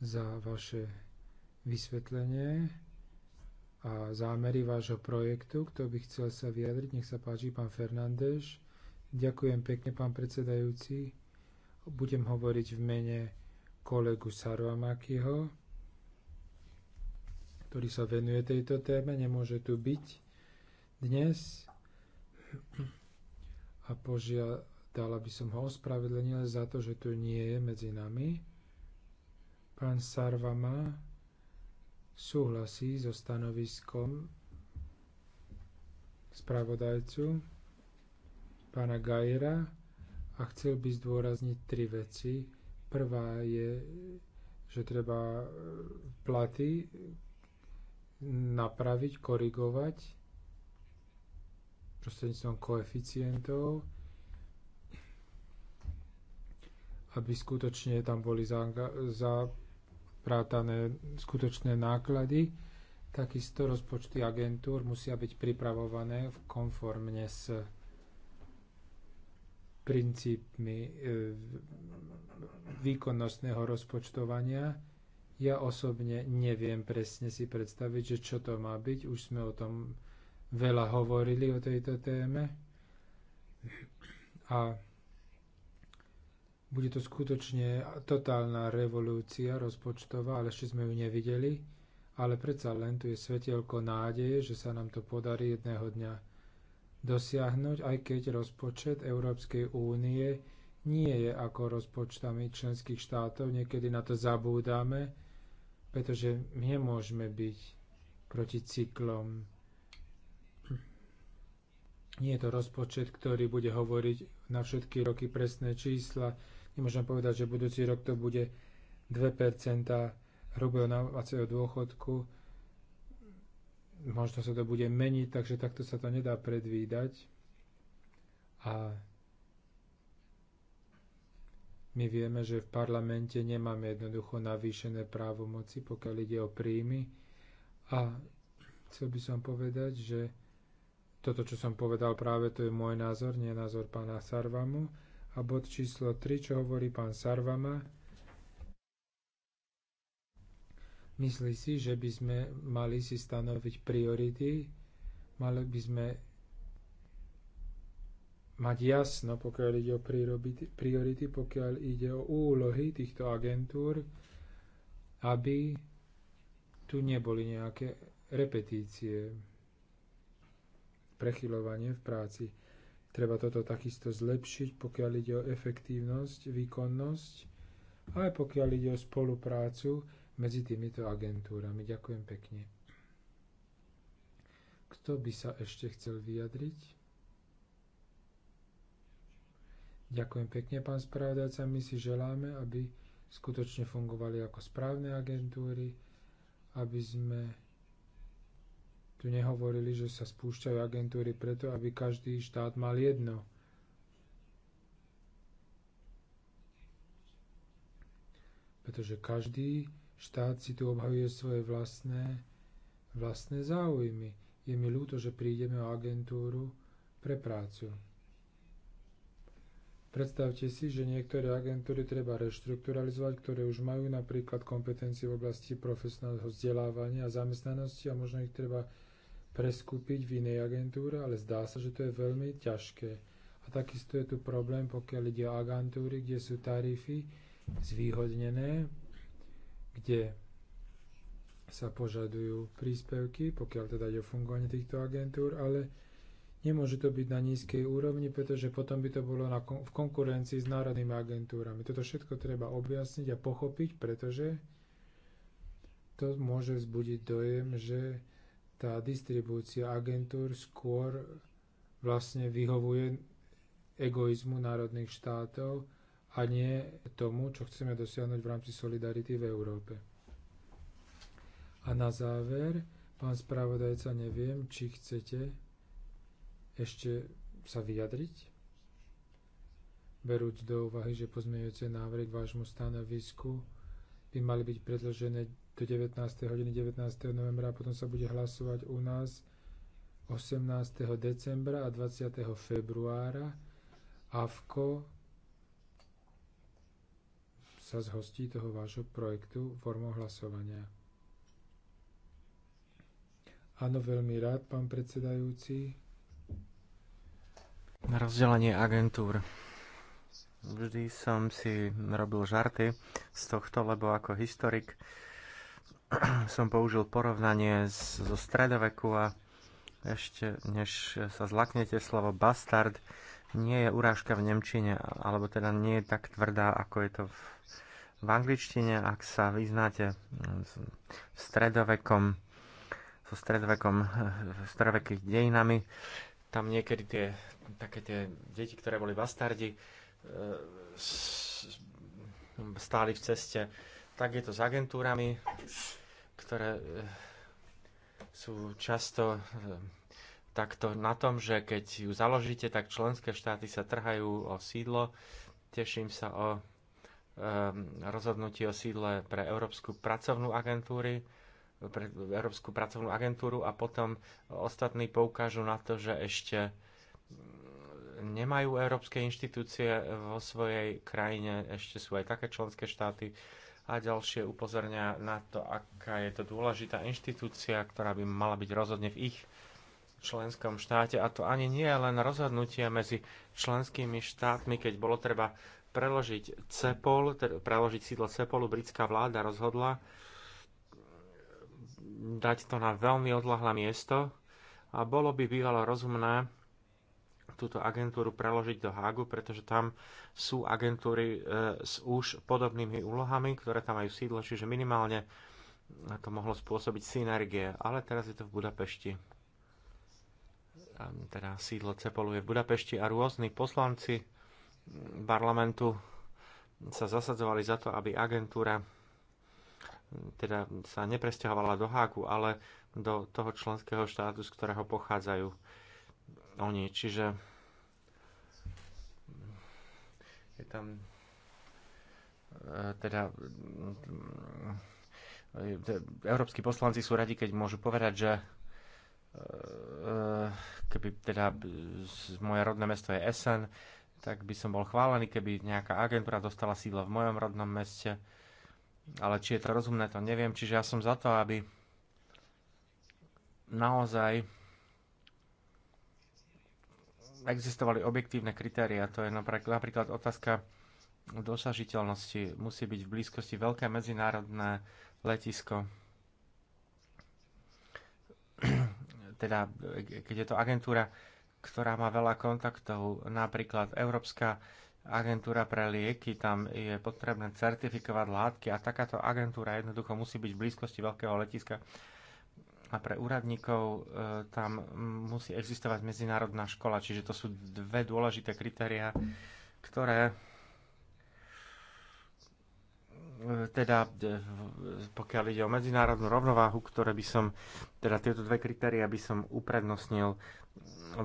za vaše vysvetlenie a zámery vášho projektu. Kto by chcel sa vyjadriť, nech sa páči, pán Fernández. Ďakujem pekne, pán predsedajúci. Budem hovoriť v mene kolegu Saruamakiho, ktorý sa venuje tejto téme, nemôže tu byť dnes a požiadala by som ho ospravedlenil za to, že tu nie je medzi nami. Pán Sarvama súhlasí so stanoviskom spravodajcu pána Gajera a chcel by zdôrazniť tri veci. Prvá je, že treba e, platy napraviť, korigovať prostredníctvom koeficientov, aby skutočne tam boli zaprátané skutočné náklady. Takisto rozpočty agentúr musia byť pripravované v konformne s princípmi e, výkonnostného rozpočtovania. Ja osobne neviem presne si predstaviť, že čo to má byť. Už sme o tom veľa hovorili o tejto téme. A bude to skutočne totálna revolúcia rozpočtová, ale ešte sme ju nevideli. Ale predsa len tu je svetelko nádeje, že sa nám to podarí jedného dňa dosiahnuť, aj keď rozpočet Európskej únie nie je ako rozpočtami členských štátov. Niekedy na to zabúdame, pretože nemôžeme byť proti cyklom. Nie je to rozpočet, ktorý bude hovoriť na všetky roky presné čísla. Nemôžem povedať, že budúci rok to bude 2% hrubého návaceho dôchodku možno sa to bude meniť, takže takto sa to nedá predvídať. A my vieme, že v parlamente nemáme jednoducho navýšené právomoci, pokiaľ ide o príjmy. A chcel by som povedať, že toto, čo som povedal práve, to je môj názor, nie názor pána Sarvamu. A bod číslo 3, čo hovorí pán Sarvama, Myslí si, že by sme mali si stanoviť priority, mali by sme mať jasno, pokiaľ ide o priority, pokiaľ ide o úlohy týchto agentúr, aby tu neboli nejaké repetície, prechylovanie v práci. Treba toto takisto zlepšiť, pokiaľ ide o efektívnosť, výkonnosť, ale pokiaľ ide o spoluprácu, medzi týmito agentúrami. Ďakujem pekne. Kto by sa ešte chcel vyjadriť? Ďakujem pekne, pán spravodajca. My si želáme, aby skutočne fungovali ako správne agentúry, aby sme tu nehovorili, že sa spúšťajú agentúry preto, aby každý štát mal jedno. Pretože každý štát si tu obhajuje svoje vlastné, vlastné záujmy. Je mi ľúto, že prídeme o agentúru pre prácu. Predstavte si, že niektoré agentúry treba reštrukturalizovať, ktoré už majú napríklad kompetencie v oblasti profesionálneho vzdelávania a zamestnanosti a možno ich treba preskúpiť v inej agentúre, ale zdá sa, že to je veľmi ťažké. A takisto je tu problém, pokiaľ ide o agentúry, kde sú tarify zvýhodnené kde sa požadujú príspevky, pokiaľ teda ide o fungovanie týchto agentúr, ale nemôže to byť na nízkej úrovni, pretože potom by to bolo na, v konkurencii s národnými agentúrami. Toto všetko treba objasniť a pochopiť, pretože to môže vzbudiť dojem, že tá distribúcia agentúr skôr vlastne vyhovuje egoizmu národných štátov, a nie tomu, čo chceme dosiahnuť v rámci solidarity v Európe. A na záver, pán spravodajca, neviem, či chcete ešte sa vyjadriť, berúc do úvahy, že pozmeňujúce návrhy k vášmu stanovisku by mali byť predložené do 19. hodiny 19. novembra a potom sa bude hlasovať u nás 18. decembra a 20. februára. AVKO sa zhostí toho vášho projektu formou hlasovania. Áno, veľmi rád, pán predsedajúci. Na rozdelenie agentúr. Vždy som si robil žarty z tohto, lebo ako historik som použil porovnanie zo stredoveku a ešte než sa zlaknete slovo bastard, nie je urážka v Nemčine, alebo teda nie je tak tvrdá, ako je to v, v angličtine, ak sa vyznáte mm, v stredovekom, so stredovekom, stredovekých dejinami, tam niekedy tie, také tie deti, ktoré boli bastardi, e, stáli v ceste. Tak je to s agentúrami, ktoré e, sú často e, takto na tom, že keď ju založíte, tak členské štáty sa trhajú o sídlo. Teším sa o um, rozhodnutí o sídle pre Európsku pracovnú agentúru pre Európsku pracovnú agentúru a potom ostatní poukážu na to, že ešte nemajú európske inštitúcie vo svojej krajine, ešte sú aj také členské štáty a ďalšie upozornia na to, aká je to dôležitá inštitúcia, ktorá by mala byť rozhodne v ich členskom štáte a to ani nie je len rozhodnutie medzi členskými štátmi, keď bolo treba preložiť CEPOL, teda preložiť sídlo CEPOLu, britská vláda rozhodla dať to na veľmi odlahlé miesto a bolo by bývalo rozumné túto agentúru preložiť do Hágu, pretože tam sú agentúry e, s už podobnými úlohami, ktoré tam majú sídlo, čiže minimálne to mohlo spôsobiť synergie, ale teraz je to v Budapešti teda sídlo Cepolu je v Budapešti a rôzni poslanci parlamentu sa zasadzovali za to, aby agentúra mm, teda sa nepresťahovala do Háku, ale do toho členského štátu, z ktorého pochádzajú oni. Čiže je tam e, teda mm, e, európsky poslanci sú radi, keď môžu povedať, že Eh, keby teda moje rodné mesto je Essen, tak by som bol chválený, keby nejaká agentúra dostala sídlo v mojom rodnom meste. Ale či je to rozumné, to neviem. Čiže ja som za to, aby naozaj existovali objektívne kritéria. To je napríklad otázka dosažiteľnosti. Musí byť v blízkosti veľké medzinárodné letisko teda keď je to agentúra, ktorá má veľa kontaktov, napríklad Európska agentúra pre lieky, tam je potrebné certifikovať látky a takáto agentúra jednoducho musí byť v blízkosti veľkého letiska a pre úradníkov e, tam musí existovať medzinárodná škola, čiže to sú dve dôležité kritéria, ktoré teda e, pokiaľ ide o medzinárodnú rovnováhu, ktoré by som, teda tieto dve kritéria by som uprednostnil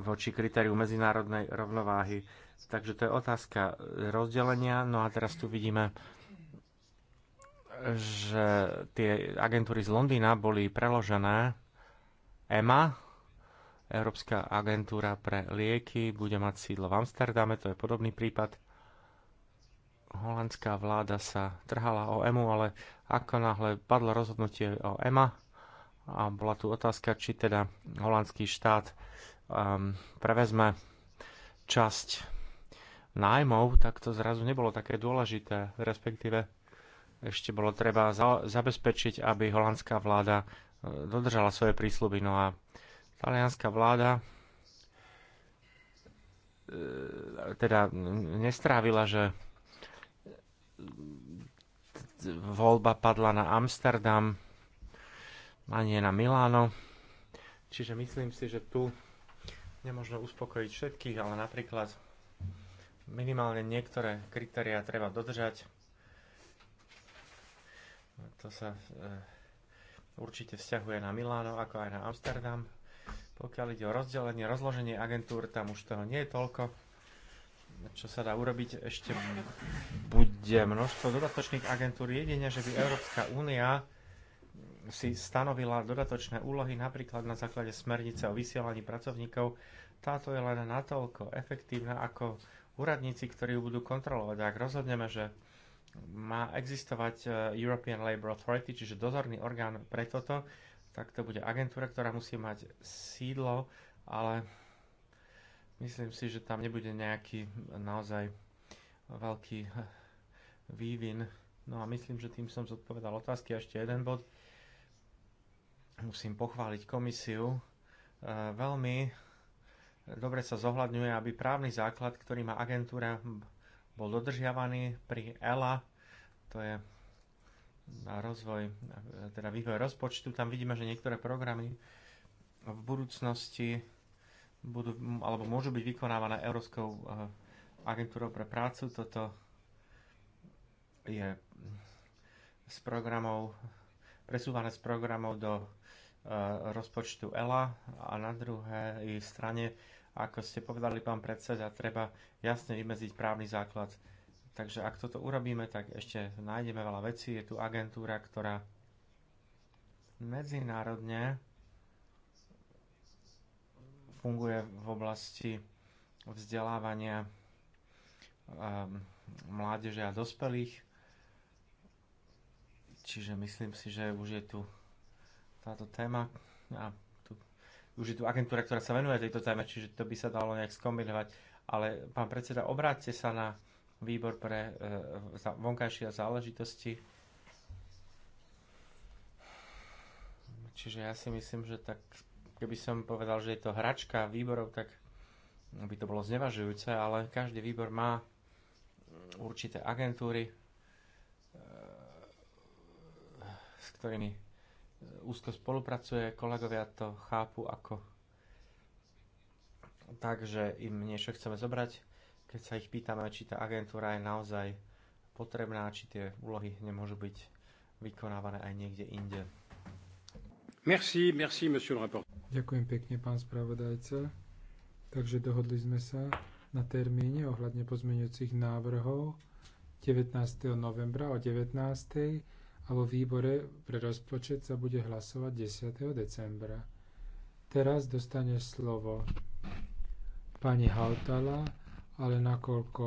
voči kritériu medzinárodnej rovnováhy. Takže to je otázka rozdelenia. No a teraz tu vidíme, že tie agentúry z Londýna boli preložené EMA, Európska agentúra pre lieky, bude mať sídlo v Amsterdame, to je podobný prípad holandská vláda sa trhala o EMU, ale ako náhle padlo rozhodnutie o EMA a bola tu otázka, či teda holandský štát um, prevezme časť nájmov, tak to zrazu nebolo také dôležité, respektíve ešte bolo treba za- zabezpečiť, aby holandská vláda e, dodržala svoje prísľuby. No a talianská vláda e, teda nestrávila, že voľba padla na Amsterdam a nie na Miláno. Čiže myslím si, že tu nemôžno uspokojiť všetkých, ale napríklad minimálne niektoré kritériá treba dodržať. To sa e, určite vzťahuje na Miláno, ako aj na Amsterdam. Pokiaľ ide o rozdelenie, rozloženie agentúr, tam už toho nie je toľko čo sa dá urobiť, ešte bude množstvo dodatočných agentúr. Jedine, že by Európska únia si stanovila dodatočné úlohy napríklad na základe smernice o vysielaní pracovníkov. Táto je len natoľko efektívna ako úradníci, ktorí ju budú kontrolovať. Ak rozhodneme, že má existovať eh, European Labour Authority, čiže dozorný orgán pre toto, tak to bude agentúra, ktorá musí mať sídlo, ale Myslím si, že tam nebude nejaký naozaj veľký vývin. No a myslím, že tým som zodpovedal otázky. A ešte jeden bod. Musím pochváliť komisiu. E, veľmi dobre sa zohľadňuje, aby právny základ, ktorý má agentúra, bol dodržiavaný pri ELA. To je na rozvoj, e, teda vývoj rozpočtu. Tam vidíme, že niektoré programy v budúcnosti budú, alebo môžu byť vykonávané Európskou eh, agentúrou pre prácu. Toto je z programov, presúvané z programov do eh, rozpočtu ELA a na druhej strane, ako ste povedali, pán predseda, treba jasne vymeziť právny základ. Takže ak toto urobíme, tak ešte nájdeme veľa vecí. Je tu agentúra, ktorá medzinárodne funguje v oblasti vzdelávania um, mládeže a dospelých. Čiže myslím si, že už je tu táto téma a tu, už je tu agentúra, ktorá sa venuje tejto téme, čiže to by sa dalo nejak skombinovať. Ale pán predseda, obráťte sa na výbor pre e, vonkajšie záležitosti. Čiže ja si myslím, že tak keby som povedal, že je to hračka výborov, tak by to bolo znevažujúce, ale každý výbor má určité agentúry, eh, s ktorými úzko spolupracuje, kolegovia to chápu ako tak, že im niečo chceme zobrať, keď sa ich pýtame, či tá agentúra je naozaj potrebná, či tie úlohy nemôžu byť vykonávané aj niekde inde. Merci, merci, monsieur le rapporteur. Ďakujem pekne, pán spravodajca. Takže dohodli sme sa na termíne ohľadne pozmeňujúcich návrhov 19. novembra o 19. a vo výbore pre rozpočet sa bude hlasovať 10. decembra. Teraz dostane slovo pani Hautala, ale nakoľko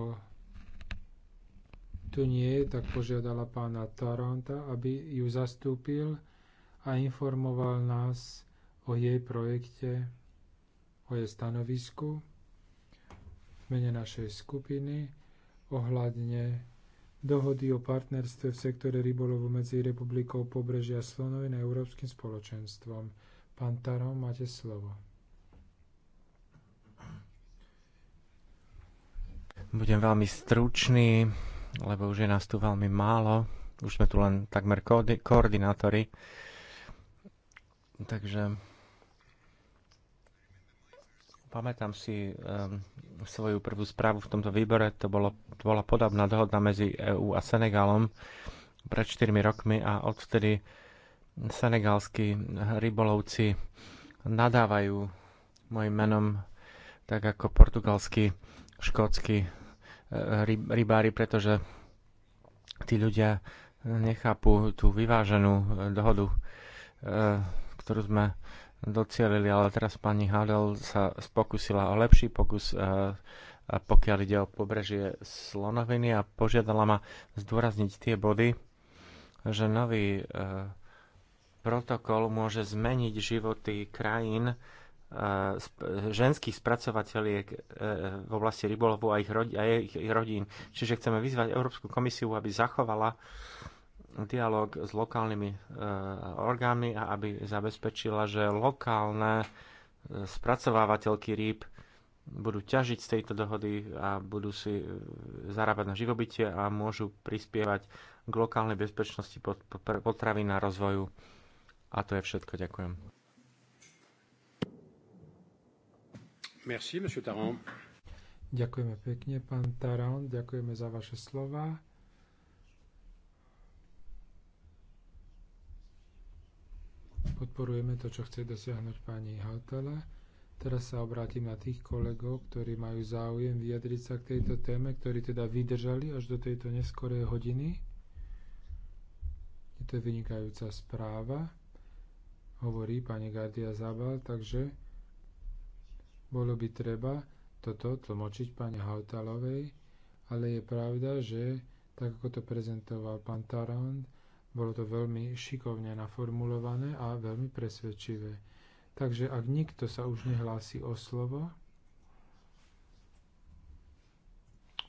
tu nie je, tak požiadala pána Taranta, aby ju zastúpil a informoval nás o jej projekte, o jej stanovisku v mene našej skupiny ohľadne dohody o partnerstve v sektore rybolovu medzi Republikou Pobrežia Slonoviny a Európskym spoločenstvom. Pán Tarom, máte slovo. Budem veľmi stručný, lebo už je nás tu veľmi málo. Už sme tu len takmer koordinátori. Takže Pamätám si um, svoju prvú správu v tomto výbore. To, bolo, to bola podobná dohoda medzi EÚ a Senegalom pred 4 rokmi a odtedy senegalskí rybolovci nadávajú mojim menom tak ako portugalskí, škótsky e, rybári, pretože tí ľudia nechápu tú vyváženú e, dohodu, e, ktorú sme docielili, ale teraz pani Hadel sa spokusila o lepší pokus, eh, pokiaľ ide o pobrežie Slonoviny a požiadala ma zdôrazniť tie body, že nový eh, protokol môže zmeniť životy krajín, eh, ženských spracovateľiek v oblasti rybolovu a ich rodín. Čiže chceme vyzvať Európsku komisiu, aby zachovala dialog s lokálnymi e, orgánmi a aby zabezpečila, že lokálne e, spracovávateľky rýb budú ťažiť z tejto dohody a budú si e, zarábať na živobytie a môžu prispievať k lokálnej bezpečnosti potravy na rozvoju. A to je všetko. Ďakujem. Merci, Ďakujeme pekne, pán Taran. Ďakujeme za vaše slova. Podporujeme to, čo chce dosiahnuť pani Hautala. Teraz sa obrátim na tých kolegov, ktorí majú záujem vyjadriť sa k tejto téme, ktorí teda vydržali až do tejto neskorej hodiny. Je to vynikajúca správa, hovorí pani Gardia Zabal, takže bolo by treba toto tlmočiť pani Hautalovej, ale je pravda, že tak ako to prezentoval pán Tarand, bolo to veľmi šikovne naformulované a veľmi presvedčivé. Takže ak nikto sa už nehlási o slovo,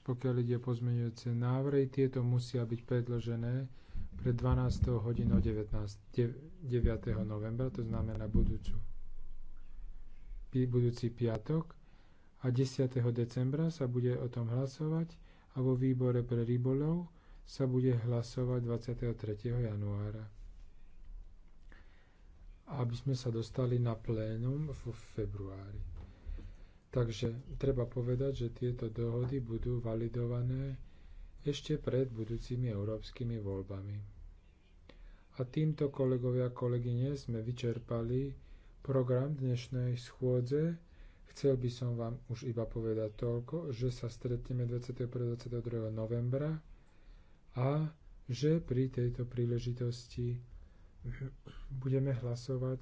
pokiaľ ide o pozmeňujúce návrhy, tieto musia byť predložené pred 12. hodinou 19, 9. novembra, to znamená budúcu, budúci piatok a 10. decembra sa bude o tom hlasovať a vo výbore pre rybolov sa bude hlasovať 23. januára. Aby sme sa dostali na plénum v februári. Takže treba povedať, že tieto dohody budú validované ešte pred budúcimi európskymi voľbami. A týmto kolegovia a kolegyne sme vyčerpali program dnešnej schôdze. Chcel by som vám už iba povedať toľko, že sa stretneme 21. 22. novembra a že pri tejto príležitosti budeme hlasovať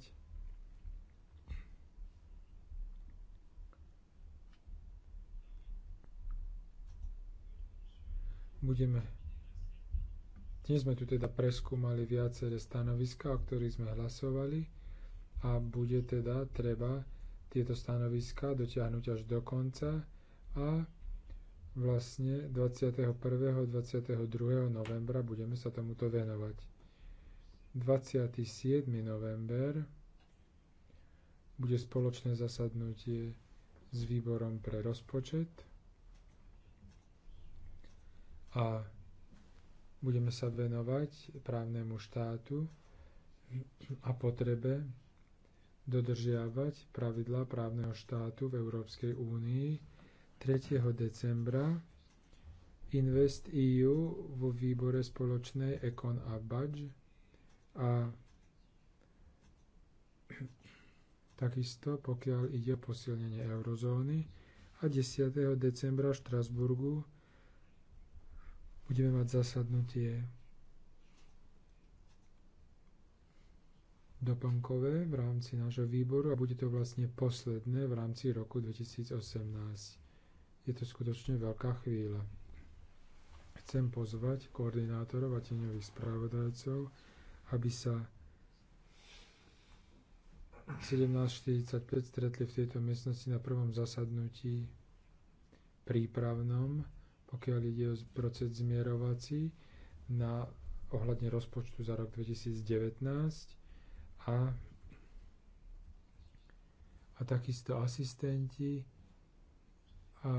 budeme dnes sme tu teda preskúmali viaceré stanoviska, o ktorých sme hlasovali a bude teda treba tieto stanoviska dotiahnuť až do konca a vlastne 21. a 22. novembra budeme sa tomuto venovať. 27. november bude spoločné zasadnutie s výborom pre rozpočet a budeme sa venovať právnemu štátu a potrebe dodržiavať pravidlá právneho štátu v Európskej únii 3. decembra Invest EU vo výbore spoločnej Econ a Budge a takisto pokiaľ ide o posilnenie eurozóny a 10. decembra v Štrasburgu budeme mať zasadnutie doplnkové v rámci nášho výboru a bude to vlastne posledné v rámci roku 2018. Je to skutočne veľká chvíľa. Chcem pozvať koordinátorov a tieňových správodajcov, aby sa 17.45 stretli v tejto miestnosti na prvom zasadnutí prípravnom, pokiaľ ide o proces zmierovací na ohľadne rozpočtu za rok 2019 a, a takisto asistenti a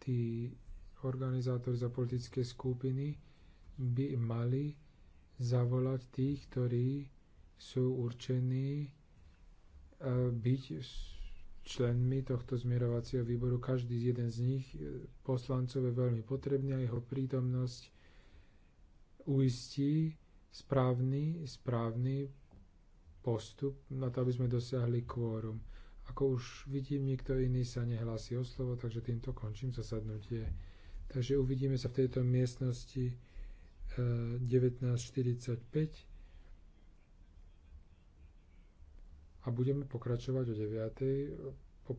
tí organizátori za politické skupiny by mali zavolať tých, ktorí sú určení e, byť členmi tohto zmierovacieho výboru. Každý z jeden z nich e, poslancov je veľmi potrebný a jeho prítomnosť uistí správny, správny postup na to, aby sme dosiahli kvórum. Ako už vidím, nikto iný sa nehlási o slovo, takže týmto končím zasadnutie. Takže uvidíme sa v tejto miestnosti 19.45 e, a budeme pokračovať o 9.00 po,